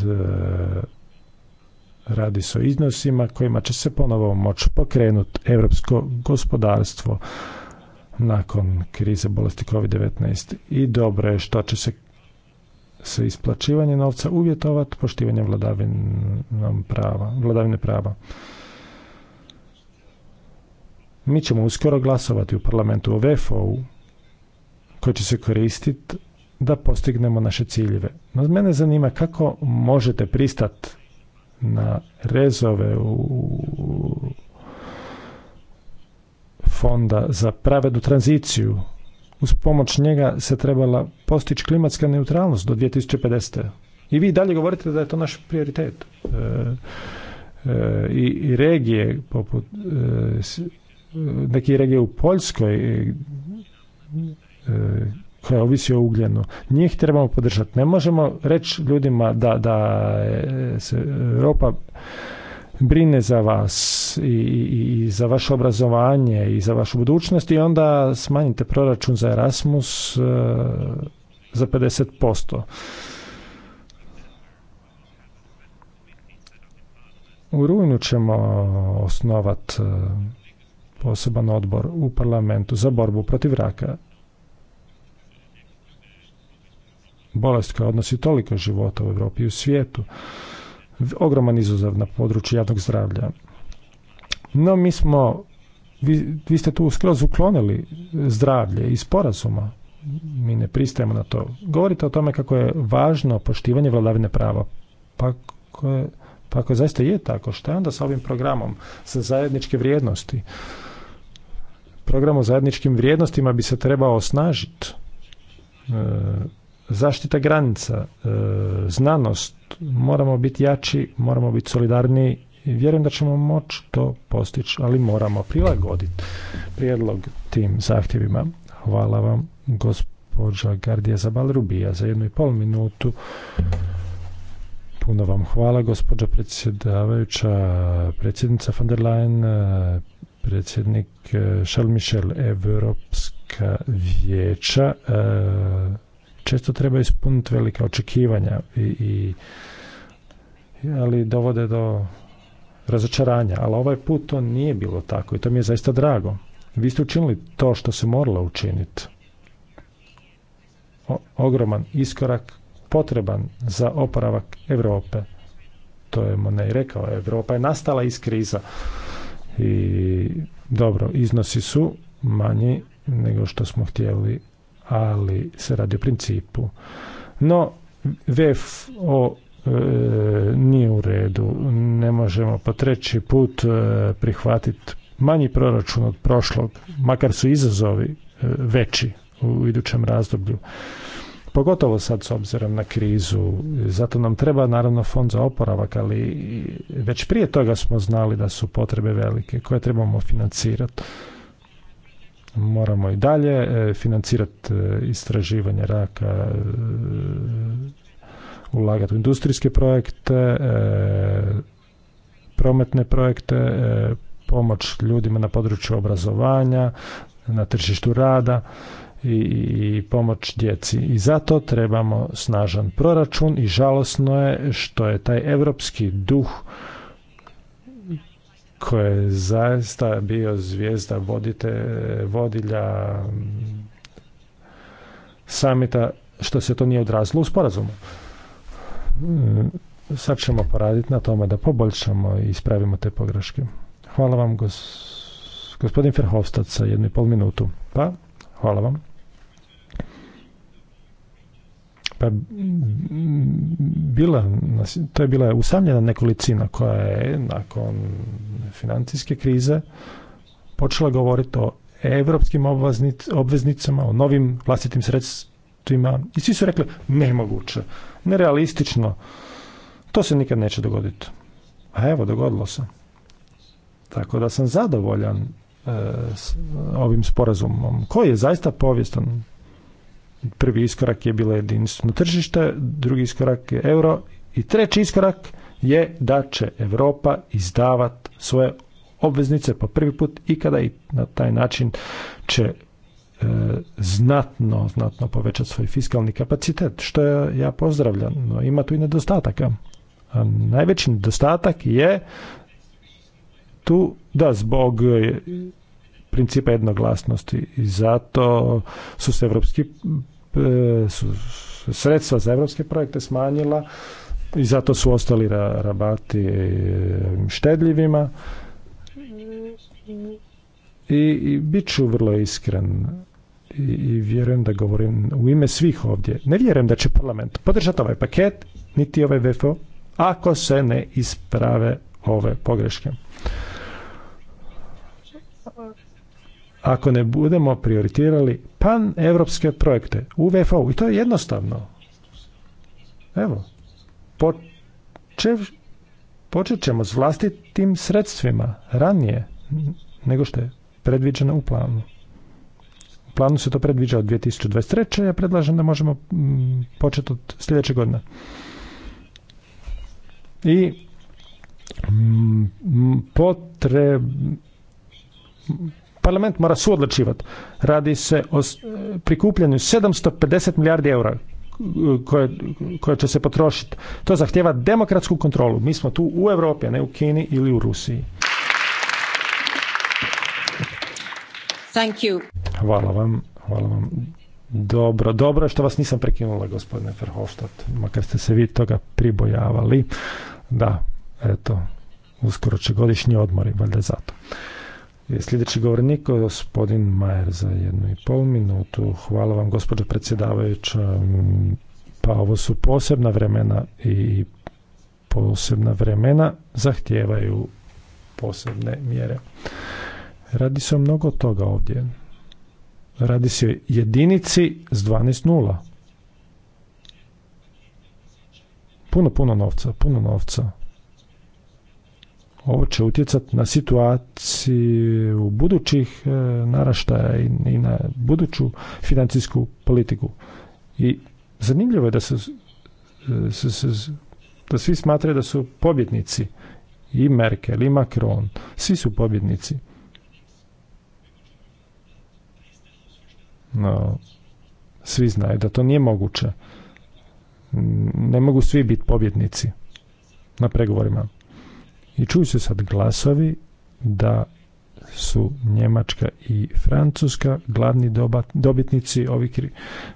radi se o iznosima kojima će se ponovo moći pokrenuti europsko gospodarstvo nakon krize bolesti COVID-19 i dobro je što će se se isplaćivanje novca uvjetovati poštivanjem prava, vladavine prava. Mi ćemo uskoro glasovati u parlamentu o VFO-u koji će se koristiti da postignemo naše ciljeve. No mene zanima kako možete pristati na rezove u fonda za pravednu tranziciju. Uz pomoć njega se trebala postići klimatska neutralnost do 2050. I vi dalje govorite da je to naš prioritet. E, e, i, regije poput e, neki regije u Poljskoj e, koja ovisi o ugljenu. Njih trebamo podržati. Ne možemo reći ljudima da, da se Europa brine za vas i, za vaše obrazovanje i za vašu budućnost i onda smanjite proračun za Erasmus e, za 50%. U rujnu ćemo osnovat e, poseban odbor u parlamentu za borbu protiv raka. Bolest koja odnosi toliko života u Europi i u svijetu, ogroman izazov na području javnog zdravlja. No, mi smo, vi, vi ste tu skroz uklonili zdravlje iz sporazuma mi ne pristajemo na to. Govorite o tome kako je važno poštivanje vladavine prava. Pa, pa ako, pa zaista je tako, što je onda sa ovim programom, sa zajedničke vrijednosti? program o zajedničkim vrijednostima bi se trebao osnažiti. E, zaštita granica, e, znanost, moramo biti jači, moramo biti solidarni i Vjerujem da ćemo moći to postići, ali moramo prilagoditi prijedlog tim zahtjevima. Hvala vam, gospođa Gardija Zabal-Rubija, za jednu i pol minutu. Puno vam hvala, gospođa predsjedavajuća, predsjednica von der predsjednik e, Charles Michel Evropska vijeća e, često treba ispuniti velika očekivanja i, i ali dovode do razočaranja, ali ovaj put to nije bilo tako i to mi je zaista drago. Vi ste učinili to što se moralo učiniti. ogroman iskorak potreban za oporavak Europe. To je Monet rekao, Europa je nastala iz kriza. I dobro, iznosi su manji nego što smo htjeli, ali se radi o principu. No, VFO e, nije u redu. Ne možemo po treći put e, prihvatiti manji proračun od prošlog, makar su izazovi e, veći u idućem razdoblju pogotovo sad s obzirom na krizu. Zato nam treba naravno fond za oporavak, ali već prije toga smo znali da su potrebe velike koje trebamo financirati. Moramo i dalje e, financirati e, istraživanje raka, e, ulagati u industrijske projekte, prometne projekte, pomoć ljudima na području obrazovanja, na tržištu rada i pomoć djeci. I zato trebamo snažan proračun i žalosno je što je taj europski duh koji je zaista bio zvijezda vodite, vodilja samita, što se to nije odrazilo u sporazumu. Sad ćemo poraditi na tome da poboljšamo i ispravimo te pogreške. Hvala vam, gos, gospodin Ferhovstad sa jednu i pol minutu. Pa, hvala vam. je pa, bila, to je bila usamljena nekolicina koja je nakon financijske krize počela govoriti o evropskim obveznicama, o novim vlastitim sredstvima i svi su rekli nemoguće, nerealistično, to se nikad neće dogoditi. A evo, dogodilo se. Tako da sam zadovoljan e, ovim sporazumom, koji je zaista povijestan Prvi iskorak je bilo jedinstveno tržište, drugi iskorak je euro i treći iskorak je da će Europa izdavat svoje obveznice po prvi put kada i na taj način će e, znatno, znatno povećati svoj fiskalni kapacitet, što ja pozdravljam, no ima tu i nedostataka. A najveći nedostatak je tu da zbog principa jednoglasnosti i zato su se evropski e, su sredstva za evropske projekte smanjila i zato su ostali rabati e, štedljivima i, i bit ću vrlo iskren i, i vjerujem da govorim u ime svih ovdje. Ne vjerujem da će parlament podržati ovaj paket, niti ovaj VFO, ako se ne isprave ove pogreške ako ne budemo prioritirali pan evropske projekte u I to je jednostavno. Evo, počet ćemo s vlastitim sredstvima ranije nego što je predviđeno u planu. U planu se to predviđa od 2023. Ja predlažem da možemo mm, početi od sljedeće godine. I mm, potreb Parlament mora suodlačivati Radi se o e, prikupljanju 750 milijardi eura e, koje, koje će se potrošiti. To zahtjeva demokratsku kontrolu. Mi smo tu u Europi, a ne u Kini ili u Rusiji. Thank you. Hvala vam, hvala vam. Dobro, dobro što vas nisam prekinula, gospodine Verhofstadt, makar ste se vi toga pribojavali. Da, eto, uskoro će godišnji odmori, valjda zato. Sljedeći govornik, gospodin Majer za jednu i pol minutu. Hvala vam, gospođo predsjedavajuća. Pa ovo su posebna vremena i posebna vremena zahtijevaju posebne mjere. Radi se o mnogo toga ovdje. Radi se o jedinici s 12 nula. Puno, puno novca, puno novca. Ovo će utjecati na situaciju budućih e, naraštaja i na buduću financijsku politiku. I zanimljivo je da e, se, da svi smatraju da su pobjednici i Merkel i Macron, svi su pobjednici. No, svi znaju da to nije moguće. Ne mogu svi biti pobjednici na pregovorima. I čuju se sad glasovi da su Njemačka i Francuska glavni dobitnici ovih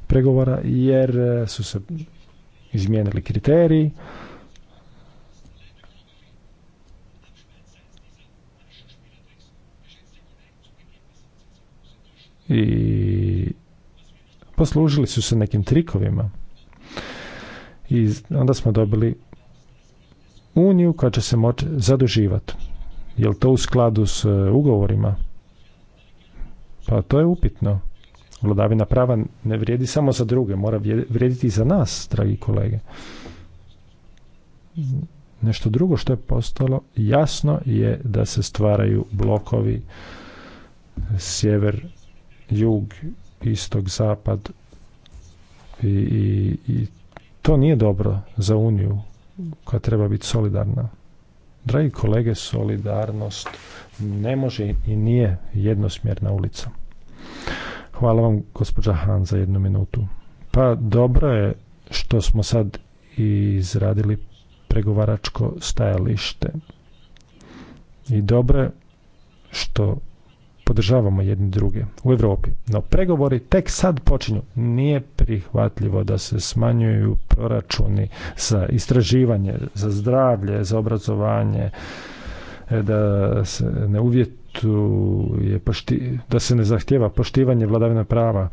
pregovora jer e, su se izmijenili kriteriji. I poslužili su se nekim trikovima. I onda smo dobili uniju koja će se moći zaduživati. Je li to u skladu s e, ugovorima? Pa to je upitno. Vladavina prava ne vrijedi samo za druge, mora vrijediti i za nas, dragi kolege. Nešto drugo što je postalo jasno je da se stvaraju blokovi sjever, jug, istog, zapad i, i to nije dobro za Uniju koja treba biti solidarna. Dragi kolege, solidarnost ne može i nije jednosmjerna ulica. Hvala vam, gospođa Han, za jednu minutu. Pa dobro je što smo sad izradili pregovaračko stajalište. I dobro je što podržavamo jedni druge u Europi. No pregovori tek sad počinju. Nije prihvatljivo da se smanjuju proračuni za istraživanje, za zdravlje, za obrazovanje, e, da se ne uvjetuje, da se ne zahtjeva poštivanje vladavine prava.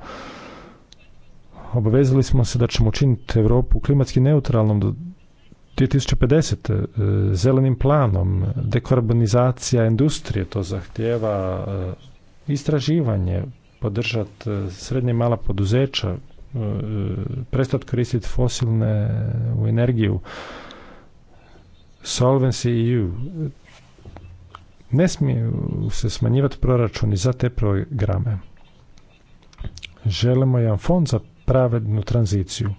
Obavezali smo se da ćemo učiniti Europu klimatski neutralnom do 2050. E, zelenim planom, dekarbonizacija industrije, to zahtjeva e, istraživanje, podržat e, srednje mala poduzeća, prestat koristiti fosilne u energiju, Solvency EU. Ne smiju se smanjivati proračuni za te programe. Želimo jedan fond za pravednu tranziciju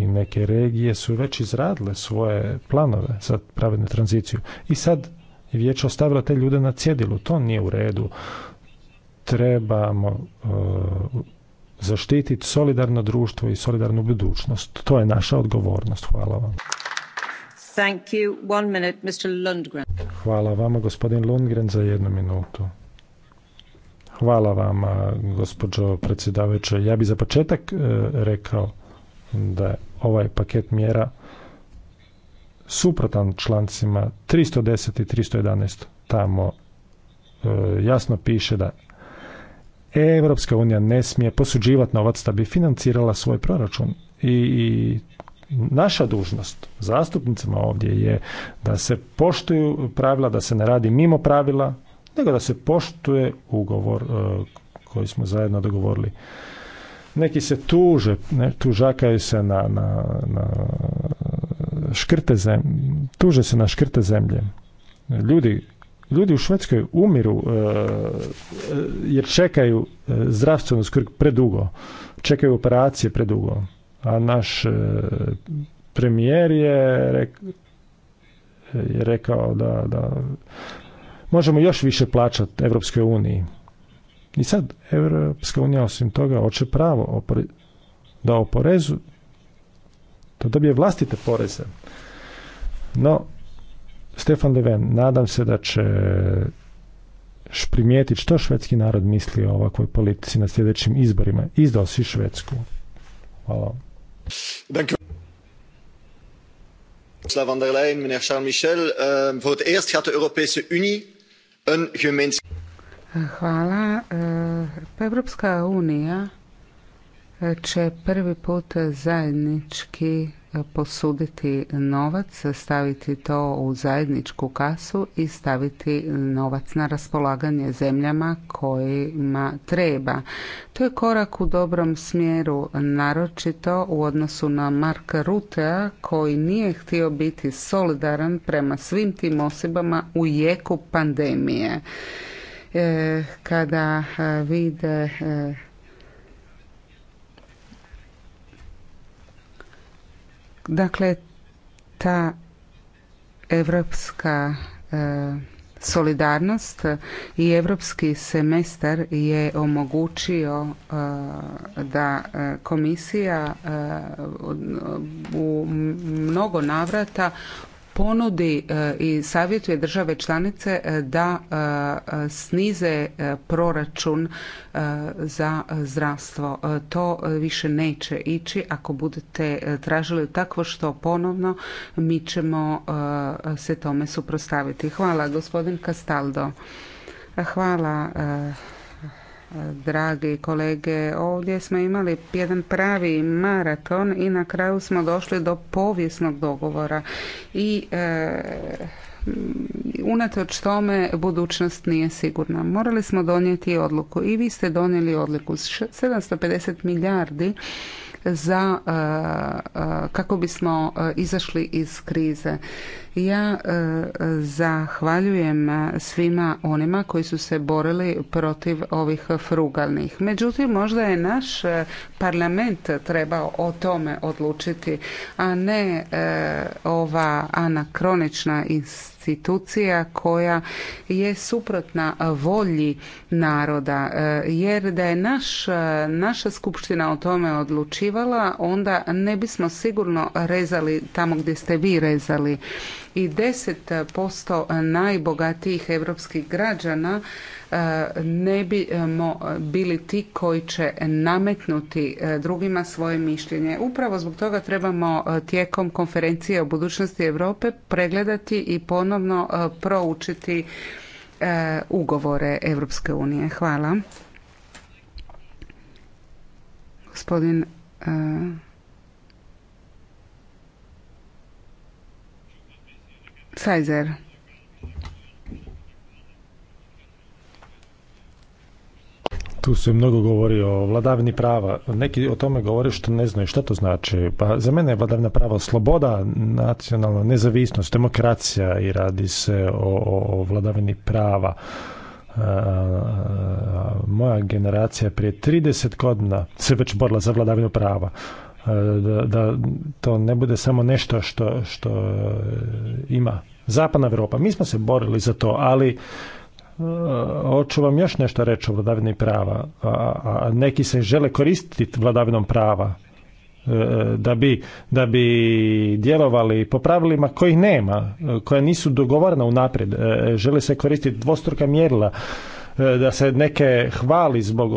i neke regije su već izradile svoje planove za pravednu tranziciju. I sad je vijeće ostavila te ljude na cjedilu. To nije u redu. Trebamo zaštiti e, zaštititi solidarno društvo i solidarnu budućnost. To je naša odgovornost. Hvala vam. Thank you. One minute, Mr. Lundgren. Hvala vama, gospodin Lundgren, za jednu minutu. Hvala vama, gospođo predsjedavajuće. Ja bi za početak e, rekao da ovaj paket mjera suprotan člancima 310 i 311. Tamo e, jasno piše da Evropska unija ne smije posuđivati novac da bi financirala svoj proračun. I, naša dužnost zastupnicima ovdje je da se poštuju pravila, da se ne radi mimo pravila, nego da se poštuje ugovor e, koji smo zajedno dogovorili. Neki se tuže, ne, tužakaju se na, na, na škrte zemlje, tuže se na škrte zemlje. Ljudi, ljudi u Švedskoj umiru e, e jer čekaju e, zdravstvenu skrb predugo, čekaju operacije predugo. A naš e, premijer je, je rekao da, da možemo još više plaćati Evropskoj uniji. I sad, Europska unija osim toga hoće pravo opore, da oporezu, da dobije vlastite poreze. No, Stefan Deven, nadam se da će primijetiti što švedski narod misli o ovakvoj politici na sljedećim izborima. Izdao si Švedsku. Hvala vam. von der Leyen, Charles Michel. Eh, vor eerst gaat de Europese Unie een Hvala. E, pa Evropska unija e, će prvi put zajednički e, posuditi novac, staviti to u zajedničku kasu i staviti novac na raspolaganje zemljama kojima treba. To je korak u dobrom smjeru, naročito u odnosu na Marka Rutea koji nije htio biti solidaran prema svim tim osobama u jeku pandemije. E, kada e, vide e, dakle ta evropska solidarnost i europski semestar je omogućio da komisija u mnogo navrata ponudi e, i savjetuje države članice e, da e, snize proračun za zdravstvo. To više neće ići ako budete tražili takvo što ponovno mi ćemo se tome suprostaviti. Hvala gospodin Kastaldo. Hvala dragi kolege. Ovdje smo imali jedan pravi maraton i na kraju smo došli do povijesnog dogovora i e, unatoč tome budućnost nije sigurna. Morali smo donijeti odluku i vi ste donijeli odluku. 750 milijardi za e, e, kako bismo e, izašli iz krize. Ja zahvaljujem svima onima koji su se borili protiv ovih frugalnih. Međutim, možda je naš parlament trebao o tome odlučiti, a ne ova anakronična institucija institucija koja je suprotna volji naroda. E, jer da je naš, e, naša skupština o tome odlučivala, onda ne bismo sigurno rezali tamo gdje ste vi rezali. I 10% najbogatijih europskih građana ne bimo bili ti koji će nametnuti e, drugima svoje mišljenje. Upravo zbog toga trebamo e, tijekom konferencije o budućnosti Europe pregledati i ponovno e, proučiti ugovore Europske unije. Hvala. Gospodin Sajzer. Tu se mnogo govori o vladavini prava. Neki o tome govore što ne znaju šta to znači. Pa za mene je vladavina prava sloboda, nacionalna nezavisnost, demokracija i radi se o, o, vladavini prava. moja generacija prije 30 godina se već borila za vladavinu prava. da, da to ne bude samo nešto što, što e, ima Zapadna Europa. Mi smo se borili za to, ali hoću vam još nešto reći o vladavini prava. A, neki se žele koristiti vladavinom prava e, da bi, da bi djelovali po pravilima kojih nema, e, koja nisu dogovorena naprijed. E, žele se koristiti dvostruka mjerila da se neke hvali zbog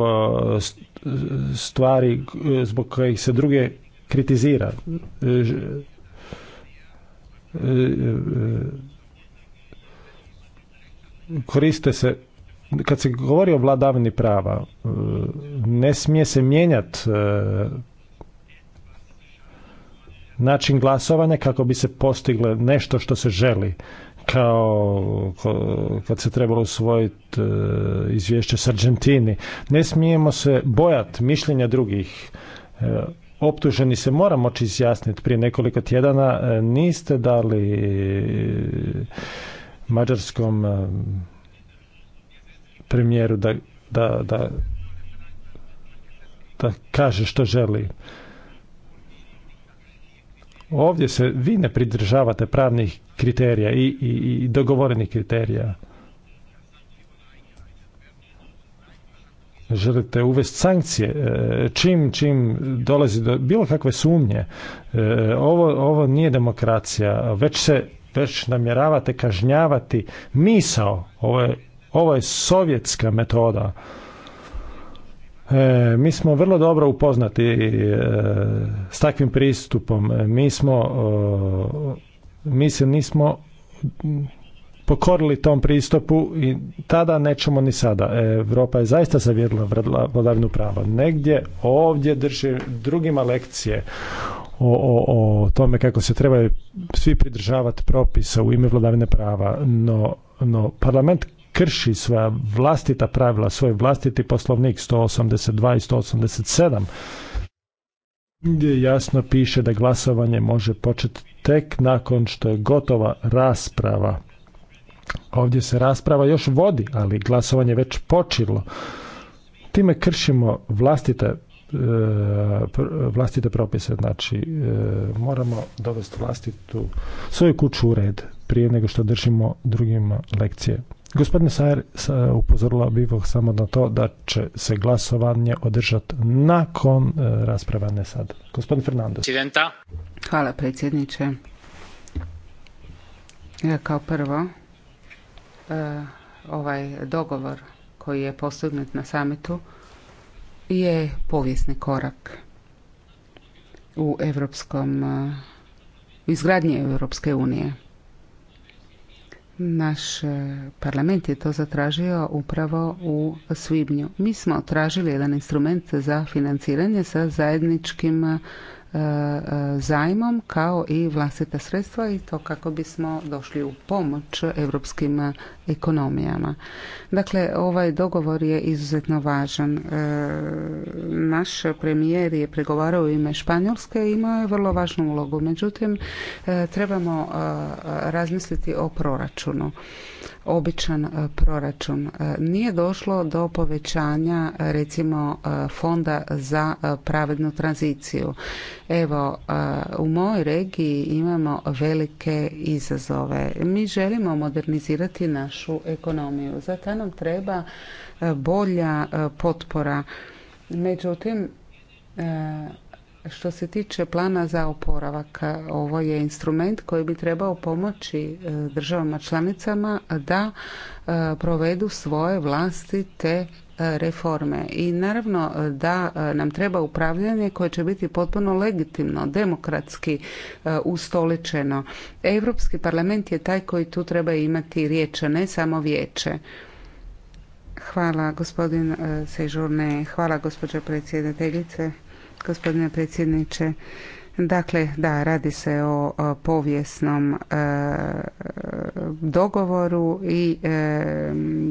stvari zbog kojih se druge kritizira koriste se kad se govori o vladavini prava e, ne smije se mijenjati e, način glasovanja kako bi se postigle nešto što se želi kao kad se trebalo usvojiti e, izvješće s Argentini. Ne smijemo se bojati mišljenja drugih. Optuženi se mora moći izjasniti prije nekoliko tjedana. Niste dali mađarskom eh, premijeru da, da, da, kaže što želi. Ovdje se vi ne pridržavate pravnih kriterija i, i, i dogovorenih kriterija. želite uvesti sankcije eh, čim čim dolazi do bilo kakve sumnje eh, ovo, ovo nije demokracija već se već namjeravate kažnjavati misao. Ovo je, ovo je sovjetska metoda. E, mi smo vrlo dobro upoznati e, s takvim pristupom. E, mi smo mi se nismo pokorili tom pristupu i tada nećemo ni sada. Europa je zaista zavjerila vladavinu prava. Negdje ovdje drži drugima lekcije o, o, o tome kako se trebaju svi pridržavati propisa u ime vladavine prava, no, no parlament krši svoja vlastita pravila, svoj vlastiti poslovnik 182 i 187 gdje jasno piše da glasovanje može početi tek nakon što je gotova rasprava Ovdje se rasprava još vodi, ali glasovanje već počilo Time kršimo vlastite e, vlastite propise, znači e, moramo dovesti vlastitu svoju kuću u red prije nego što držimo drugima lekcije. Gospodine Sajer, upozorila bih samo na to da će se glasovanje održati nakon e, rasprave, ne sad. Gospodin Fernando. Hvala predsjedniče. Ja kao prvo E, ovaj dogovor koji je postignut na samitu je povijesni korak u europskom e, u izgradnji Europske unije. Naš e, parlament je to zatražio upravo u svibnju. Mi smo tražili jedan instrument za financiranje sa zajedničkim E, zajmom kao i vlastita sredstva i to kako bismo došli u pomoć europskim ekonomijama. Dakle, ovaj dogovor je izuzetno važan. E, naš premijer je pregovarao u ime Španjolske i imao je vrlo važnu ulogu. Međutim, e, trebamo razmisliti o proračunu običan e, proračun. E, nije došlo do povećanja e, recimo fonda za pravednu tranziciju. Evo, u mojoj regiji imamo velike izazove. Mi želimo modernizirati našu ekonomiju. Zato nam treba bolja potpora. Međutim, što se tiče plana za oporavak, ovo je instrument koji bi trebao pomoći e, državama članicama da e, provedu svoje vlastite e, reforme. I naravno da nam treba upravljanje koje će biti potpuno legitimno, demokratski ustoličeno. Europski parlament je taj koji tu treba imati riječ, ne samo vijeće. Hvala gospodin Sežurne, hvala gospođo predsjedateljice gospodine predsjedniče. Dakle, da, radi se o, povijesnom e, dogovoru i e,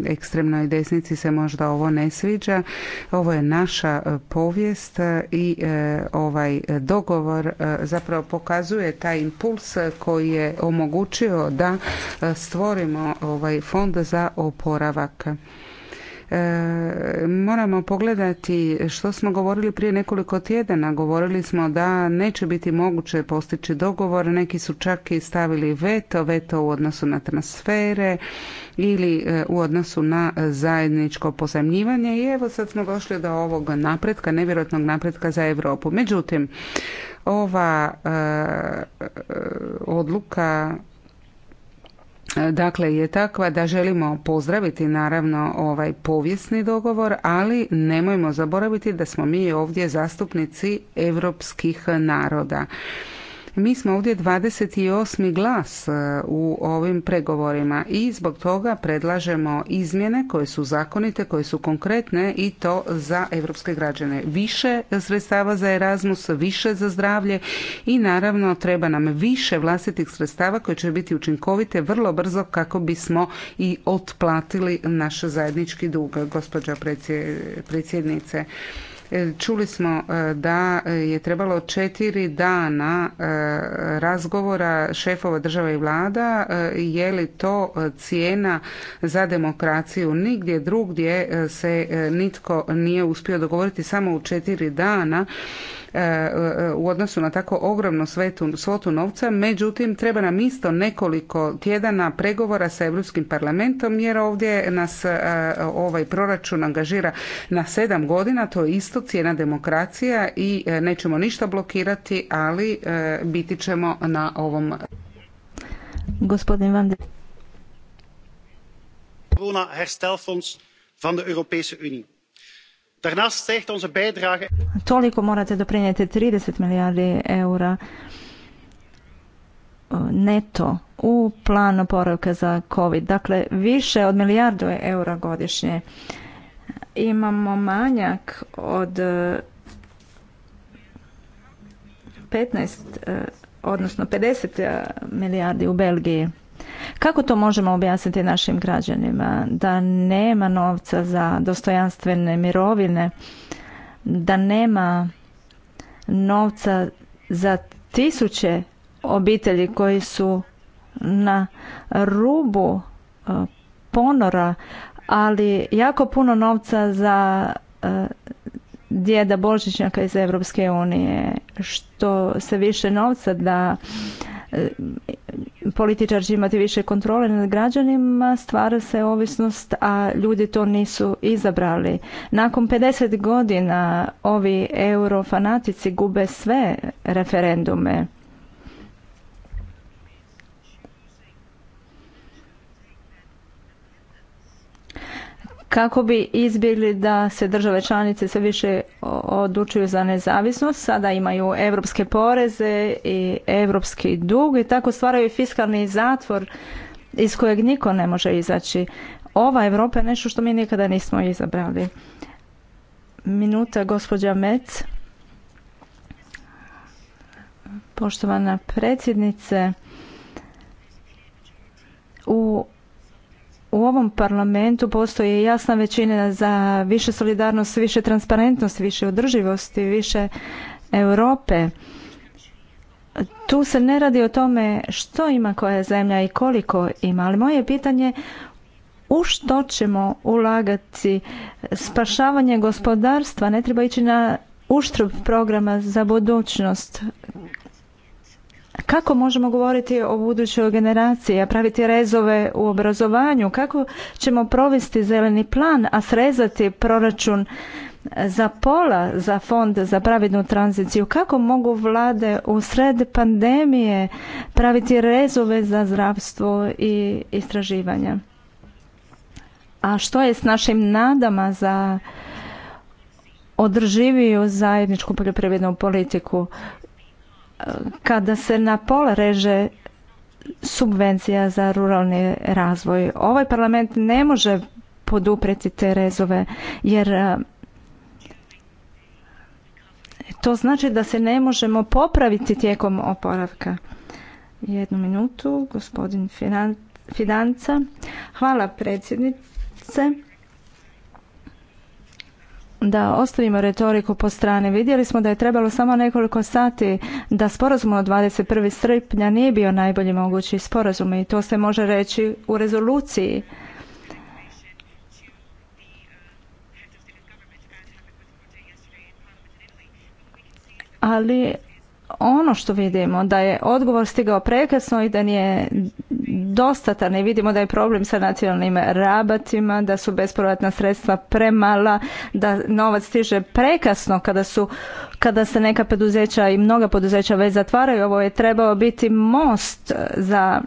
ekstremnoj desnici se možda ovo ne sviđa. Ovo je naša e, povijest i ovaj dogovor zapravo pokazuje taj impuls koji je omogućio da stvorimo ovaj fond za oporavak. E, moramo pogledati što smo govorili prije nekoliko tjedana. Govorili smo da neće biti moguće postići dogovor, neki su čak i stavili veto, veto u odnosu na transfere ili e, u odnosu na zajedničko pozemljivanje i evo sad smo došli do ovog napretka, nevjerojatnog napretka za Europu. Međutim, ova e, odluka dakle je takva da želimo pozdraviti naravno ovaj povijesni dogovor, ali nemojmo zaboraviti da smo mi ovdje zastupnici europskih naroda. Mi smo ovdje 28. glas e, u ovim pregovorima i zbog toga predlažemo izmjene koje su zakonite, koje su konkretne i to za europske građane. Više sredstava za Erasmus, više za zdravlje i naravno treba nam više vlastitih sredstava koje će biti učinkovite vrlo brzo kako bismo i otplatili naš zajednički dug, gospođo predsjednice. Čuli smo e, da je trebalo četiri dana e, razgovora šefova država i vlada. E, je li to cijena za demokraciju? Nigdje drugdje se nitko nije uspio dogovoriti samo u četiri dana E, e, u odnosu na tako ogromnu svetu, svotu novca, međutim treba nam isto nekoliko tjedana pregovora sa Europskim parlamentom jer ovdje nas e, ovaj proračun angažira na sedam godina, to je isto cijena demokracija i nećemo ništa blokirati, ali biti ćemo na ovom. Gospodin Van van de Europese Toliko morate doprinijeti 30 milijardi eura eh, neto u plan oporavka za COVID. Dakle, više od milijardu eura godišnje. Imamo manjak od 15, eh, eh, odnosno 50 milijardi u Belgiji. Kako to možemo objasniti našim građanima? Da nema novca za dostojanstvene mirovine, da nema novca za tisuće obitelji koji su na rubu e, ponora, ali jako puno novca za e, djeda Božićnjaka iz Europske unije, što se više novca da političar će imati više kontrole nad građanima, stvara se ovisnost, a ljudi to nisu izabrali. Nakon 50 godina ovi eurofanatici gube sve referendume kako bi izbjegli da se države članice sve više odlučuju za nezavisnost. Sada imaju europske poreze i europski dug i tako stvaraju fiskalni zatvor iz kojeg niko ne može izaći. Ova Evropa je nešto što mi nikada nismo izabrali. Minuta, gospođa Mec. Poštovana predsjednice, u u ovom parlamentu postoji jasna većina za više solidarnost, više transparentnost, više održivosti, više Europe. Tu se ne radi o tome što ima koja zemlja i koliko ima, ali moje pitanje u što ćemo ulagati spašavanje gospodarstva ne treba ići na uštrb programa za budućnost kako možemo govoriti o budućoj generaciji, a praviti rezove u obrazovanju, kako ćemo provesti zeleni plan, a srezati proračun za pola za fond za pravidnu tranziciju, kako mogu vlade u sred pandemije praviti rezove za zdravstvo i istraživanja. A što je s našim nadama za održiviju zajedničku poljoprivrednu politiku kada se na pola reže subvencija za ruralni razvoj. Ovaj parlament ne može podupreti te rezove jer e, to znači da se ne možemo popraviti tijekom oporavka. Jednu minutu, gospodin Financa. Hvala predsjednice da ostavimo retoriku po strani. Vidjeli smo da je trebalo samo nekoliko sati da sporazum od 21. srpnja nije bio najbolji mogući sporazum i to se može reći u rezoluciji. Ali ono što vidimo da je odgovor stigao prekasno i da nije dostatan i vidimo da je problem sa nacionalnim rabatima, da su bespovratna sredstva premala, da novac stiže prekasno kada su kada se neka poduzeća i mnoga poduzeća već zatvaraju, ovo je trebao biti most za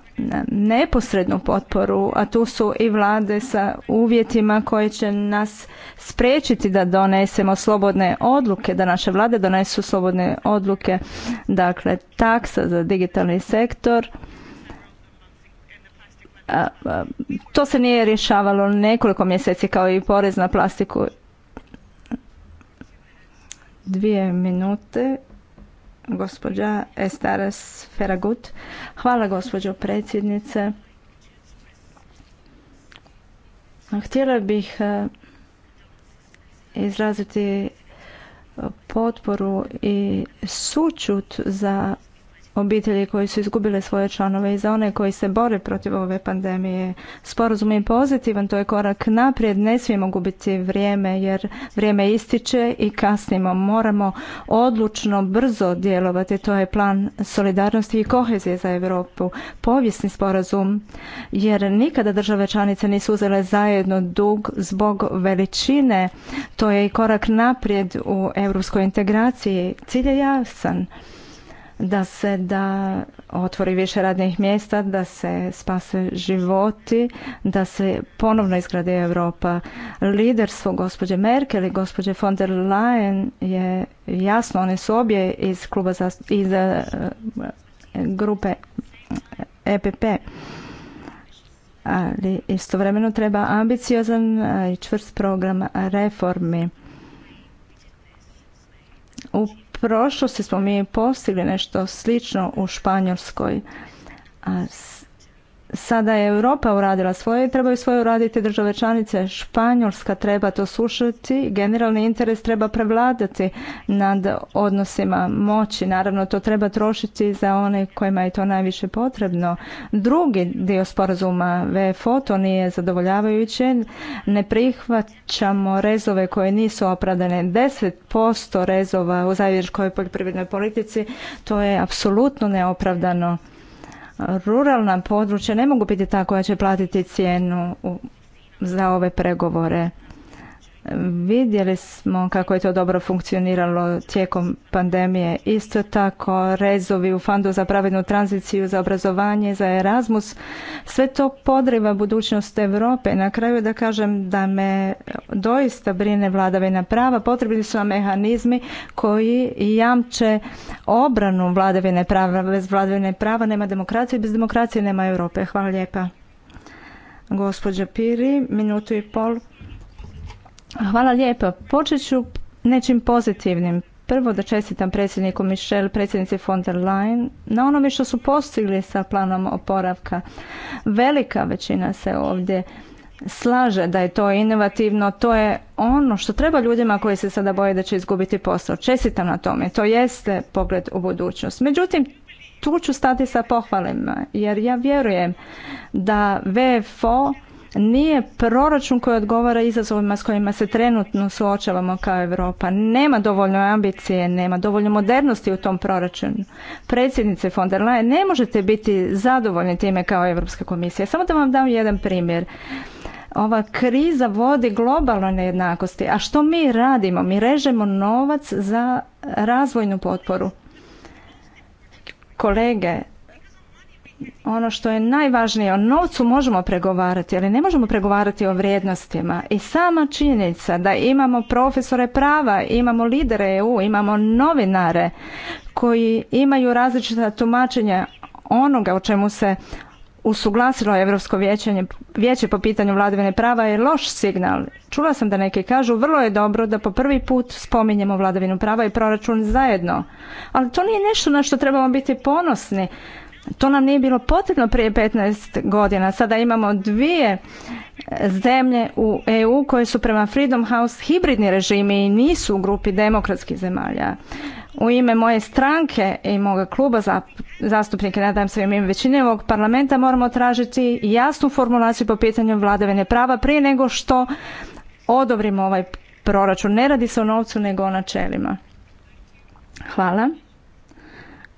neposrednu potporu, a tu su i vlade sa uvjetima koje će nas spriječiti da donesemo slobodne odluke, da naše vlade donesu slobodne odluke, dakle taksa za digitalni sektor. To se nije rješavalo nekoliko mjeseci kao i porez na plastiku dvije minute gospođa Estaras Feragut. Hvala gospođo predsjednice. Htjela bih e, izraziti potporu i sučut za obitelji koji su izgubile svoje članove i za one koji se bore protiv ove pandemije. Sporazum je pozitivan, to je korak naprijed, ne smijemo gubiti vrijeme jer vrijeme ističe i kasnimo. Moramo odlučno, brzo djelovati, to je plan solidarnosti i kohezije za Europu. Povijesni sporazum jer nikada države članice nisu uzele zajedno dug zbog veličine. To je i korak naprijed u europskoj integraciji. Cilj je jasan da se da otvori više radnih mjesta, da se spase životi, da se ponovno izgrade Europa. Liderstvo gospođe Merkel i gospođe von der Leyen je jasno, one su obje iz kluba iz e, grupe EPP. Ali istovremeno treba ambiciozan i čvrst program reformi. U prošlosti smo mi postigli nešto slično u Španjolskoj. A sada je Europa uradila svoje i trebaju svoje uraditi države članice. Španjolska treba to slušati, generalni interes treba prevladati nad odnosima moći. Naravno, to treba trošiti za one kojima je to najviše potrebno. Drugi dio sporazuma VFO to nije zadovoljavajuće. Ne prihvaćamo rezove koje nisu opravdane. 10% rezova u zajedničkoj poljoprivrednoj politici to je apsolutno neopravdano ruralna područja ne mogu biti ta koja će platiti cijenu za ove pregovore. Vidjeli smo kako je to dobro funkcioniralo tijekom pandemije. Isto tako rezovi u Fondu za pravednu tranziciju, za obrazovanje, za Erasmus. Sve to podriva budućnost Europe. Na kraju da kažem da me doista brine vladavina prava. Potrebni su nam mehanizmi koji jamče obranu vladavine prava. Bez vladavine prava nema demokracije, bez demokracije nema Europe. Hvala lijepa. Gospođa Piri, minutu i pol. Hvala lijepo. Počet ću nečim pozitivnim. Prvo da čestitam predsjedniku Michel, predsjednici von der Leyen, na onome što su postigli sa planom oporavka. Velika većina se ovdje slaže da je to inovativno, to je ono što treba ljudima koji se sada boje da će izgubiti posao. Čestitam na tome, to jeste pogled u budućnost. Međutim, tu ću stati sa pohvalima, jer ja vjerujem da VFO nije proračun koji odgovara izazovima s kojima se trenutno suočavamo kao Europa. Nema dovoljno ambicije, nema dovoljno modernosti u tom proračunu. Predsjednice von der Leyen, ne možete biti zadovoljni time kao Europska komisija. Samo da vam dam jedan primjer. Ova kriza vodi globalno nejednakosti. A što mi radimo? Mi režemo novac za razvojnu potporu. Kolege, ono što je najvažnije, o novcu možemo pregovarati, ali ne možemo pregovarati o vrijednostima. I sama činjenica da imamo profesore prava, imamo lidere EU, imamo novinare koji imaju različita tumačenja onoga o čemu se usuglasilo Europsko vijeće po pitanju vladavine prava je loš signal. Čula sam da neki kažu vrlo je dobro da po prvi put spominjemo vladavinu prava i proračun zajedno. Ali to nije nešto na što trebamo biti ponosni to nam nije bilo potrebno prije 15 godina. Sada imamo dvije zemlje u EU koje su prema Freedom House hibridni režimi i nisu u grupi demokratskih zemalja. U ime moje stranke i moga kluba za, zastupnike, nadam se u ime većine ovog parlamenta, moramo tražiti jasnu formulaciju po pitanju vladavine prava prije nego što odobrimo ovaj proračun. Ne radi se o novcu nego o načelima. Hvala.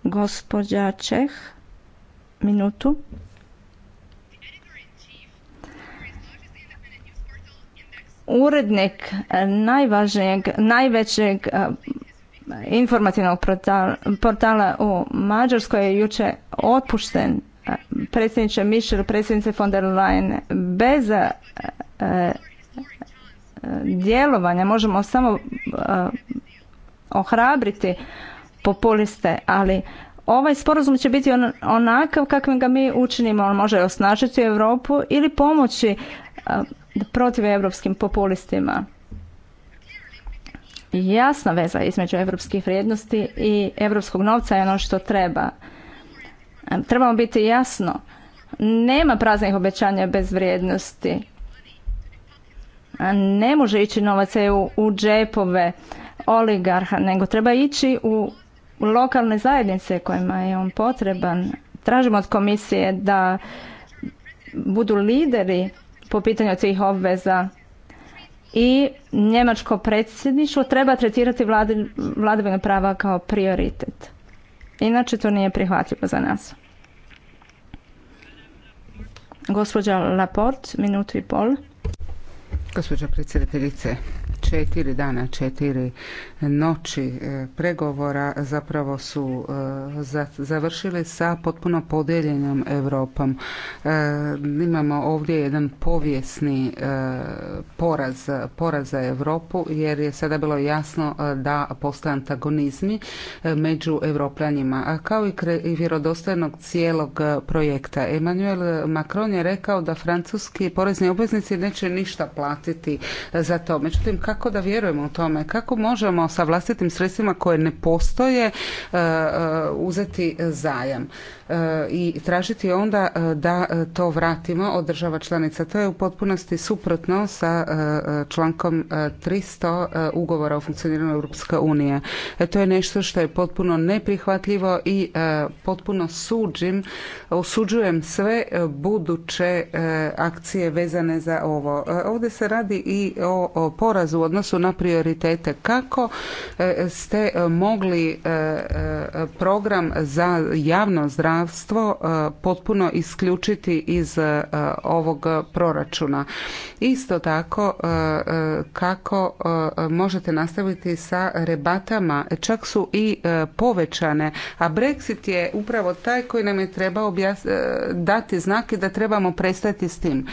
Gospođa Čeh minutu. Urednik eh, najvažnijeg, najvećeg eh, informativnog portala u Mađarskoj je jučer otpušten eh, predsjedniče Mišel, predsjednice von der Leyen. Bez djelovanja možemo samo ohrabriti populiste, ali ovaj sporazum će biti onakav kakvim ga mi učinimo. On može osnažiti Europu ili pomoći e, protiv europskim populistima. Jasna veza između europskih vrijednosti i europskog novca je ono što treba. E, trebamo biti jasno. Nema praznih obećanja bez vrijednosti. E, ne može ići novac u, u džepove oligarha, nego treba ići u lokalne zajednice kojima je on potreban. Tražimo od komisije da budu lideri po pitanju tih obveza i njemačko predsjedništvo treba tretirati vladavinu prava kao prioritet. Inače to nije prihvatljivo za nas. Gospođa Laport, minutu i pol. Gospođa predsjedateljice, četiri dana, četiri noći e, pregovora zapravo su e, završili sa potpuno podijeljenom Europom. E, imamo ovdje jedan povijesni poraz, poraz za Europu jer je sada bilo jasno da postoje antagonizmi među Europljanima, a kao i vjerodostojnog cijelog projekta. Emmanuel Macron je rekao da francuski porezni obveznici neće ništa platiti za to. Međutim, kako kako da vjerujemo u tome? Kako možemo sa vlastitim sredstvima koje ne postoje e, e, uzeti zajam? E, i tražiti onda e, da e, to vratimo od država članica. To je u potpunosti suprotno sa člankom 300 ugovora o funkcioniranju Europske unije. To je nešto što je potpuno neprihvatljivo i potpuno suđim, osuđujem sve buduće akcije vezane za ovo. Ovdje se radi i o porazu u odnosu na prioritete. Kako ste mogli program za javno zdravstvo E, potpuno isključiti iz e, ovog proračuna. Isto tako e, kako možete nastaviti sa rebatama, čak su i povećane, a Brexit je upravo taj koji nam je trebao dati znake da trebamo prestati s tim.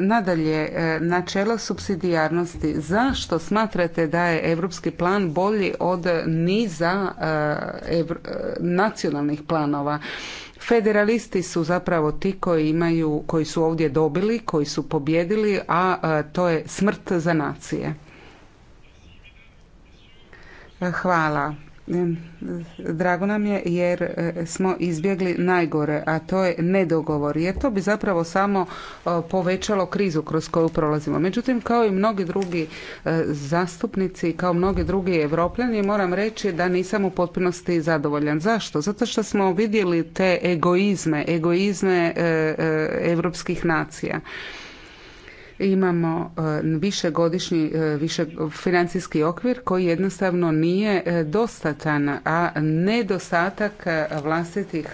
Nadalje, načelo subsidijarnosti. Zašto smatrate da je europski plan bolji od niza nacionalnih planova? Federalisti su zapravo ti koji imaju, koji su ovdje dobili, koji su pobjedili, a, a to je smrt za nacije. Hvala drago nam je jer e, smo izbjegli najgore, a to je nedogovor, jer to bi zapravo samo povećalo krizu kroz koju prolazimo. Međutim, kao i mnogi drugi e, zastupnici, kao mnogi drugi evropljani, moram reći da nisam u potpunosti zadovoljan. Zašto? Zato što smo vidjeli te egoizme, egoizme e, evropskih nacija imamo e, višegodišnji e, više financijski okvir koji jednostavno nije e, dostatan, a nedostatak vlastitih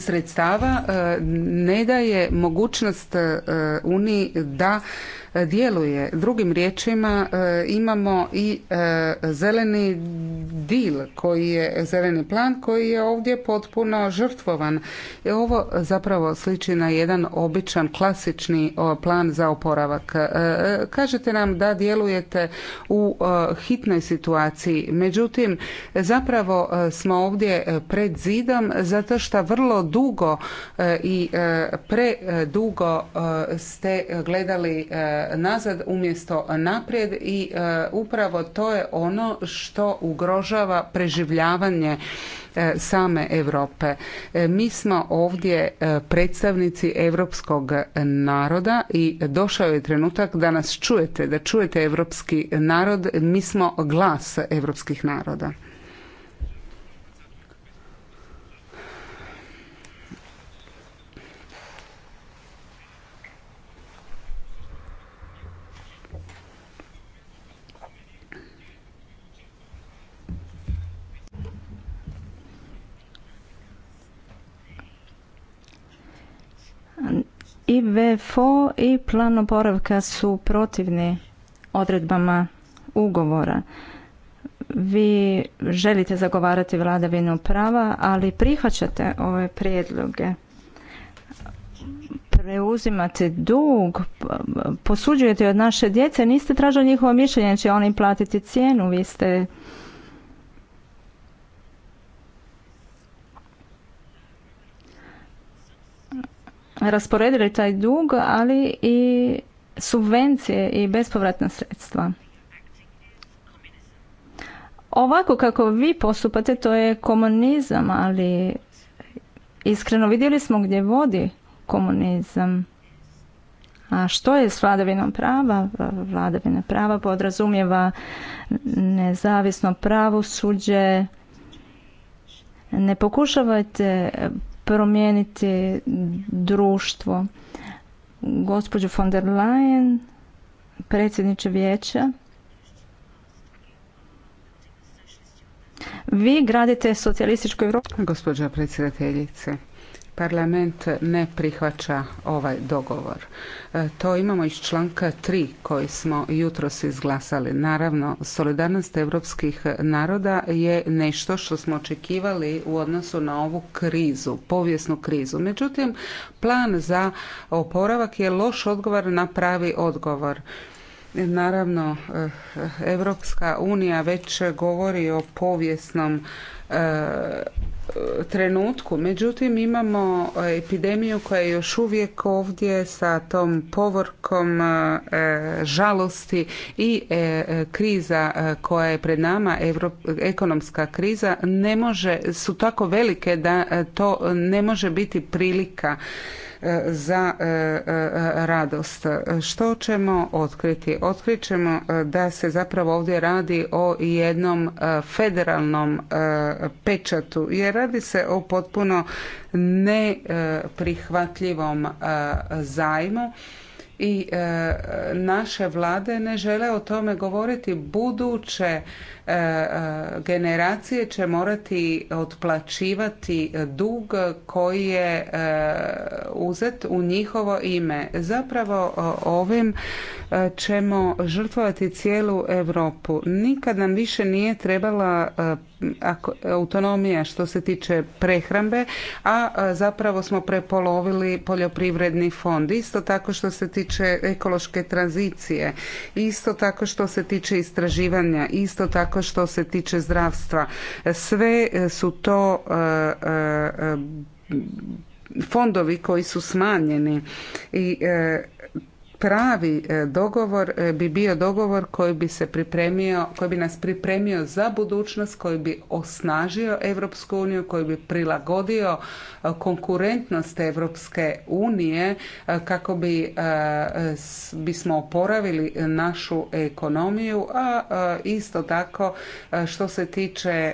sredstava ne daje mogućnost Uniji da djeluje. Drugim riječima e, imamo i e, zeleni dil koji je zeleni plan koji je ovdje potpuno žrtvovan. I e, ovo zapravo sliči na jedan običan klasični plan za oporavak. Kažete nam da djelujete u hitnoj situaciji. Međutim, zapravo smo ovdje pred zidom zato što vrlo dugo i predugo ste gledali nazad umjesto naprijed i e, upravo to je ono što ugrožava preživljavanje e, same Europe. E, mi smo ovdje predstavnici europskog naroda i došao je trenutak da nas čujete, da čujete europski narod, mi smo glas europskih naroda. i VFO i plan oporavka su protivni odredbama ugovora. Vi želite zagovarati vladavinu prava, ali prihvaćate ove prijedloge. Preuzimate dug, posuđujete od naše djece, niste tražili njihovo mišljenje, će znači oni platiti cijenu, vi ste rasporedili taj dug, ali i subvencije i bespovratna sredstva. Ovako kako vi postupate, to je komunizam, ali iskreno vidjeli smo gdje vodi komunizam. A što je s vladavinom prava? Vladavina prava podrazumijeva nezavisno pravo suđe. Ne pokušavajte promijeniti društvo. Gospođo von der Leyen, predsjedniče vijeća, vi gradite socijalističku Europu. Gospođa predsjedateljice, Parlament ne prihvaća ovaj dogovor. E, to imamo iz članka 3 koji smo jutros izglasali. Naravno, solidarnost europskih naroda je nešto što smo očekivali u odnosu na ovu krizu, povijesnu krizu. Međutim, plan za oporavak je loš odgovor na pravi odgovor. Naravno, e, Evropska unija već govori o povijesnom e, trenutku. Međutim, imamo e, epidemiju koja je još uvijek ovdje sa tom povorkom e, žalosti i e, kriza koja je pred nama, ekonomska kriza, ne može, su tako velike da to ne može biti prilika E, za e, e, radost. Što ćemo otkriti? Otkrićemo da se zapravo ovdje radi o jednom federalnom pečatu jer radi se o potpuno neprihvatljivom zajmu i e, naše vlade ne žele o tome govoriti. Buduće e, e, generacije će morati otplaćivati dug koji je uzet u njihovo ime. Zapravo ovim ćemo žrtvovati cijelu Europu. Nikad nam više nije trebala autonomija što se tiče prehrambe, a zapravo smo prepolovili poljoprivredni fond. Isto tako što se tiče tiče ekološke tranzicije, isto tako što se tiče istraživanja, isto tako što se tiče zdravstva. Sve su to e, e, e, fondovi koji su smanjeni i pravi e, dogovor e, bi bio dogovor koji bi se pripremio, koji bi nas pripremio za budućnost, koji bi osnažio Europsku uniju, koji bi prilagodio e, konkurentnost Europske unije kako bi bismo oporavili našu ekonomiju, a isto tako što se tiče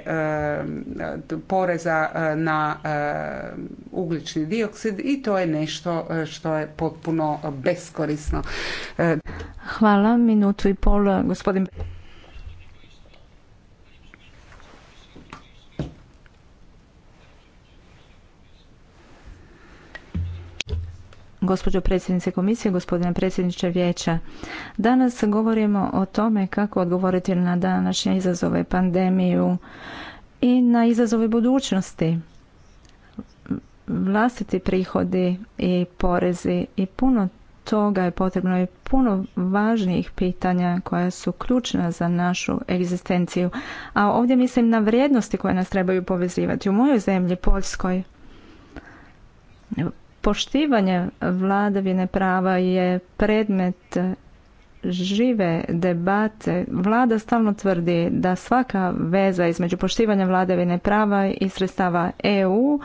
poreza na ugljični dioksid i to je nešto što je potpuno beskorisno jasno. E, Hvala, minutu i pol, gospodin. Gospođo predsjednice komisije, gospodine predsjedniče vijeća, danas govorimo o tome kako odgovoriti na današnje izazove pandemiju i na izazove budućnosti. Vlastiti prihodi i porezi i puno toga je potrebno i puno važnijih pitanja koja su ključna za našu egzistenciju. A ovdje mislim na vrijednosti koje nas trebaju povezivati. U mojoj zemlji, Poljskoj, poštivanje vladavine prava je predmet žive debate. Vlada stalno tvrdi da svaka veza između poštivanja vladavine prava i sredstava EU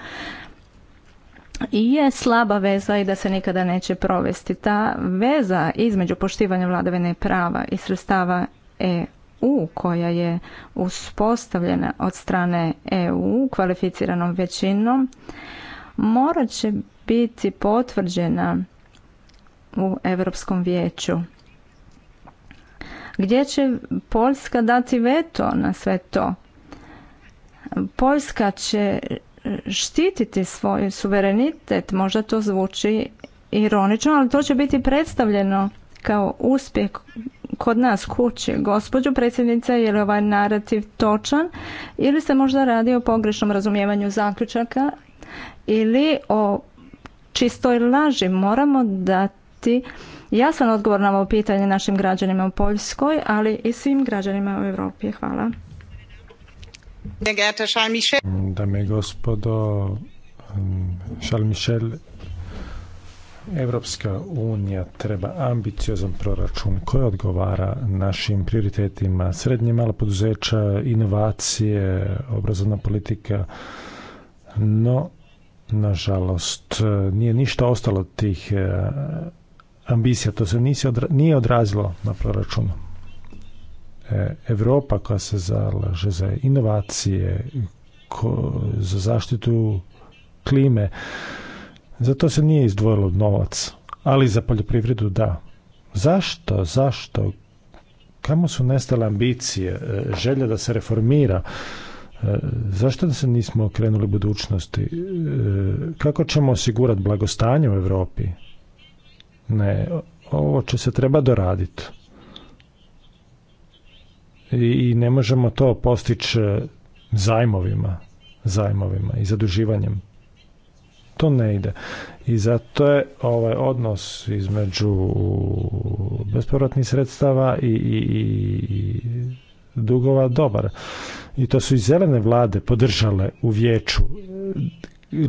i je slaba veza i da se nikada neće provesti. Ta veza između poštivanja vladavine prava i sredstava EU koja je uspostavljena od strane EU kvalificiranom većinom morat će biti potvrđena u Europskom vijeću gdje će Poljska dati veto na sve to. Poljska će štititi svoj suverenitet. Možda to zvuči ironično, ali to će biti predstavljeno kao uspjeh kod nas kući. Gospođo predsjednice, je li ovaj narativ točan ili se možda radi o pogrešnom razumijevanju zaključaka ili o čistoj laži? Moramo dati jasan odgovor na ovo pitanje našim građanima u Poljskoj, ali i svim građanima u Europi. Hvala. Dame i gospodo, Charles Michel, Evropska unija treba ambiciozan proračun koji odgovara našim prioritetima srednje mala poduzeća, inovacije, obrazovna politika, no nažalost nije ništa ostalo od tih eh, ambicija, to se nije odrazilo na proračunu. Europa koja se zalaže za inovacije, za zaštitu klime, za to se nije izdvojilo novac, ali za poljoprivredu da. Zašto? Zašto? Kamo su nestale ambicije, e, želja da se reformira? E, zašto da se nismo okrenuli budućnosti? E, kako ćemo osigurati blagostanje u Europi? Ne, ovo će se treba doraditi i ne možemo to postići e, zajmovima, zajmovima i zaduživanjem. To ne ide. I zato je ovaj odnos između bespovratnih sredstava i, i, i dugova dobar. I to su i zelene vlade podržale u vijeću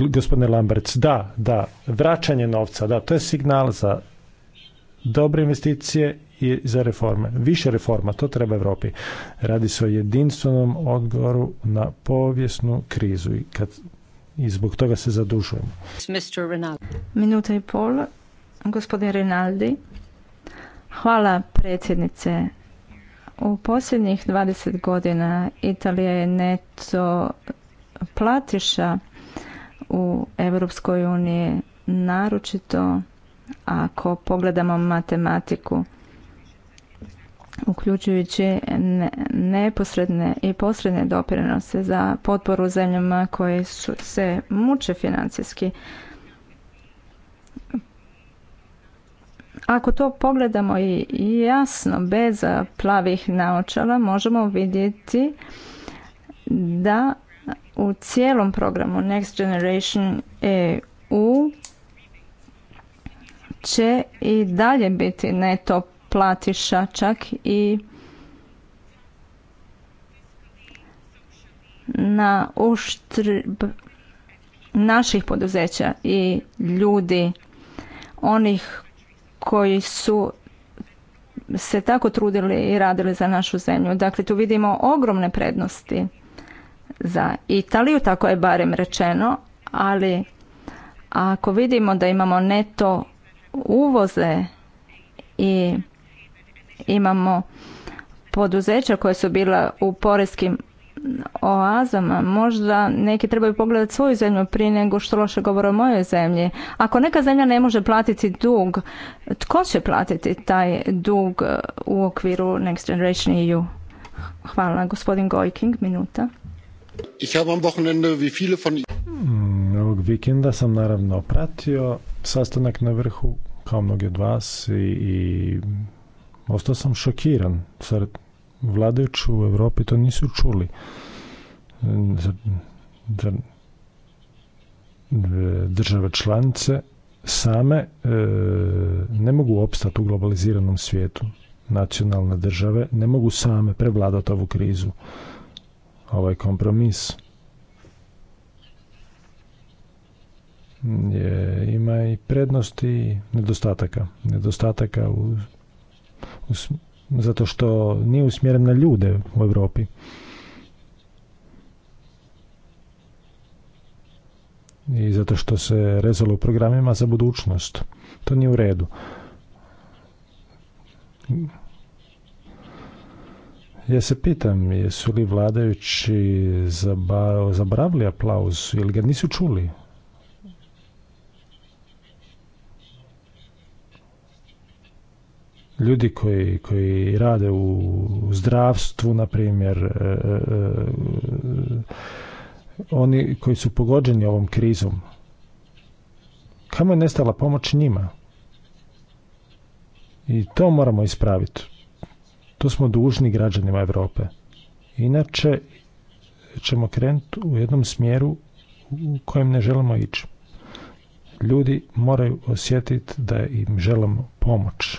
gospodine Lamberts, da, da, vraćanje novca, da, to je signal za dobre investicije i za reforme. Više reforma, to treba Europi. Radi se o jedinstvenom odgovoru na povijesnu krizu i, kad, i zbog toga se zadužujemo. Minuta i pol, gospodin Rinaldi. Hvala predsjednice. U posljednjih 20 godina Italija je neto platiša u Europskoj uniji naročito ako pogledamo matematiku uključujući neposredne i posredne doprinose za potporu zemljama koje su, se muče financijski. Ako to pogledamo i jasno, bez plavih naočala, možemo vidjeti da u cijelom programu Next Generation EU će i dalje biti neto platiša čak i na uštrb naših poduzeća i ljudi onih koji su se tako trudili i radili za našu zemlju. Dakle, tu vidimo ogromne prednosti za Italiju, tako je barem rečeno, ali ako vidimo da imamo neto uvoze i imamo poduzeća koje su bila u porezkim oazama, možda neki trebaju pogledati svoju zemlju prije nego što loše govore o mojoj zemlji. Ako neka zemlja ne može platiti dug, tko će platiti taj dug e, u okviru Next Generation EU? Hvala, gospodin Gojking, minuta. Ich habe am Wochenende wie viele von mm, ovog vikenda sam naravno pratio sastanak na vrhu kao mnogi od vas i Ostao sam šokiran. Zar vladajući u Europi to nisu čuli? države članice same e, ne mogu opstati u globaliziranom svijetu. Nacionalne države ne mogu same prevladati ovu krizu. Ovaj kompromis ima i prednosti nedostataka. Nedostataka u zato što nije usmjeren na ljude u Europi. I zato što se rezalo u programima za budućnost. To nije u redu. Ja se pitam, jesu li vladajući zaboravili aplauz ili ga nisu čuli? ljudi koji, koji rade u zdravstvu, na primjer, e, e, e, oni koji su pogođeni ovom krizom, kamo je nestala pomoć njima? I to moramo ispraviti. To smo dužni građanima Europe. Inače ćemo krenuti u jednom smjeru u kojem ne želimo ići. Ljudi moraju osjetiti da im želimo pomoć.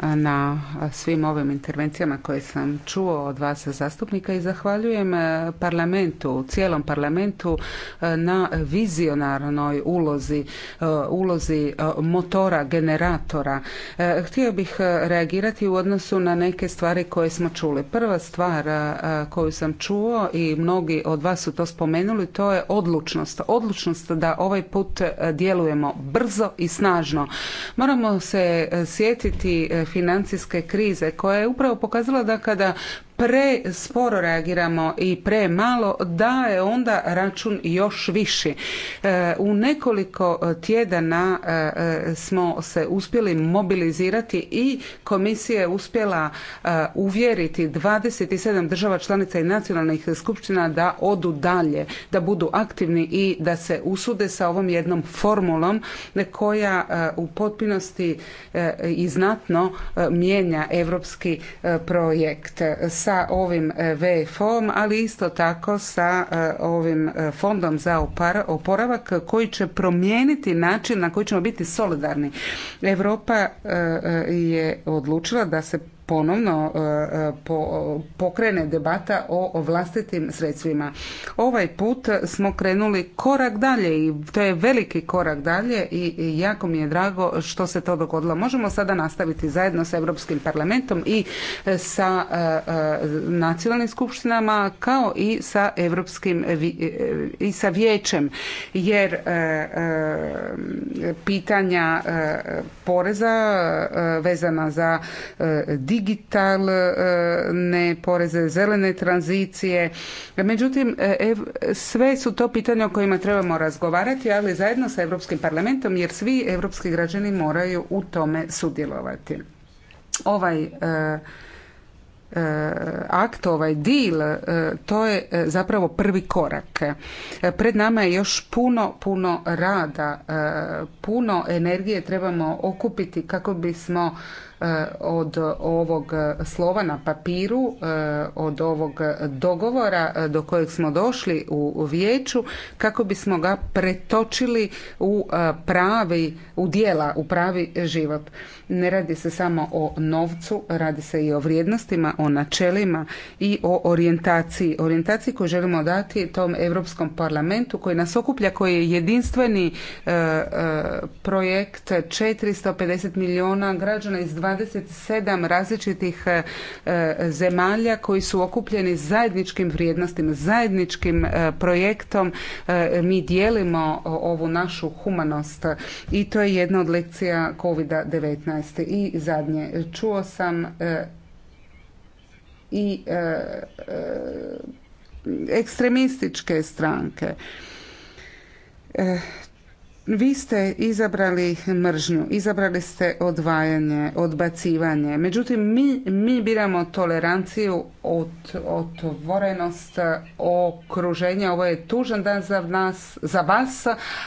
na svim ovim intervencijama koje sam čuo od vas zastupnika i zahvaljujem e, parlamentu, cijelom parlamentu e, na vizionarnoj ulozi, e, ulozi motora, generatora. Htio bih reagirati u odnosu na neke stvari koje smo čuli. Prva stvar koju sam čuo i mnogi od vas su to spomenuli, to je odlučnost. Odlučnost da ovaj put djelujemo brzo i snažno. Moramo se sjetiti financijske krize koja je upravo pokazala da kada presporo reagiramo i premalo da je onda račun još viši. E, u nekoliko tjedana e, smo se uspjeli mobilizirati i komisija je uspjela e, uvjeriti 27 država članica i nacionalnih skupština da odu dalje, da budu aktivni i da se usude sa ovom jednom formulom koja u potpunosti i znatno mijenja europski projekt sa ovim e, VFO-om, ali isto tako sa e, ovim e, fondom za oporavak koji će promijeniti način na koji ćemo biti solidarni. Europa je odlučila da se ponovno e, e, pokrene debata o vlastitim sredstvima. Ovaj put smo krenuli korak dalje i to je veliki korak dalje i jako mi je drago što se to dogodilo. Možemo sada nastaviti zajedno sa Europskim parlamentom i e, sa nacionalnim skupštinama kao i sa Europskim i sa vijećem jer pitanja poreza vezana za digitalne e, poreze, zelene tranzicije. Međutim, e, e, sve su to pitanja o kojima trebamo razgovarati, ali zajedno sa Europskim parlamentom, jer svi europski građani moraju u tome sudjelovati. Ovaj akt, ovaj deal, to je zapravo prvi korak. Pred nama je još puno, puno rada, puno energije trebamo okupiti kako bismo E, od ovog slova na papiru, e, od ovog dogovora e, do kojeg smo došli u vijeću kako bismo ga pretočili u pravi, u dijela, u pravi život. Ne radi se samo o novcu, radi se i o vrijednostima, o načelima i o orijentaciji. Orijentaciji koju želimo dati tom Europskom parlamentu koji nas okuplja, koji je jedinstveni projekt 450 milijuna građana iz 20 27 različitih e, e, zemalja koji su okupljeni zajedničkim vrijednostima, zajedničkim e, projektom. Mi dijelimo ovu našu humanost i to je jedna od lekcija COVID-19. I zadnje, čuo sam i ekstremističke stranke vi ste izabrali mržnju, izabrali ste odvajanje, odbacivanje. Međutim, mi, biramo toleranciju, od, otvorenost, okruženje. Ovo je tužan dan za nas, za vas,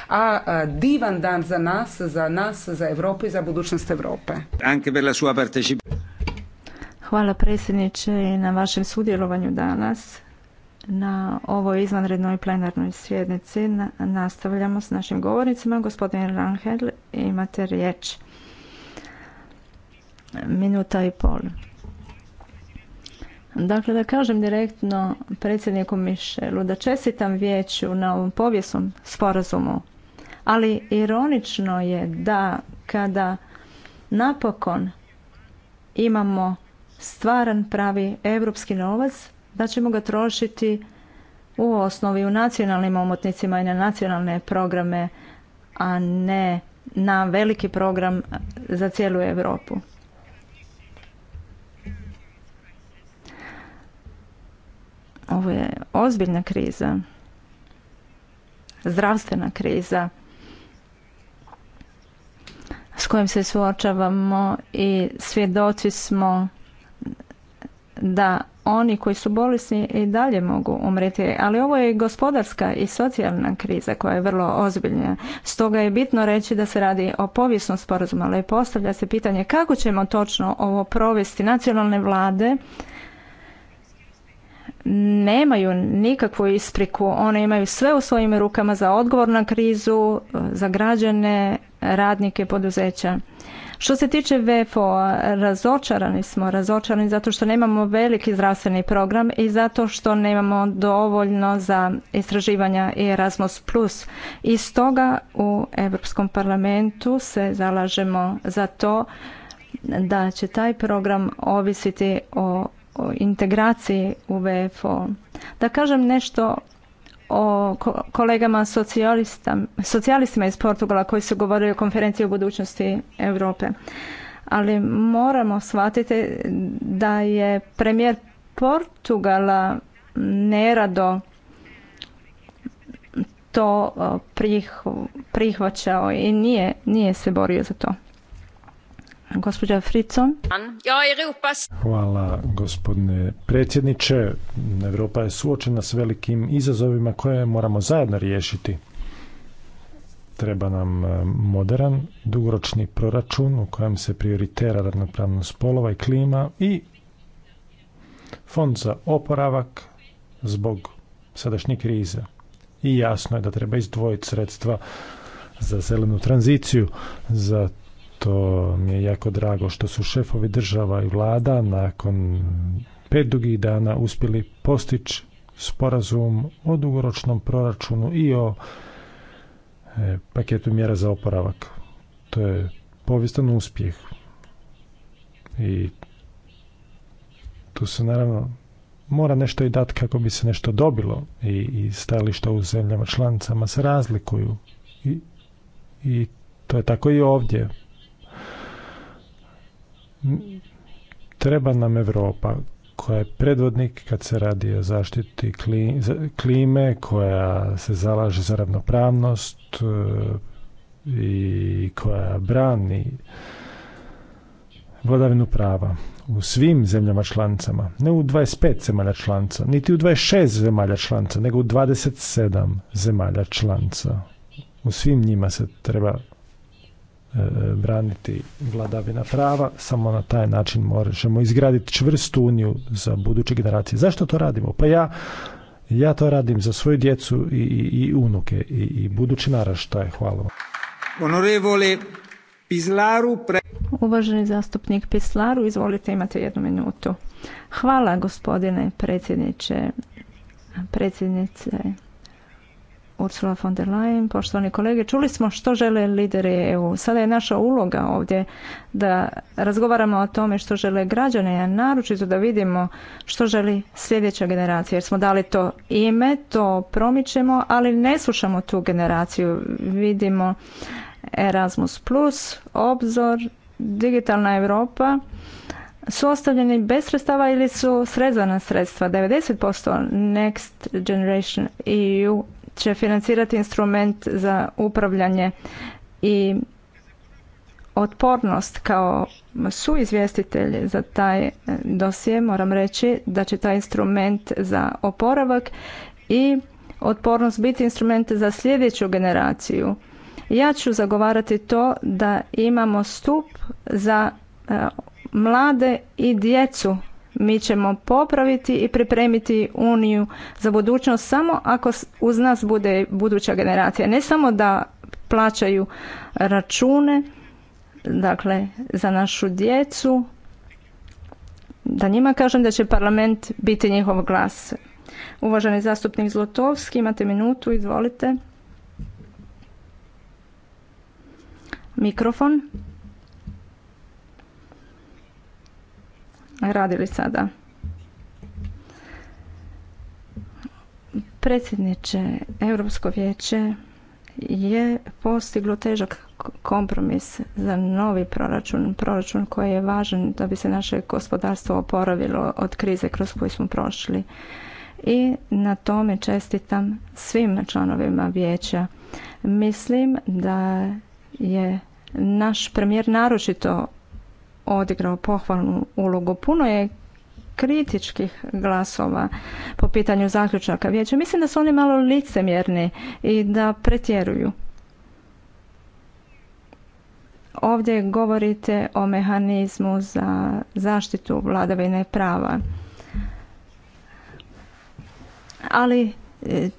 a divan dan za nas, za nas, za Europu i za budućnost Europe. Hvala predsjedniče i na vašem sudjelovanju danas na ovoj izvanrednoj plenarnoj sjednici. Nastavljamo s našim govornicima. Gospodin Rangel, imate riječ. Minuta i pol. Dakle, da kažem direktno predsjedniku Mišelu da čestitam vijeću na ovom povijesnom sporazumu, ali ironično je da kada napokon imamo stvaran pravi europski novac, da ćemo ga trošiti u osnovi u nacionalnim omotnicima i na nacionalne programe, a ne na veliki program za cijelu Europu. Ovo je ozbiljna kriza, zdravstvena kriza s kojim se suočavamo i svjedoci smo da oni koji su bolesni i dalje mogu umreti, ali ovo je gospodarska i socijalna kriza koja je vrlo ozbiljna. Stoga je bitno reći da se radi o povijesnom sporazumu, ali postavlja se pitanje kako ćemo točno ovo provesti nacionalne vlade nemaju nikakvu ispriku, one imaju sve u svojim rukama za odgovor na krizu, za građane, radnike, poduzeća. Što se tiče VFO, razočarani smo, razočarani zato što nemamo veliki zdravstveni program i zato što nemamo dovoljno za istraživanja i Erasmus plus. I stoga u Europskom parlamentu se zalažemo za to da će taj program ovisiti o o integraciji u VFO. Da kažem nešto o kolegama socijalistima iz Portugala koji su govorili o konferenciji o budućnosti Europe. Ali moramo shvatiti da je premijer Portugala nerado to prihvaćao i nije, nije se borio za to. Hvala gospodine predsjedniče. Europa je suočena s velikim izazovima koje moramo zajedno riješiti. Treba nam e, modern, dugoročni proračun u kojem se prioritera ravnopravnost spolova i klima i fond za oporavak zbog sadašnje krize. I jasno je da treba izdvojiti sredstva za zelenu tranziciju, za to mi je jako drago što su šefovi država i vlada nakon pet dugih dana uspjeli postići sporazum o dugoročnom proračunu i o e, paketu mjera za oporavak. To je povijestan uspjeh. I tu se naravno mora nešto i dati kako bi se nešto dobilo i, i stajališta u zemljama članicama se razlikuju i to je tako i ovdje. Treba nam Europa koja je predvodnik kad se radi o zaštiti klime, koja se zalaže za ravnopravnost e, i koja brani vladavinu prava u svim zemljama članicama, ne u 25 zemalja članica, niti u 26 zemalja članica, nego u 27 zemalja članica. U svim njima se treba E, braniti vladavina prava, samo na taj način možemo izgraditi čvrstu uniju za buduće generacije. Zašto to radimo? Pa ja, ja to radim za svoju djecu i, i, unuke i, i budući naraštaj. Hvala vam. Honorevole Pislaru Pre... Uvaženi zastupnik Pislaru, izvolite, imate jednu minutu. Hvala gospodine predsjedniče, predsjednice Ursula von der Leyen, poštovani kolege, čuli smo što žele lideri EU. Sada je naša uloga ovdje da razgovaramo o tome što žele građane, a naročito da vidimo što želi sljedeća generacija. Jer smo dali to ime, to promičemo, ali ne slušamo tu generaciju. Vidimo Erasmus+, plus, Obzor, Digitalna Europa su ostavljeni bez sredstava ili su srezana sredstva. 90% Next Generation EU će financirati instrument za upravljanje i otpornost kao suizvjestitelj za taj eh, dosje moram reći da će taj instrument za oporavak i otpornost biti instrument za sljedeću generaciju. Ja ću zagovarati to da imamo stup za eh, mlade i djecu mi ćemo popraviti i pripremiti Uniju za budućnost samo ako uz nas bude buduća generacija. Ne samo da plaćaju račune, dakle, za našu djecu, da njima kažem da će parlament biti njihov glas. Uvaženi zastupnik Zlotovski, imate minutu, izvolite. Mikrofon. radili sada. Predsjedniče, Europsko vijeće je postiglo težak kompromis za novi proračun, proračun koji je važan da bi se naše gospodarstvo oporavilo od krize kroz koju smo prošli. I na tome čestitam svim članovima vijeća. Mislim da je naš premijer naročito odigrao pohvalnu ulogu. Puno je kritičkih glasova po pitanju zaključaka vijeća. Mislim da su oni malo licemjerni i da pretjeruju. Ovdje govorite o mehanizmu za zaštitu vladavine prava. Ali e,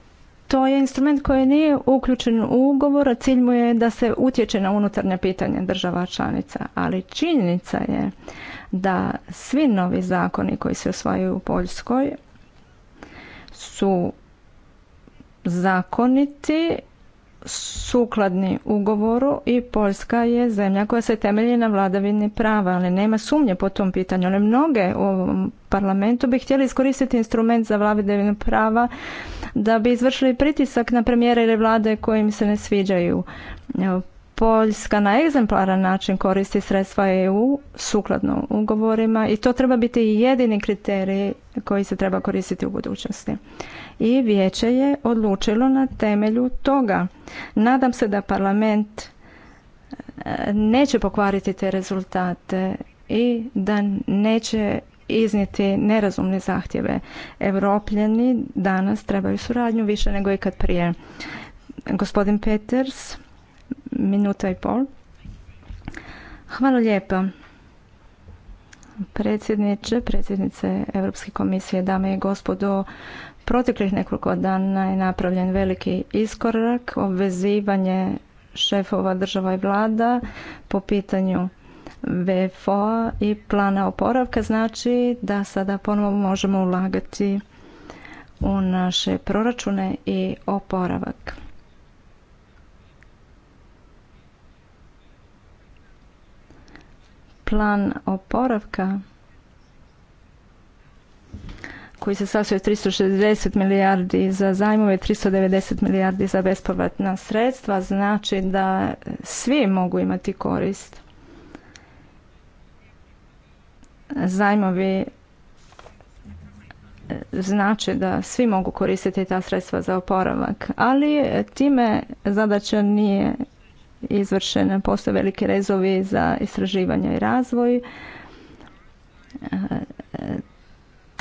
to je instrument koji nije uključen u ugovor, a cilj mu je da se utječe na unutarnje pitanje država članica. Ali činjenica je da svi novi zakoni koji se osvajaju u Poljskoj su zakoniti sukladni ugovoru i Poljska je zemlja koja se temelji na vladavini prava, ali nema sumnje po tom pitanju. one mnoge u ovom parlamentu bi htjeli iskoristiti instrument za vladavinu prava da bi izvršili pritisak na premijere ili vlade kojim se ne sviđaju. Poljska na egzemplaran način koristi sredstva EU sukladno ugovorima i to treba biti jedini kriterij koji se treba koristiti u budućnosti i vijeće je odlučilo na temelju toga. Nadam se da parlament e, neće pokvariti te rezultate i da neće iznijeti nerazumne zahtjeve. Evropljeni danas trebaju suradnju više nego ikad prije. Gospodin Peters, minuta i pol. Hvala lijepa. Predsjedniče, predsjednice Europske komisije, dame i gospodo, Proteklih nekoliko dana je napravljen veliki iskorak, obvezivanje šefova država i vlada po pitanju VFO i plana oporavka znači da sada ponovo možemo ulagati u naše proračune i oporavak. Plan oporavka koji se sastoji 360 milijardi za zajmove, 390 milijardi za bespovratna sredstva, znači da svi mogu imati korist. Zajmovi e, znači da svi mogu koristiti ta sredstva za oporavak, ali e, time zadaća nije izvršena. Postoje veliki rezovi za istraživanje i razvoj e,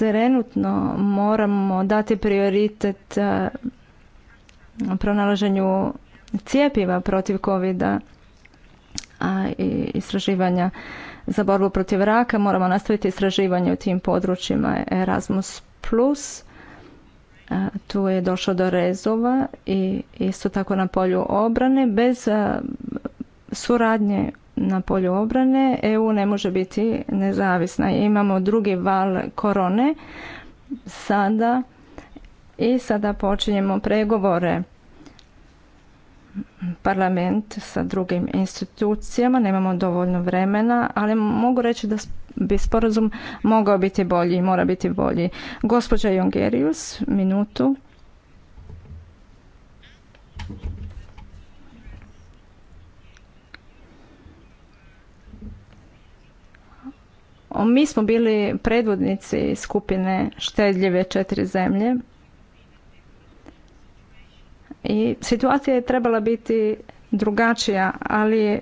trenutno moramo dati prioritet e, pronalaženju cijepiva protiv covida a i istraživanja za borbu protiv raka. Moramo nastaviti istraživanje u tim područjima Erasmus+. Plus. E, tu je došlo do rezova i isto tako na polju obrane. Bez e, suradnje na polju obrane EU ne može biti nezavisna. Imamo drugi val korone sada i sada počinjemo pregovore parlament sa drugim institucijama, nemamo dovoljno vremena, ali mogu reći da bi sporazum mogao biti bolji i mora biti bolji. Gospođa Jongerius, minutu. Mi smo bili predvodnici skupine štedljive četiri zemlje i situacija je trebala biti drugačija, ali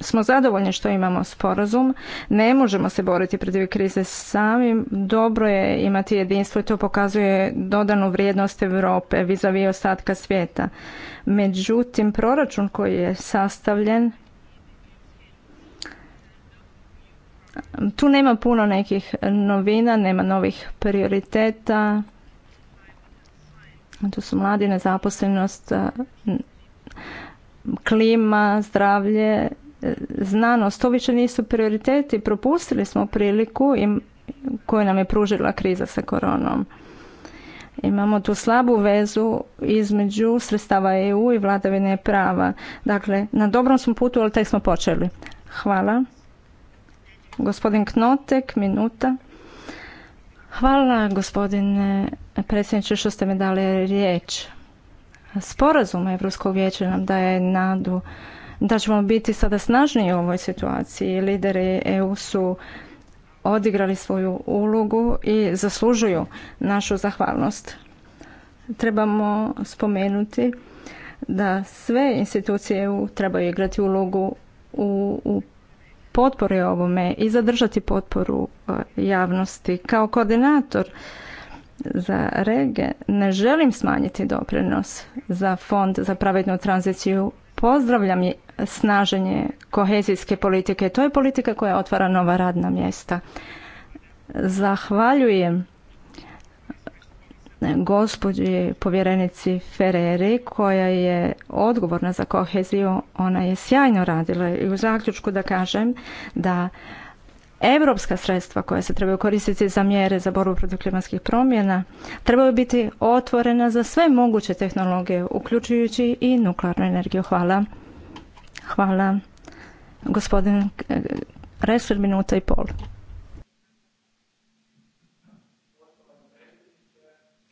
smo zadovoljni što imamo sporazum. Ne možemo se boriti protiv krize samim. Dobro je imati jedinstvo i to pokazuje dodanu vrijednost Europe vizavi ostatka svijeta. Međutim, proračun koji je sastavljen tu nema puno nekih novina, nema novih prioriteta. Tu su mladi, nezaposlenost, e, klima, zdravlje, e, znanost. To više nisu prioriteti. Propustili smo priliku koju nam je pružila kriza sa koronom. Imamo tu slabu vezu između sredstava EU i vladavine prava. Dakle, na dobrom smo putu, ali tek smo počeli. Hvala. Gospodin Knotek, minuta. Hvala gospodine predsjedniče što ste mi dali riječ. Sporazum Europskog vijeća nam daje nadu da ćemo biti sada snažniji u ovoj situaciji. Lideri EU su odigrali svoju ulogu i zaslužuju našu zahvalnost. Trebamo spomenuti da sve institucije EU trebaju igrati ulogu u, u potpore ovome i zadržati potporu e, javnosti. Kao koordinator za rege ne želim smanjiti doprinos za fond za pravednu tranziciju. Pozdravljam je snaženje kohezijske politike. To je politika koja otvara nova radna mjesta. Zahvaljujem gospođi povjerenici Ferreri koja je odgovorna za koheziju, ona je sjajno radila i u zaključku da kažem da europska sredstva koja se trebaju koristiti za mjere za borbu protiv klimatskih promjena trebaju biti otvorena za sve moguće tehnologije, uključujući i nuklearnu energiju. Hvala. Hvala. Gospodin eh, Resur, minuta i pol.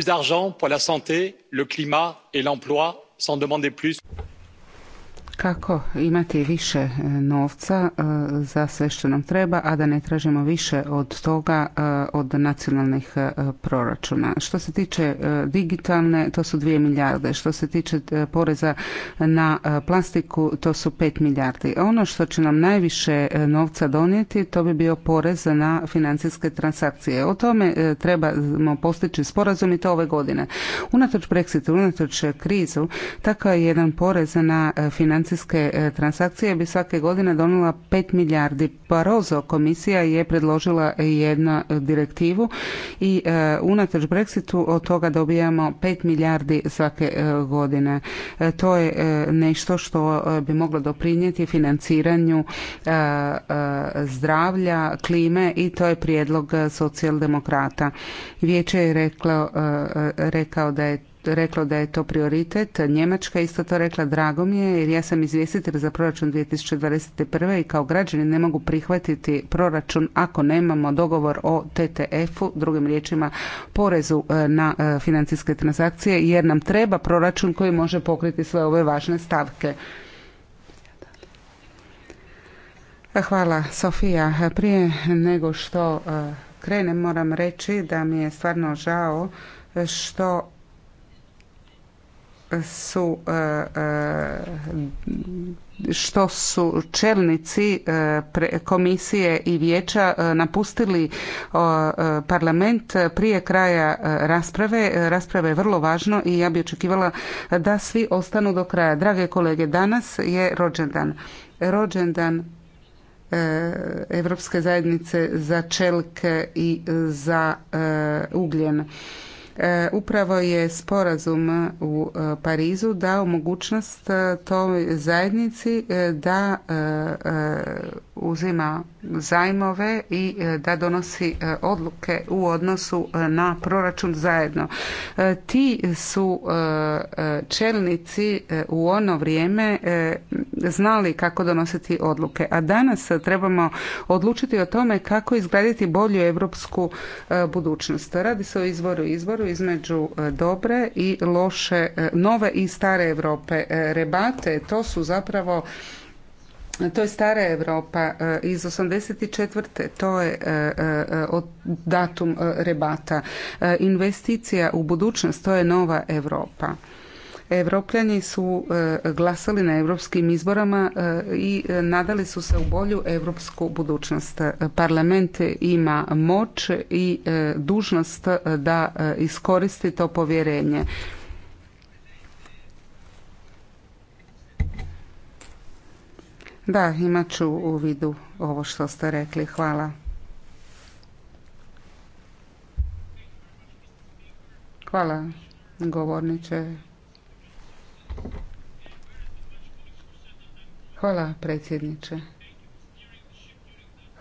plus d'argent pour la santé le climat et l'emploi sans demander plus kako imati više e, novca e, za sve što nam treba, a da ne tražimo više od toga e, od nacionalnih proračuna. Što se tiče digitalne, to su 2 milijarde. Što se tiče poreza na plastiku, to su pet milijardi. Ono što će nam najviše novca donijeti, to bi bio porez na financijske transakcije. O tome trebamo postići sporazum i to ove godine. Unatoč Brexitu, unatoč krizu, takav je jedan porez na financijske E, transakcije bi svake godine donijela 5 milijardi. Parozo komisija je predložila jednu direktivu i e, unatoč Brexitu od toga dobijamo 5 milijardi svake e, godine. To je nešto što bi moglo doprinijeti financiranju zdravlja, klime i to je prijedlog socijaldemokrata. Vijeće je rekao da je reklo da je to prioritet. Njemačka je isto to rekla, drago mi je, jer ja sam izvjestitelj za proračun 2021. i kao građani ne mogu prihvatiti proračun ako nemamo dogovor o TTF-u, drugim riječima porezu e, na e, financijske transakcije, jer nam treba proračun koji može pokriti sve ove važne stavke. Hvala, Sofija. Prije nego što e, krenem, moram reći da mi je stvarno žao što su e, e, što su čelnici e, komisije i vijeća napustili parlament prije kraja rasprave. Rasprava je vrlo važno i ja bi očekivala da svi ostanu do kraja. Drage kolege, danas je rođendan. Rođendan Europske zajednice za čelke i za ugljen. E, upravo je sporazum u e, Parizu dao mogućnost e, toj zajednici da uzima zajmove i da donosi odluke u odnosu na proračun zajedno. Ti su čelnici u ono vrijeme znali kako donositi odluke, a danas trebamo odlučiti o tome kako izgraditi bolju europsku budućnost. Radi se o izvoru izboru između e, dobre i loše, e, nove i stare Europe. E, rebate, to su zapravo to je stara Europa iz 84. To je datum rebata. Investicija u budućnost, to je nova Europa. Evropljani su e, glasali na europskim izborama e, i e, nadali su se u bolju europsku budućnost. Parlament ima moć i dužnost da iskoristi to povjerenje. Da, imat ću u vidu ovo što ste rekli. Hvala. Hvala, govorniče Hvala predsjedniče.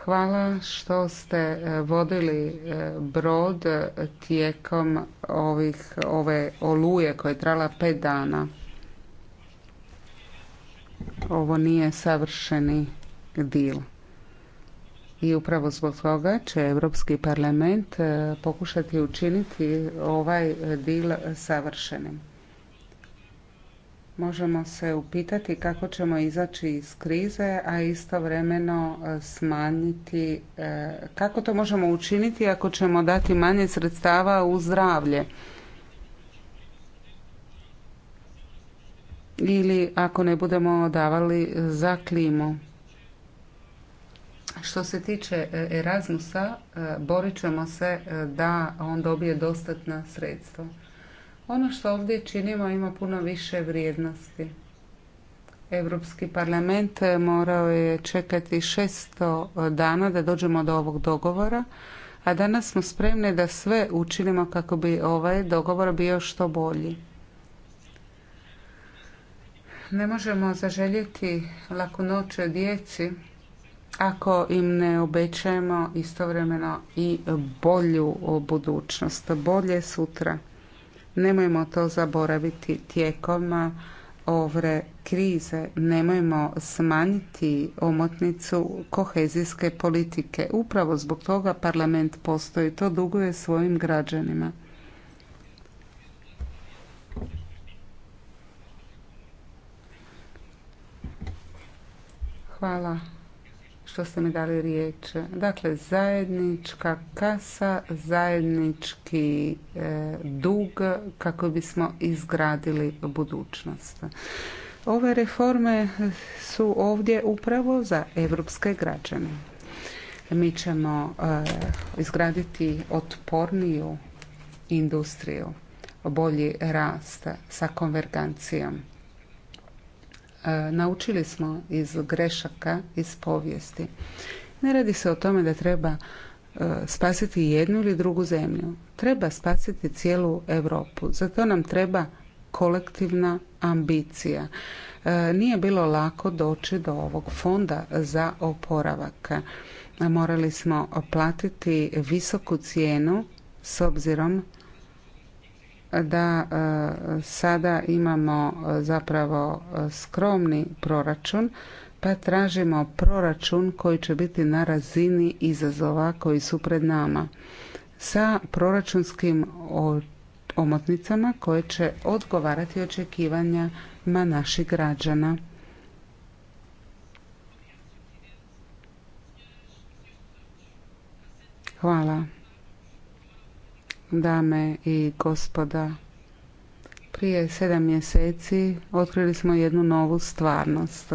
Hvala što ste e, vodili e, brod tijekom ovih, ove oluje koja je trala pet dana. Ovo nije savršeni dil. I upravo zbog toga će Europski parlament e, pokušati učiniti ovaj dil savršenim možemo se upitati kako ćemo izaći iz krize, a istovremeno e, smanjiti, e, kako to možemo učiniti ako ćemo dati manje sredstava u zdravlje. ili ako ne budemo davali za klimu. Što se tiče e, Erasmusa, borit ćemo se da on dobije dostatna sredstva. Ono što ovdje činimo ima puno više vrijednosti. Europski parlament morao je čekati 600 dana da dođemo do ovog dogovora, a danas smo spremni da sve učinimo kako bi ovaj dogovor bio što bolji. Ne možemo zaželjeti laku noć djeci ako im ne obećajemo istovremeno i bolju budućnost, bolje sutra. Nemojmo to zaboraviti tijekom ove krize. Nemojmo smanjiti omotnicu kohezijske politike. Upravo zbog toga parlament postoji. To duguje svojim građanima. Hvala što ste mi dali riječ. Dakle, zajednička kasa, zajednički e, dug kako bismo izgradili budućnost. Ove reforme su ovdje upravo za evropske građane. Mi ćemo e, izgraditi otporniju industriju, bolji rast sa konvergancijom E, naučili smo iz grešaka, iz povijesti. Ne radi se o tome da treba e, spasiti jednu ili drugu zemlju. Treba spasiti cijelu Europu. Zato nam treba kolektivna ambicija. E, nije bilo lako doći do ovog fonda za oporavak. Morali smo platiti visoku cijenu s obzirom da e, sada imamo e, zapravo e, skromni proračun, pa tražimo proračun koji će biti na razini izazova koji su pred nama sa proračunskim omotnicama koje će odgovarati očekivanjama naših građana. Hvala dame i gospoda. Prije sedam mjeseci otkrili smo jednu novu stvarnost.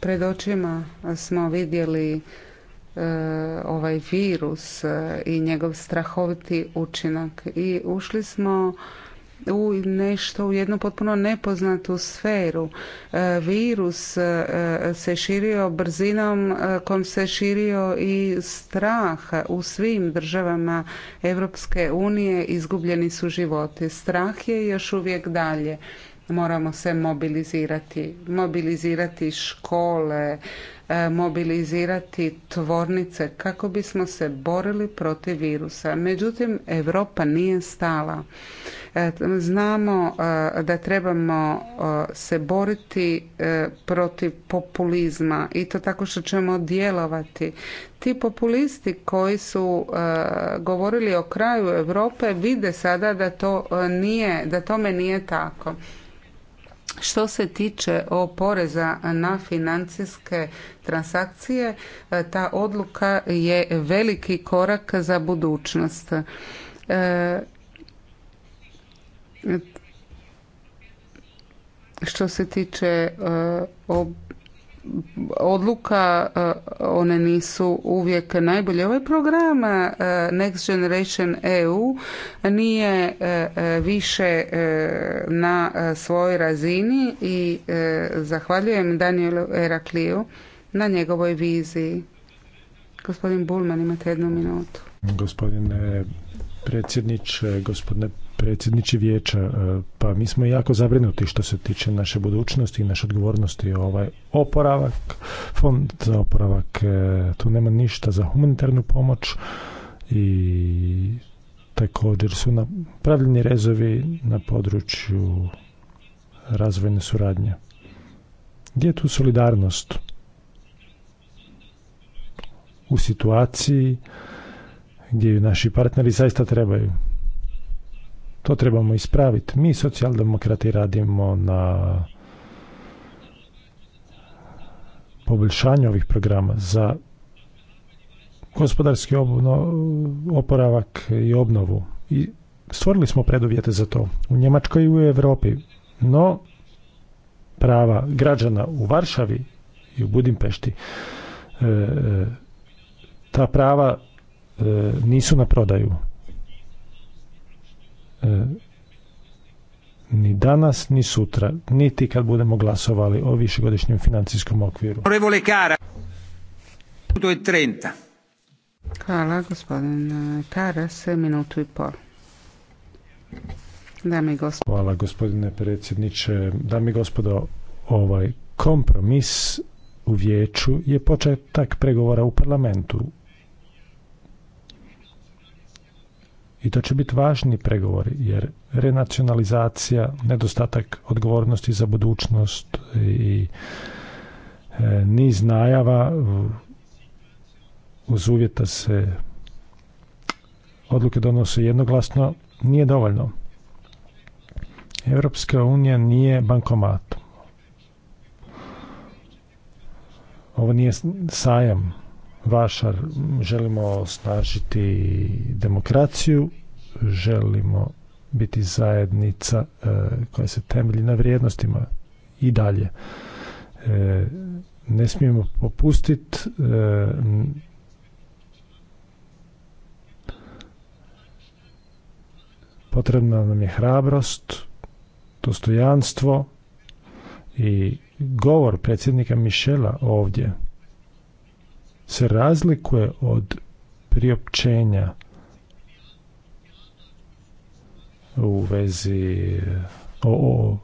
Pred očima smo vidjeli e, ovaj virus i njegov strahoviti učinak i ušli smo u nešto u jednu potpuno nepoznatu sferu. E, virus e, se širio brzinom e, kom se širio i strah u svim državama Europske unije izgubljeni su životi. Strah je još uvijek dalje moramo se mobilizirati, mobilizirati škole, e, mobilizirati tvornice kako bismo se borili protiv virusa. Međutim, Europa nije stala. E, znamo e, da trebamo se boriti protiv populizma i to tako što ćemo djelovati. Ti populisti koji su govorili o kraju Europe vide sada da to nije, da tome nije tako. Što se tiče o poreza na financijske transakcije, e, ta odluka je veliki korak za budućnost. E, što se tiče e, odluka, e, one nisu uvijek najbolje. Ovaj program e, Next Generation EU nije e, više na svojoj razini i zahvaljujem Danielu Erakliju na njegovoj viziji. Gospodin Bulman, imate jednu minutu. Gospodine predsjedniče, gospodine predsjedniče vijeća, e, pa mi smo jako zabrinuti što se tiče naše budućnosti i naše odgovornosti. Ovaj oporavak, fond za oporavak, e, tu nema ništa za humanitarnu pomoć i također su napravljeni rezovi na području razvojne suradnje. Gdje je tu solidarnost? U situaciji gdje naši partneri zaista trebaju. To trebamo ispraviti. Mi socijaldemokrati radimo na poboljšanju ovih programa za gospodarski oporavak i obnovu. I stvorili smo preduvjete za to u Njemačkoj i u Europi. No, prava građana u Varšavi i u Budimpešti, e, e, ta prava e, nisu na prodaju. E, ni danas, ni sutra, niti kad budemo glasovali o višegodišnjem financijskom okviru. E Hvala, gospodin Karas, e, minutu i pol. Dame i gospodo. Hvala, gospodine predsjedniče. Dame i gospodo, ovaj kompromis u vijeću je početak pregovora u parlamentu. I to će biti važni pregovori jer renacionalizacija, nedostatak odgovornosti za budućnost i e, niz najava uz uvjeta se odluke donose jednoglasno nije dovoljno. Europska unija nije bankomat. Ovo nije sajam Vašar, želimo osnažiti demokraciju, želimo biti zajednica e, koja se temelji na vrijednostima i dalje. E, ne smijemo popustiti e, potrebna nam je hrabrost, dostojanstvo i govor predsjednika Mišela ovdje se razlikuje od priopćenja u vezi o,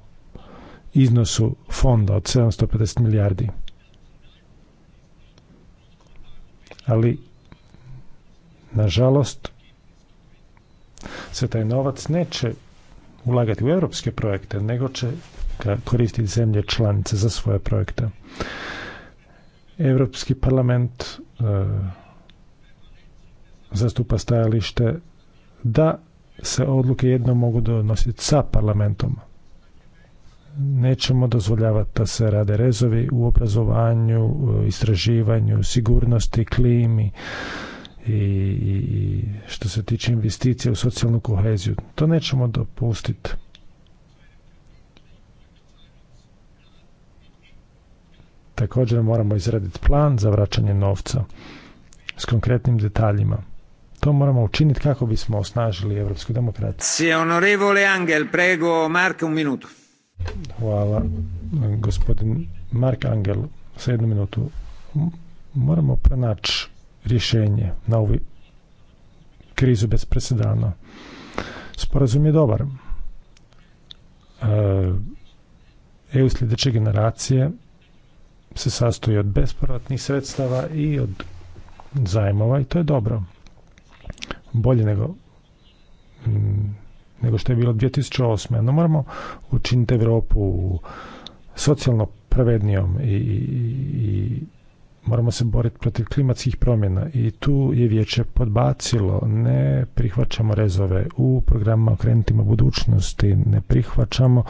iznosu fonda od 750 milijardi. Ali, nažalost, se taj novac neće ulagati u europske projekte, nego će koristiti zemlje članice za svoje projekte. Europski parlament e, zastupa stajalište da se odluke jedno mogu donositi sa parlamentom. Nećemo dozvoljavati da se rade rezovi u obrazovanju, istraživanju, sigurnosti, klimi i što se tiče investicija u socijalnu koheziju. To nećemo dopustiti. Također moramo izraditi plan za vraćanje novca s konkretnim detaljima. To moramo učiniti kako bismo osnažili evropsku demokraciju. onorevole Angel, prego mark un minuto. Hvala, gospodin Mark Angel, sa jednu minutu. Moramo pronaći rješenje na ovu krizu bez presedana. Sporazum je dobar. E, EU sljedeće generacije se sastoji od bespovratnih sredstava i od zajmova i to je dobro. Bolje nego mm, nego što je bilo 2008. No moramo učiniti Europu socijalno pravednijom i, i, i moramo se boriti protiv klimatskih promjena i tu je vijeće podbacilo ne prihvaćamo rezove u programima okrenutima budućnosti ne prihvaćamo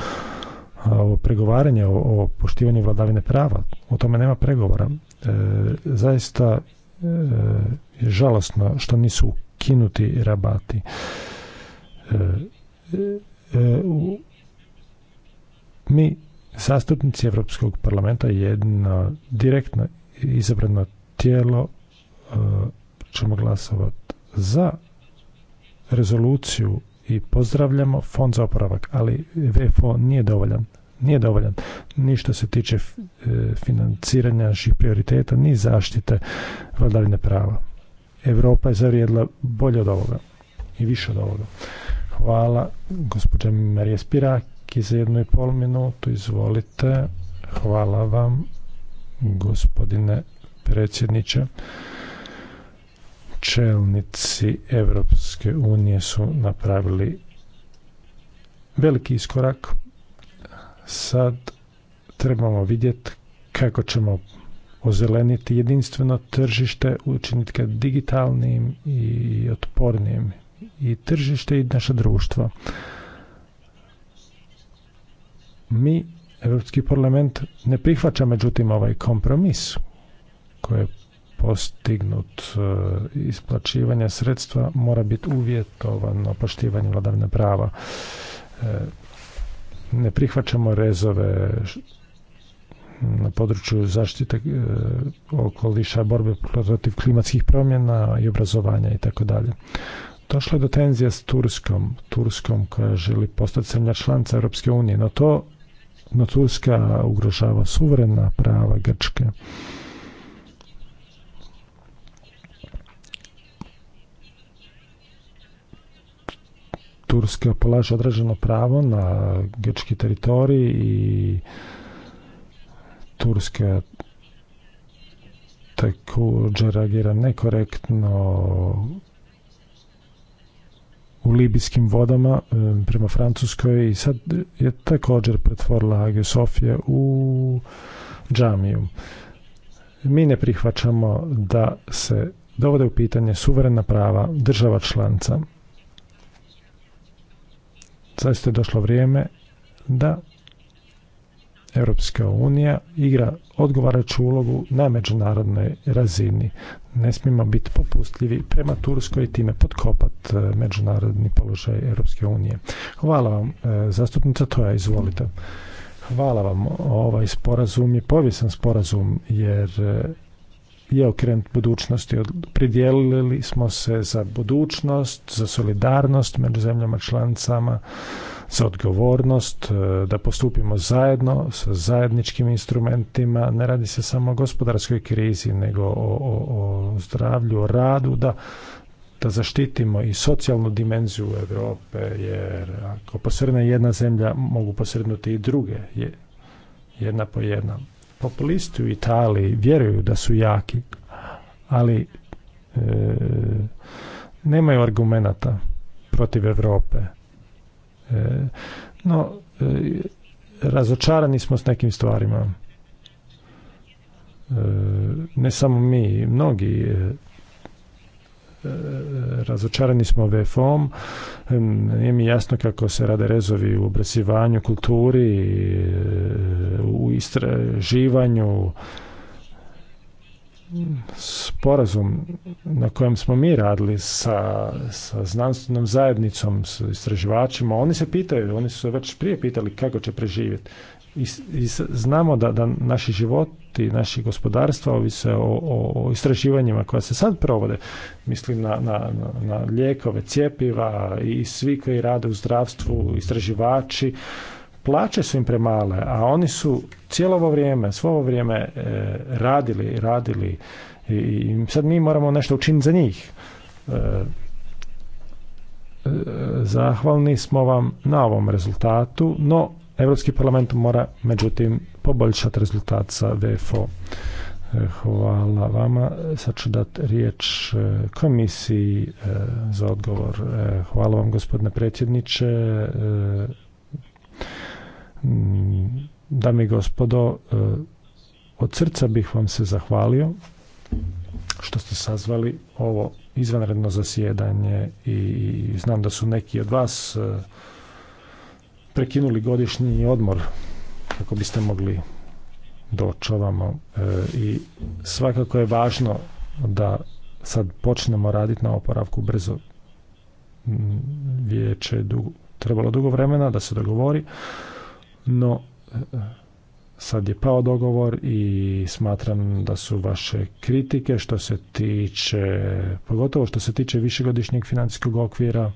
ovo pregovaranje o, poštivanju vladavine prava, o tome nema pregovora. E, zaista e, je žalostno što nisu ukinuti rabati. E, u, mi, zastupnici Evropskog parlamenta, jedno direktno izabrano tijelo ćemo glasovati za rezoluciju i pozdravljamo fond za oporavak, ali VFO nije dovoljan. Nije dovoljan ni što se tiče e, financiranja naših prioriteta, ni zaštite vladavine prava. Evropa je zavrijedila bolje od ovoga i više od ovoga. Hvala gospođa Marija Spiraki za jednu i pol minutu. Izvolite. Hvala vam gospodine predsjedniče čelnici Evropske unije su napravili veliki iskorak. Sad trebamo vidjeti kako ćemo ozeleniti jedinstveno tržište, učiniti ga digitalnim i otpornim i tržište i naše društva. Mi, Europski parlament, ne prihvaća međutim ovaj kompromis koji je postignut. E, isplaćivanje sredstva mora biti uvjetovano poštivanje vladavne prava. E, ne prihvaćamo rezove na području zaštite e, okoliša, borbe protiv klimatskih promjena i obrazovanja i tako dalje. Došlo je do tenzije s Turskom, Turskom koja želi postati zemlja članica Europske unije, no to no Turska ugrožava suverena prava Grčke. Turska polaže određeno pravo na grčki teritorij i Turska također reagira nekorektno u libijskim vodama e, prema Francuskoj i sad je također pretvorila Hagia u džamiju. Mi ne prihvaćamo da se dovode u pitanje suverena prava država članca zaista je došlo vrijeme da Europska unija igra odgovarajuću ulogu na međunarodnoj razini. Ne smijemo biti popustljivi prema Turskoj i time podkopat e, međunarodni položaj Europske unije. Hvala vam, e, zastupnica Toja, izvolite. Hvala vam, ovaj sporazum je povijesan sporazum jer e, je okrenut budućnosti. Pridjelili smo se za budućnost, za solidarnost među zemljama članicama, za odgovornost, e, da postupimo zajedno sa zajedničkim instrumentima. Ne radi se samo o gospodarskoj krizi, nego o, o, o zdravlju, o radu, da da zaštitimo i socijalnu dimenziju Europe, jer ako posrne jedna zemlja, mogu posrednuti i druge, jedna po jedna populisti u Italiji vjeruju da su jaki, ali e, nemaju argumenata protiv Europe. E, no, e, razočarani smo s nekim stvarima. E, ne samo mi, mnogi e, E, razočarani smo VFOM Nije mi jasno kako se rade rezovi u obrazivanju kulturi, e, u istraživanju. Sporazum na kojem smo mi radili sa, sa znanstvenom zajednicom, sa istraživačima, oni se pitaju, oni su se već prije pitali kako će preživjeti i, znamo da, da naši životi, naši gospodarstva ovise o, o, istraživanjima koja se sad provode. Mislim na, na, na lijekove, cjepiva i svi koji rade u zdravstvu, istraživači. Plaće su im premale, a oni su cijelo ovo vrijeme, svo ovo vrijeme e, radili, radili i, sad mi moramo nešto učiniti za njih. E, e, zahvalni smo vam na ovom rezultatu, no Evropski parlament mora međutim poboljšati rezultat sa VFO. E, hvala vama. Sad ću dati riječ e, komisiji e, za odgovor. Hvala vam gospodine predsjedniče. Dami i gospodo, od srca bih vam se zahvalio što ste sazvali ovo izvanredno zasjedanje i znam da su neki od vas prekinuli godišnji odmor kako biste mogli doći ovamo e, i svakako je važno da sad počnemo raditi na oporavku brzo mm, vijeće dugo, trebalo dugo vremena da se dogovori no e, e, sad je pao dogovor i smatram da su vaše kritike što se tiče pogotovo što se tiče višegodišnjeg financijskog okvira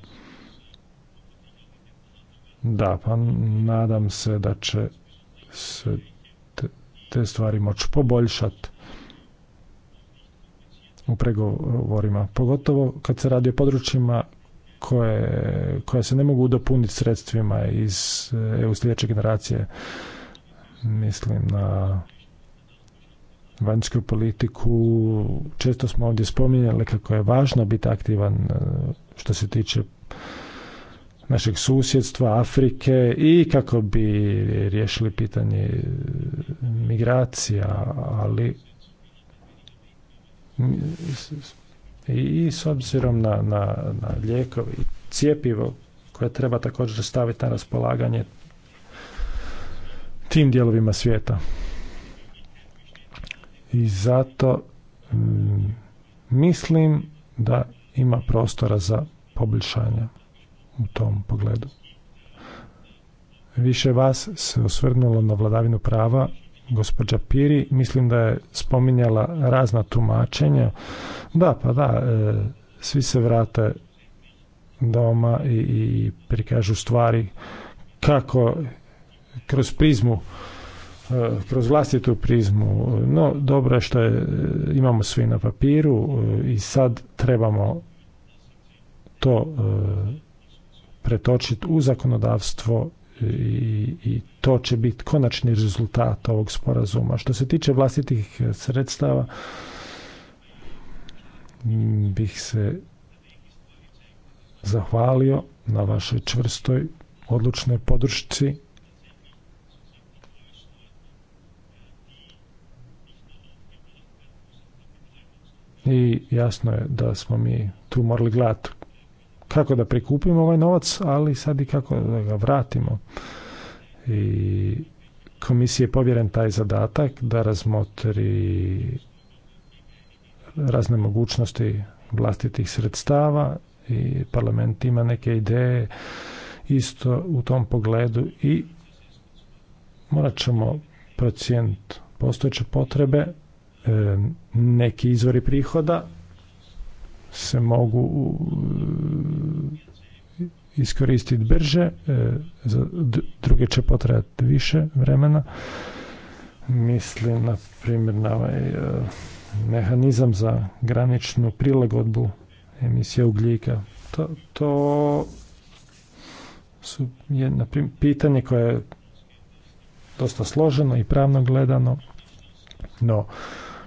da, pa nadam se da će se te, stvari moći poboljšati u pregovorima, pogotovo kad se radi o područjima koje, koja se ne mogu dopuniti sredstvima iz eh, EU sljedeće generacije. Mislim na vanjsku politiku. Često smo ovdje spominjali kako je važno biti aktivan eh, što se tiče našeg susjedstva, Afrike i kako bi riješili pitanje e, migracija, ali i s obzirom na, na, na i cijepivo koje treba također staviti na raspolaganje tim dijelovima svijeta. I zato mm, mislim da ima prostora za poboljšanje u tom pogledu. Više vas se osvrnulo na vladavinu prava. Gospođa Piri, mislim da je spominjala razna tumačenja. Da, pa da, e, svi se vrate doma i, i prikažu stvari kako kroz prizmu e, kroz vlastitu prizmu. No, dobro je što je, e, imamo svi na papiru i sad trebamo to pretočiti u zakonodavstvo i, i to će biti konačni rezultat ovog sporazuma. Što se tiče vlastitih e, sredstava, bih se zahvalio na vašoj čvrstoj odlučnoj podršci i jasno je da smo mi tu morali gledati kako da prikupimo ovaj novac, ali sad i kako da ga vratimo. I komisiji je povjeren taj zadatak da razmotri razne mogućnosti vlastitih sredstava i parlament ima neke ideje isto u tom pogledu i morat ćemo procijent postojeće potrebe, neki izvori prihoda se mogu e, iskoristiti brže, e, za druge će potrajati više vremena. Mislim, na primjer, na ovaj e, mehanizam za graničnu prilagodbu emisije ugljika. To, to su je, na primjer, pitanje koje je dosta složeno i pravno gledano, no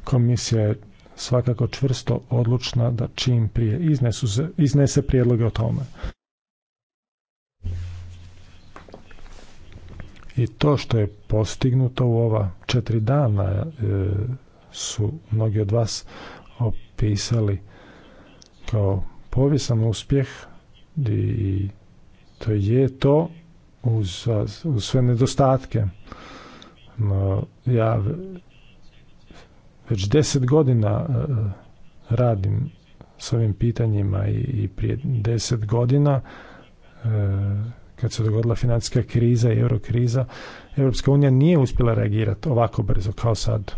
komisija je svakako čvrsto odlučna da čim prije iznesu, iznese prijedloge o tome. I to što je postignuto u ova četiri dana e, su mnogi od vas opisali kao povijesan uspjeh i to je to uz, uz sve nedostatke. No, ja već deset godina e, radim s ovim pitanjima i prije deset godina e, kad se dogodila financijska kriza i eurokriza, Europska unija nije uspjela reagirati ovako brzo kao sad.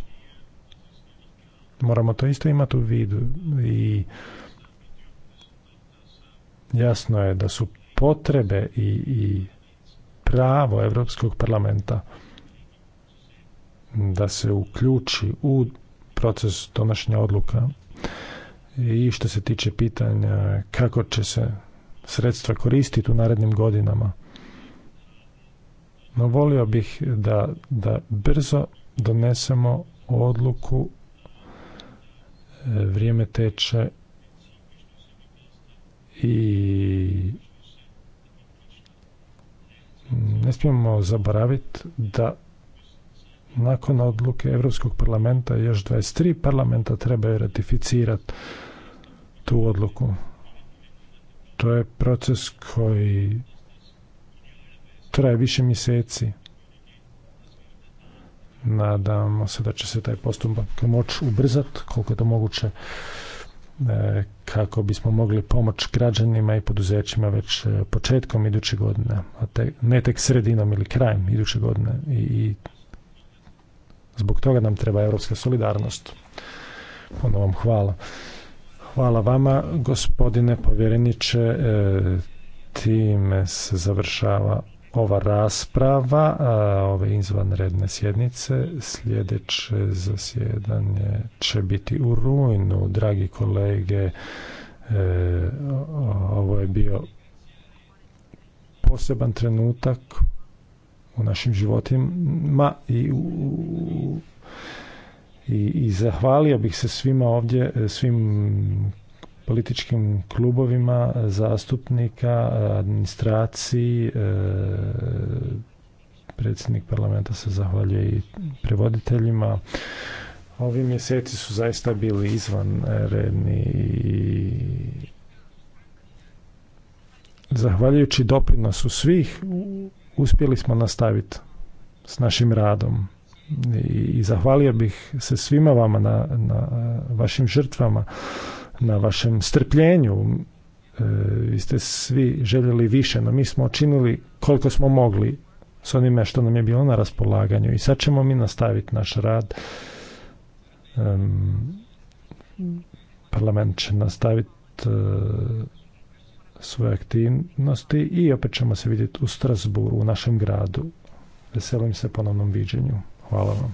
Moramo to isto imati u vidu i jasno je da su potrebe i, i pravo Europskog parlamenta da se uključi u proces donošenja odluka i što se tiče pitanja kako će se sredstva koristiti u narednim godinama. No volio bih da, da brzo donesemo odluku e, vrijeme teče i ne smijemo zaboraviti da nakon odluke Europskog parlamenta još 23 parlamenta trebaju ratificirati tu odluku. To je proces koji traje više mjeseci. Nadamo se da će se taj postupak moći ubrzati koliko je to moguće e, kako bismo mogli pomoći građanima i poduzećima već e, početkom iduće godine, a ne tek sredinom ili krajem iduće godine i Zbog toga nam treba europska solidarnost. ponovno vam hvala. Hvala vama, gospodine povjereniče. E, time se završava ova rasprava, a ove izvanredne sjednice. Sljedeće zasjedanje će biti u rujnu, dragi kolege. E, ovo je bio poseban trenutak našim životima i i, zahvalio bih se svima ovdje, svim političkim klubovima, zastupnika, administraciji, e, predsjednik parlamenta se zahvaljuje i prevoditeljima. Ovi mjeseci su zaista bili izvanredni i zahvaljujući doprinosu svih uspjeli smo nastaviti s našim radom. I, zahvalio bih se svima vama na, na eh, vašim žrtvama, na vašem strpljenju. Eh, vi ste svi željeli više, no mi smo činili koliko smo mogli s onime što nam je bilo na raspolaganju i sad ćemo mi nastaviti naš rad. parlament će nastaviti eh, svoje aktivnosti i opet ćemo se vidjeti u Strasburu, u našem gradu. Veselim se ponovnom viđenju. Hvala vam.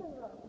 Hvala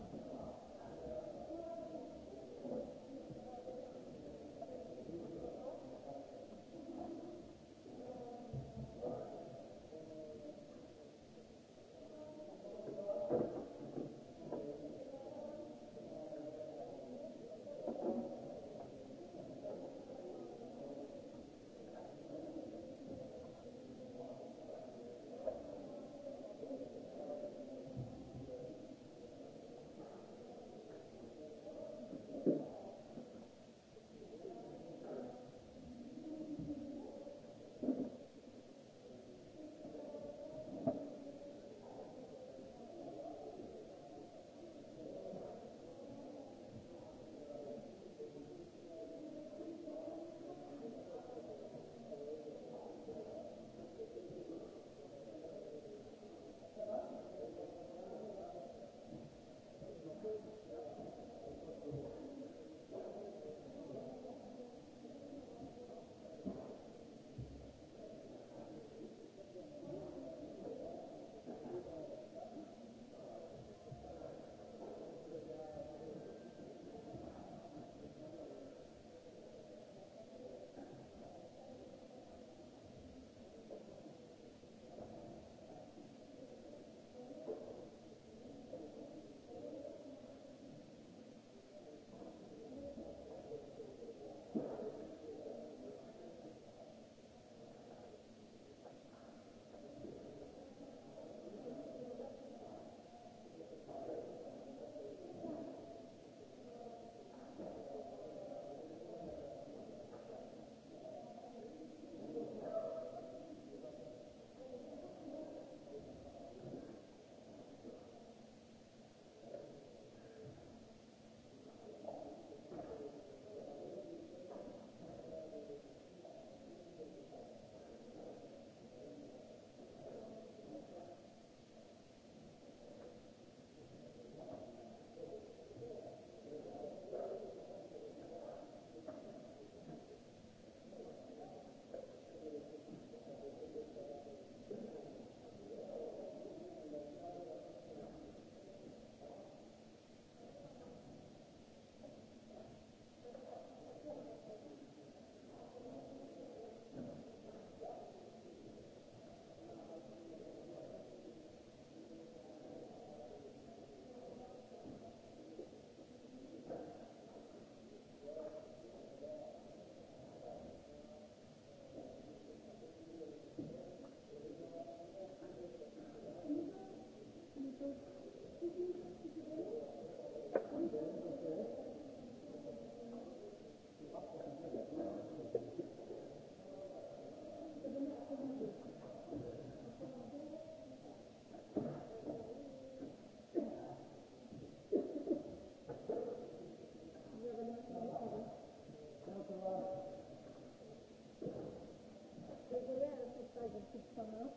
Hvala.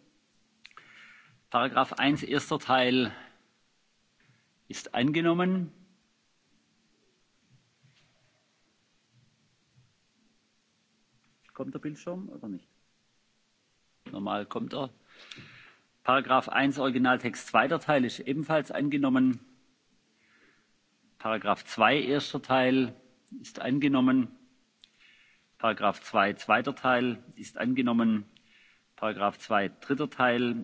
Paragraf 1 erster Teil ist angenommen. Kommt der Bildschirm oder nicht? Normal kommt er. Paragraf 1 Originaltext zweiter Teil ist ebenfalls angenommen. Paragraf 2 erster Teil ist angenommen. Paragraf 2 zweiter Teil ist angenommen. Paragraf 2 dritter Teil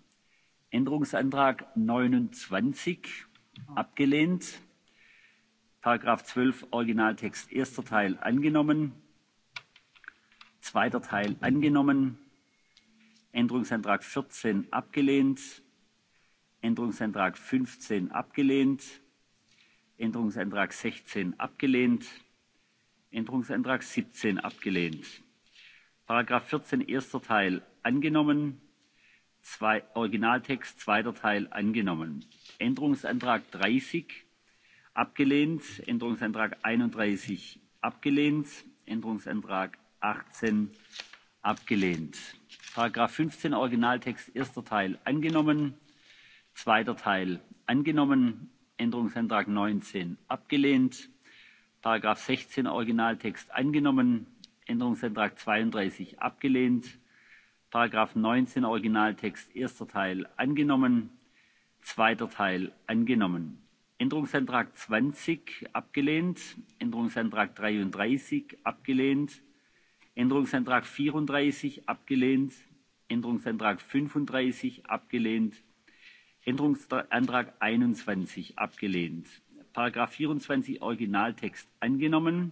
änderungsantrag neunundzwanzig abgelehnt; zwölf originaltext erster teil angenommen; zweiter teil angenommen; änderungsantrag vierzehn abgelehnt; änderungsantrag fünfzehn abgelehnt; änderungsantrag sechzehn abgelehnt; änderungsantrag siebzehn abgelehnt; vierzehn erster teil angenommen; originaltext zweiter teil angenommen; änderungsantrag dreißig abgelehnt; änderungsantrag einunddreißig abgelehnt; änderungsantrag achtzehn abgelehnt; paragraph fünfzehn originaltext erster teil angenommen; zweiter teil angenommen; änderungsantrag neunzehn abgelehnt; paragraph sechzehn originaltext angenommen; änderungsantrag zweiunddreißig abgelehnt; Paragraf 19 Originaltext erster Teil angenommen zweiter Teil angenommen Änderungsantrag 20 abgelehnt Änderungsantrag 33 abgelehnt Änderungsantrag 34 abgelehnt Änderungsantrag 35 abgelehnt Änderungsantrag 21 abgelehnt Paragraf 24 Originaltext angenommen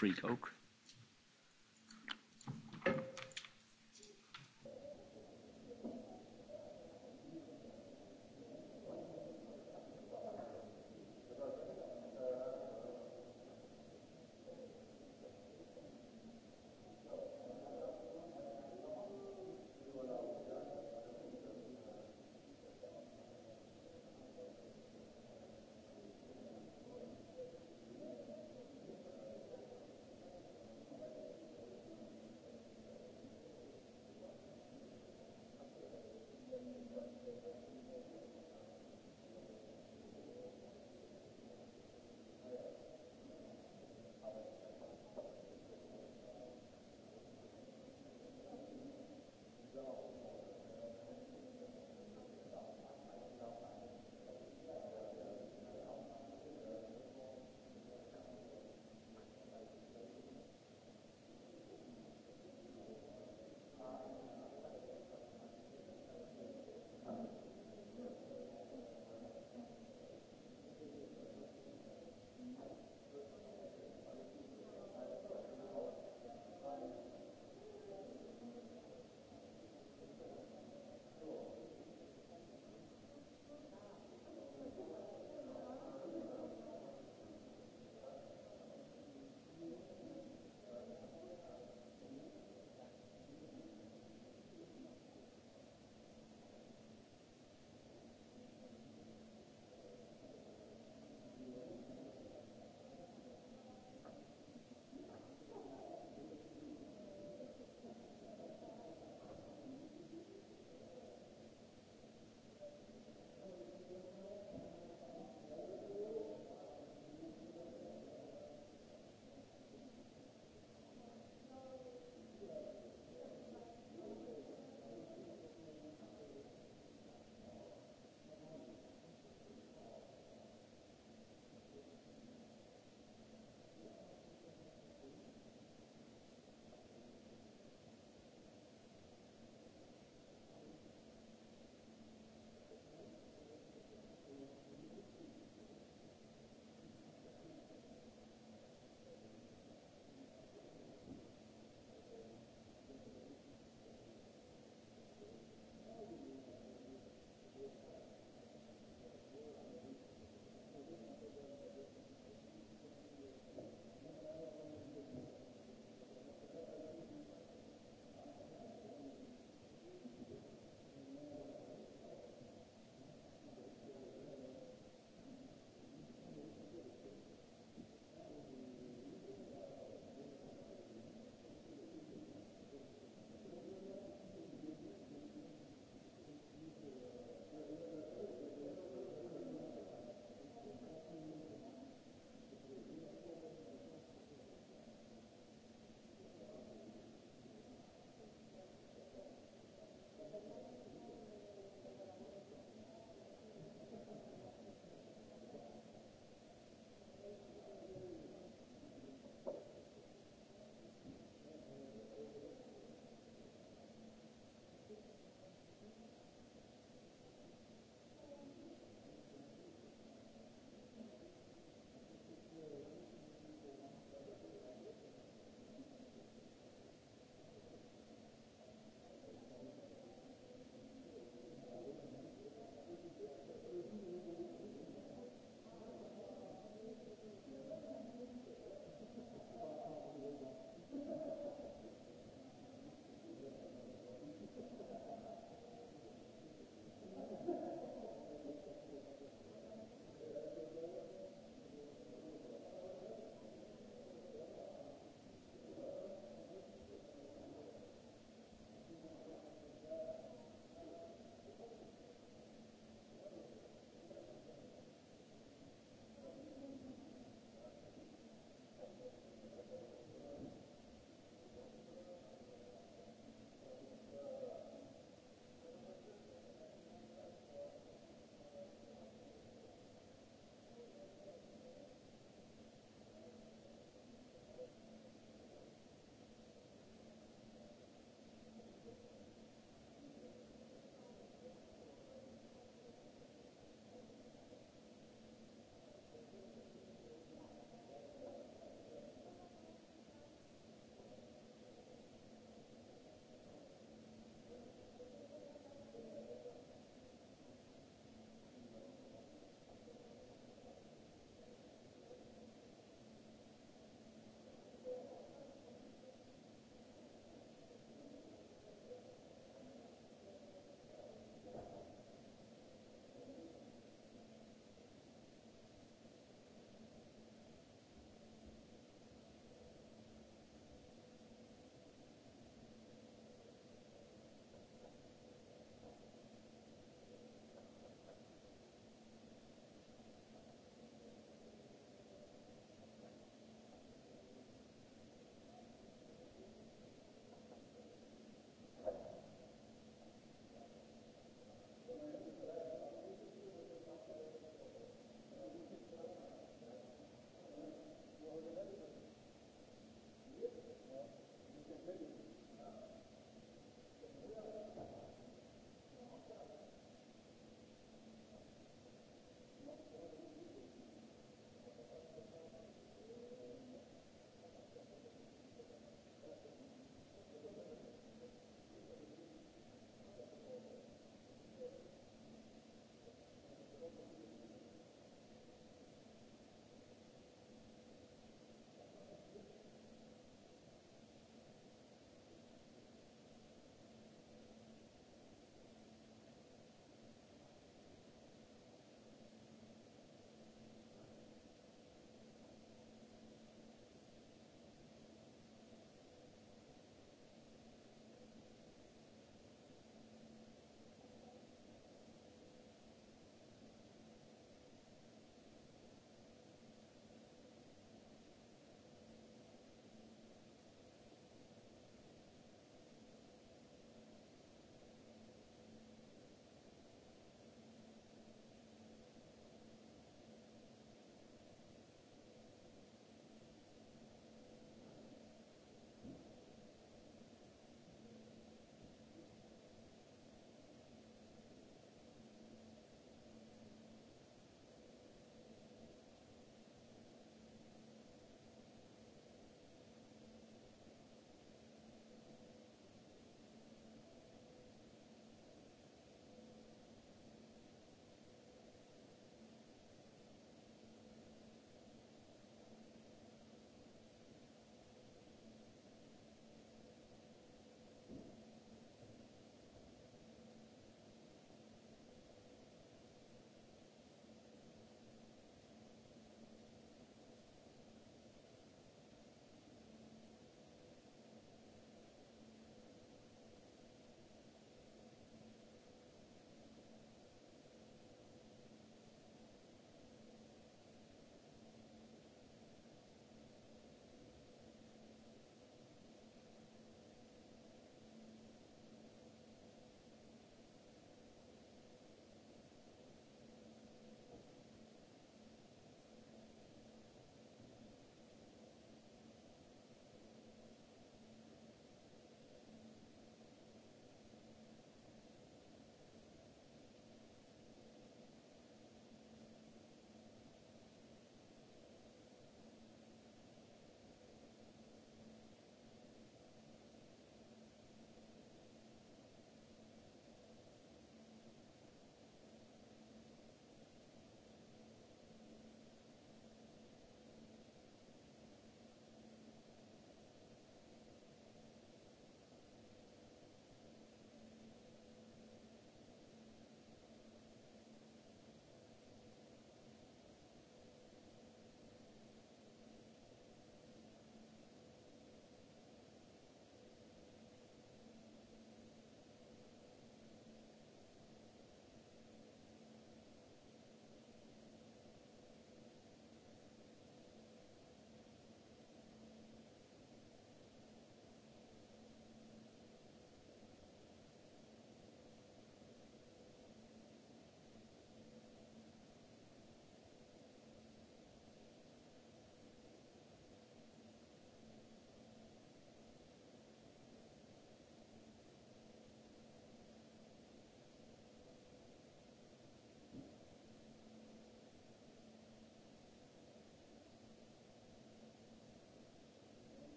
free coke.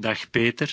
dag peter.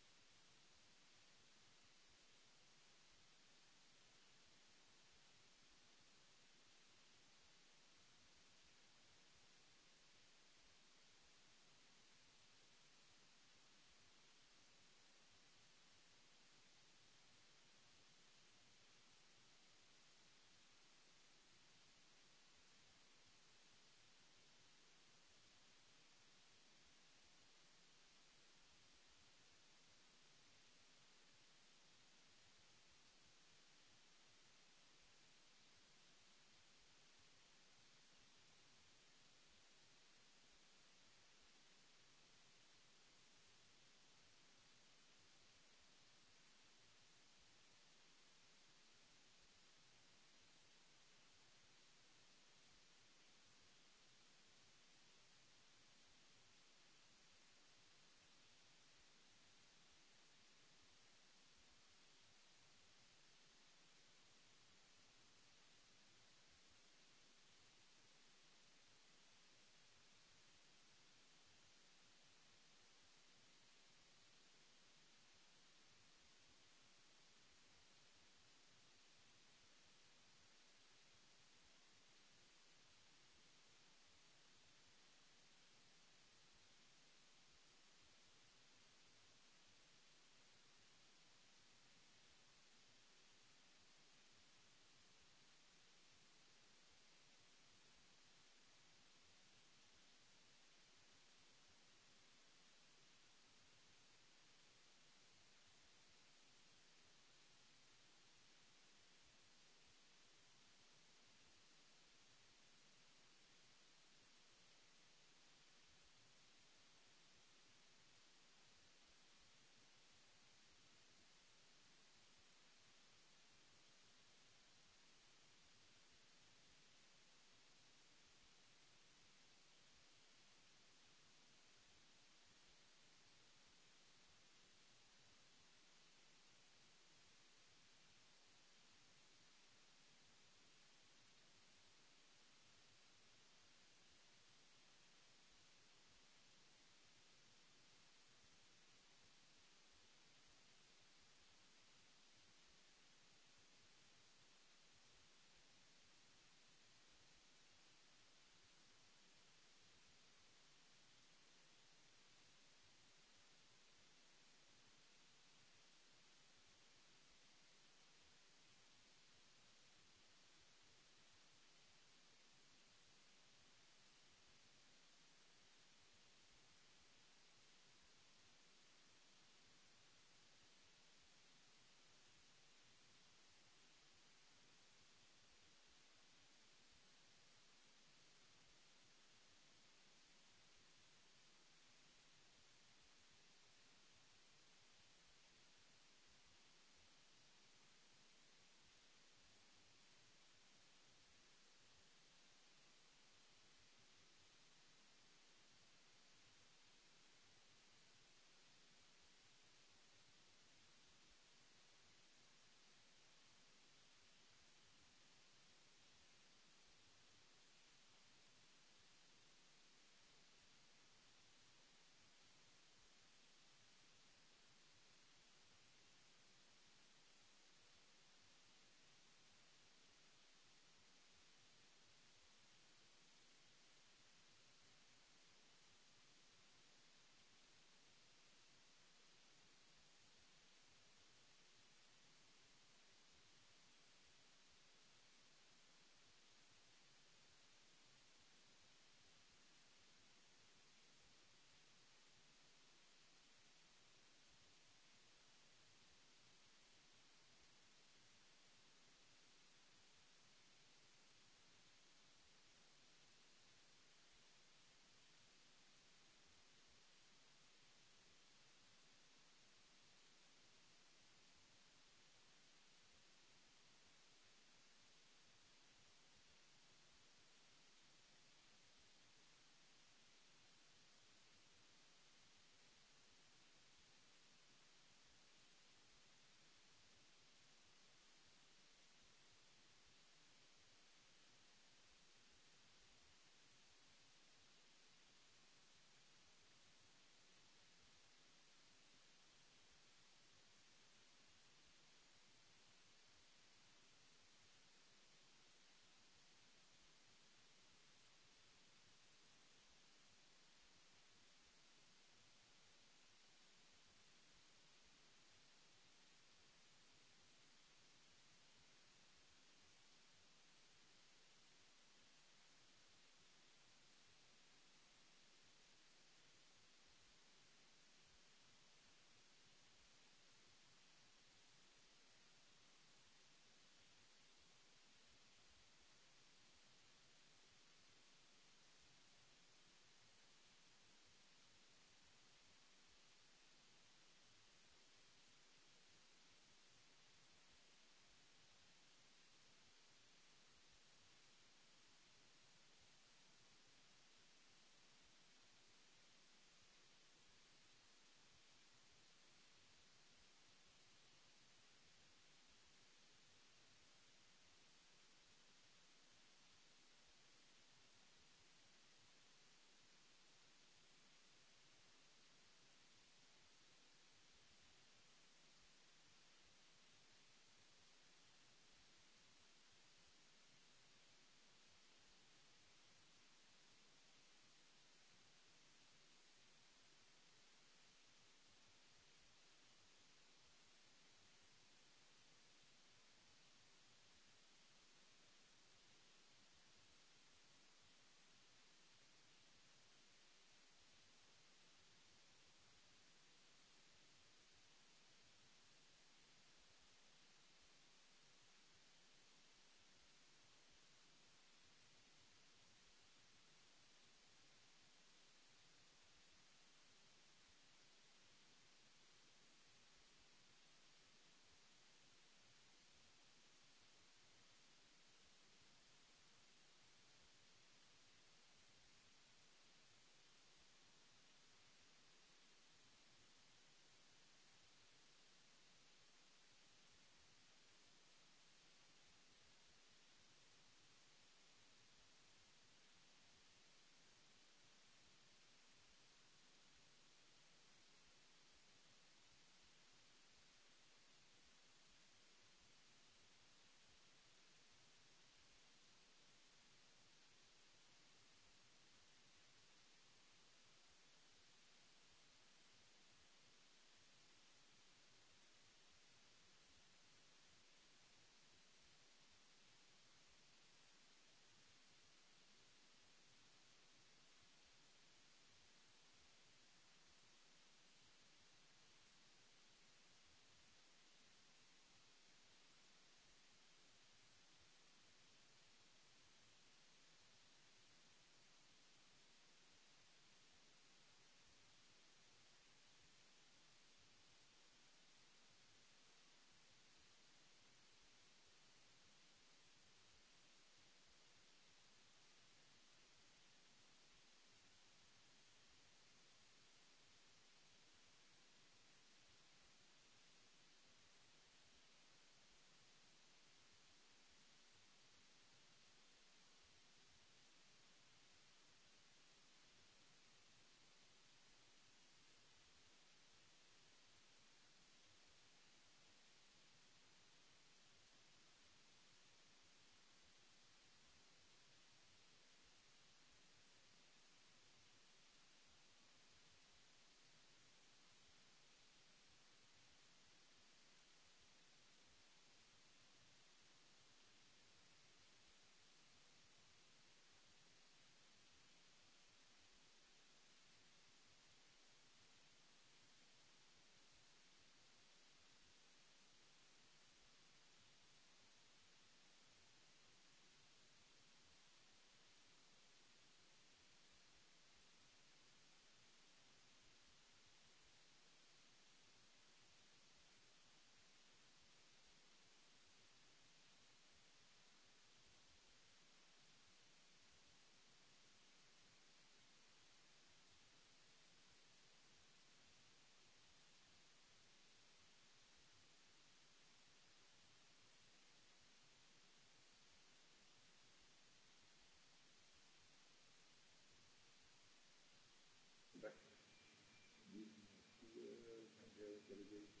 inteligentni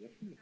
Merci.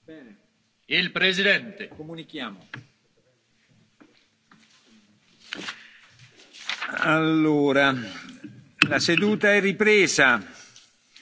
Bene. Il Presidente. Comunichiamo. Allora, la seduta è ripresa.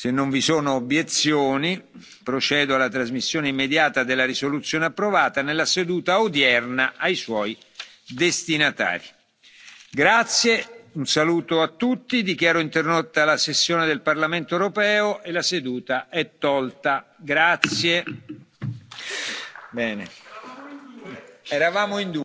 se non vi sono obiezioni procedo alla trasmissione immediata della risoluzione approvata nella seduta odierna ai suoi destinatari. Grazie, un saluto a tutti dichiaro interrotta la sessione del parlamento europeo e la seduta è tolta. eravamo in.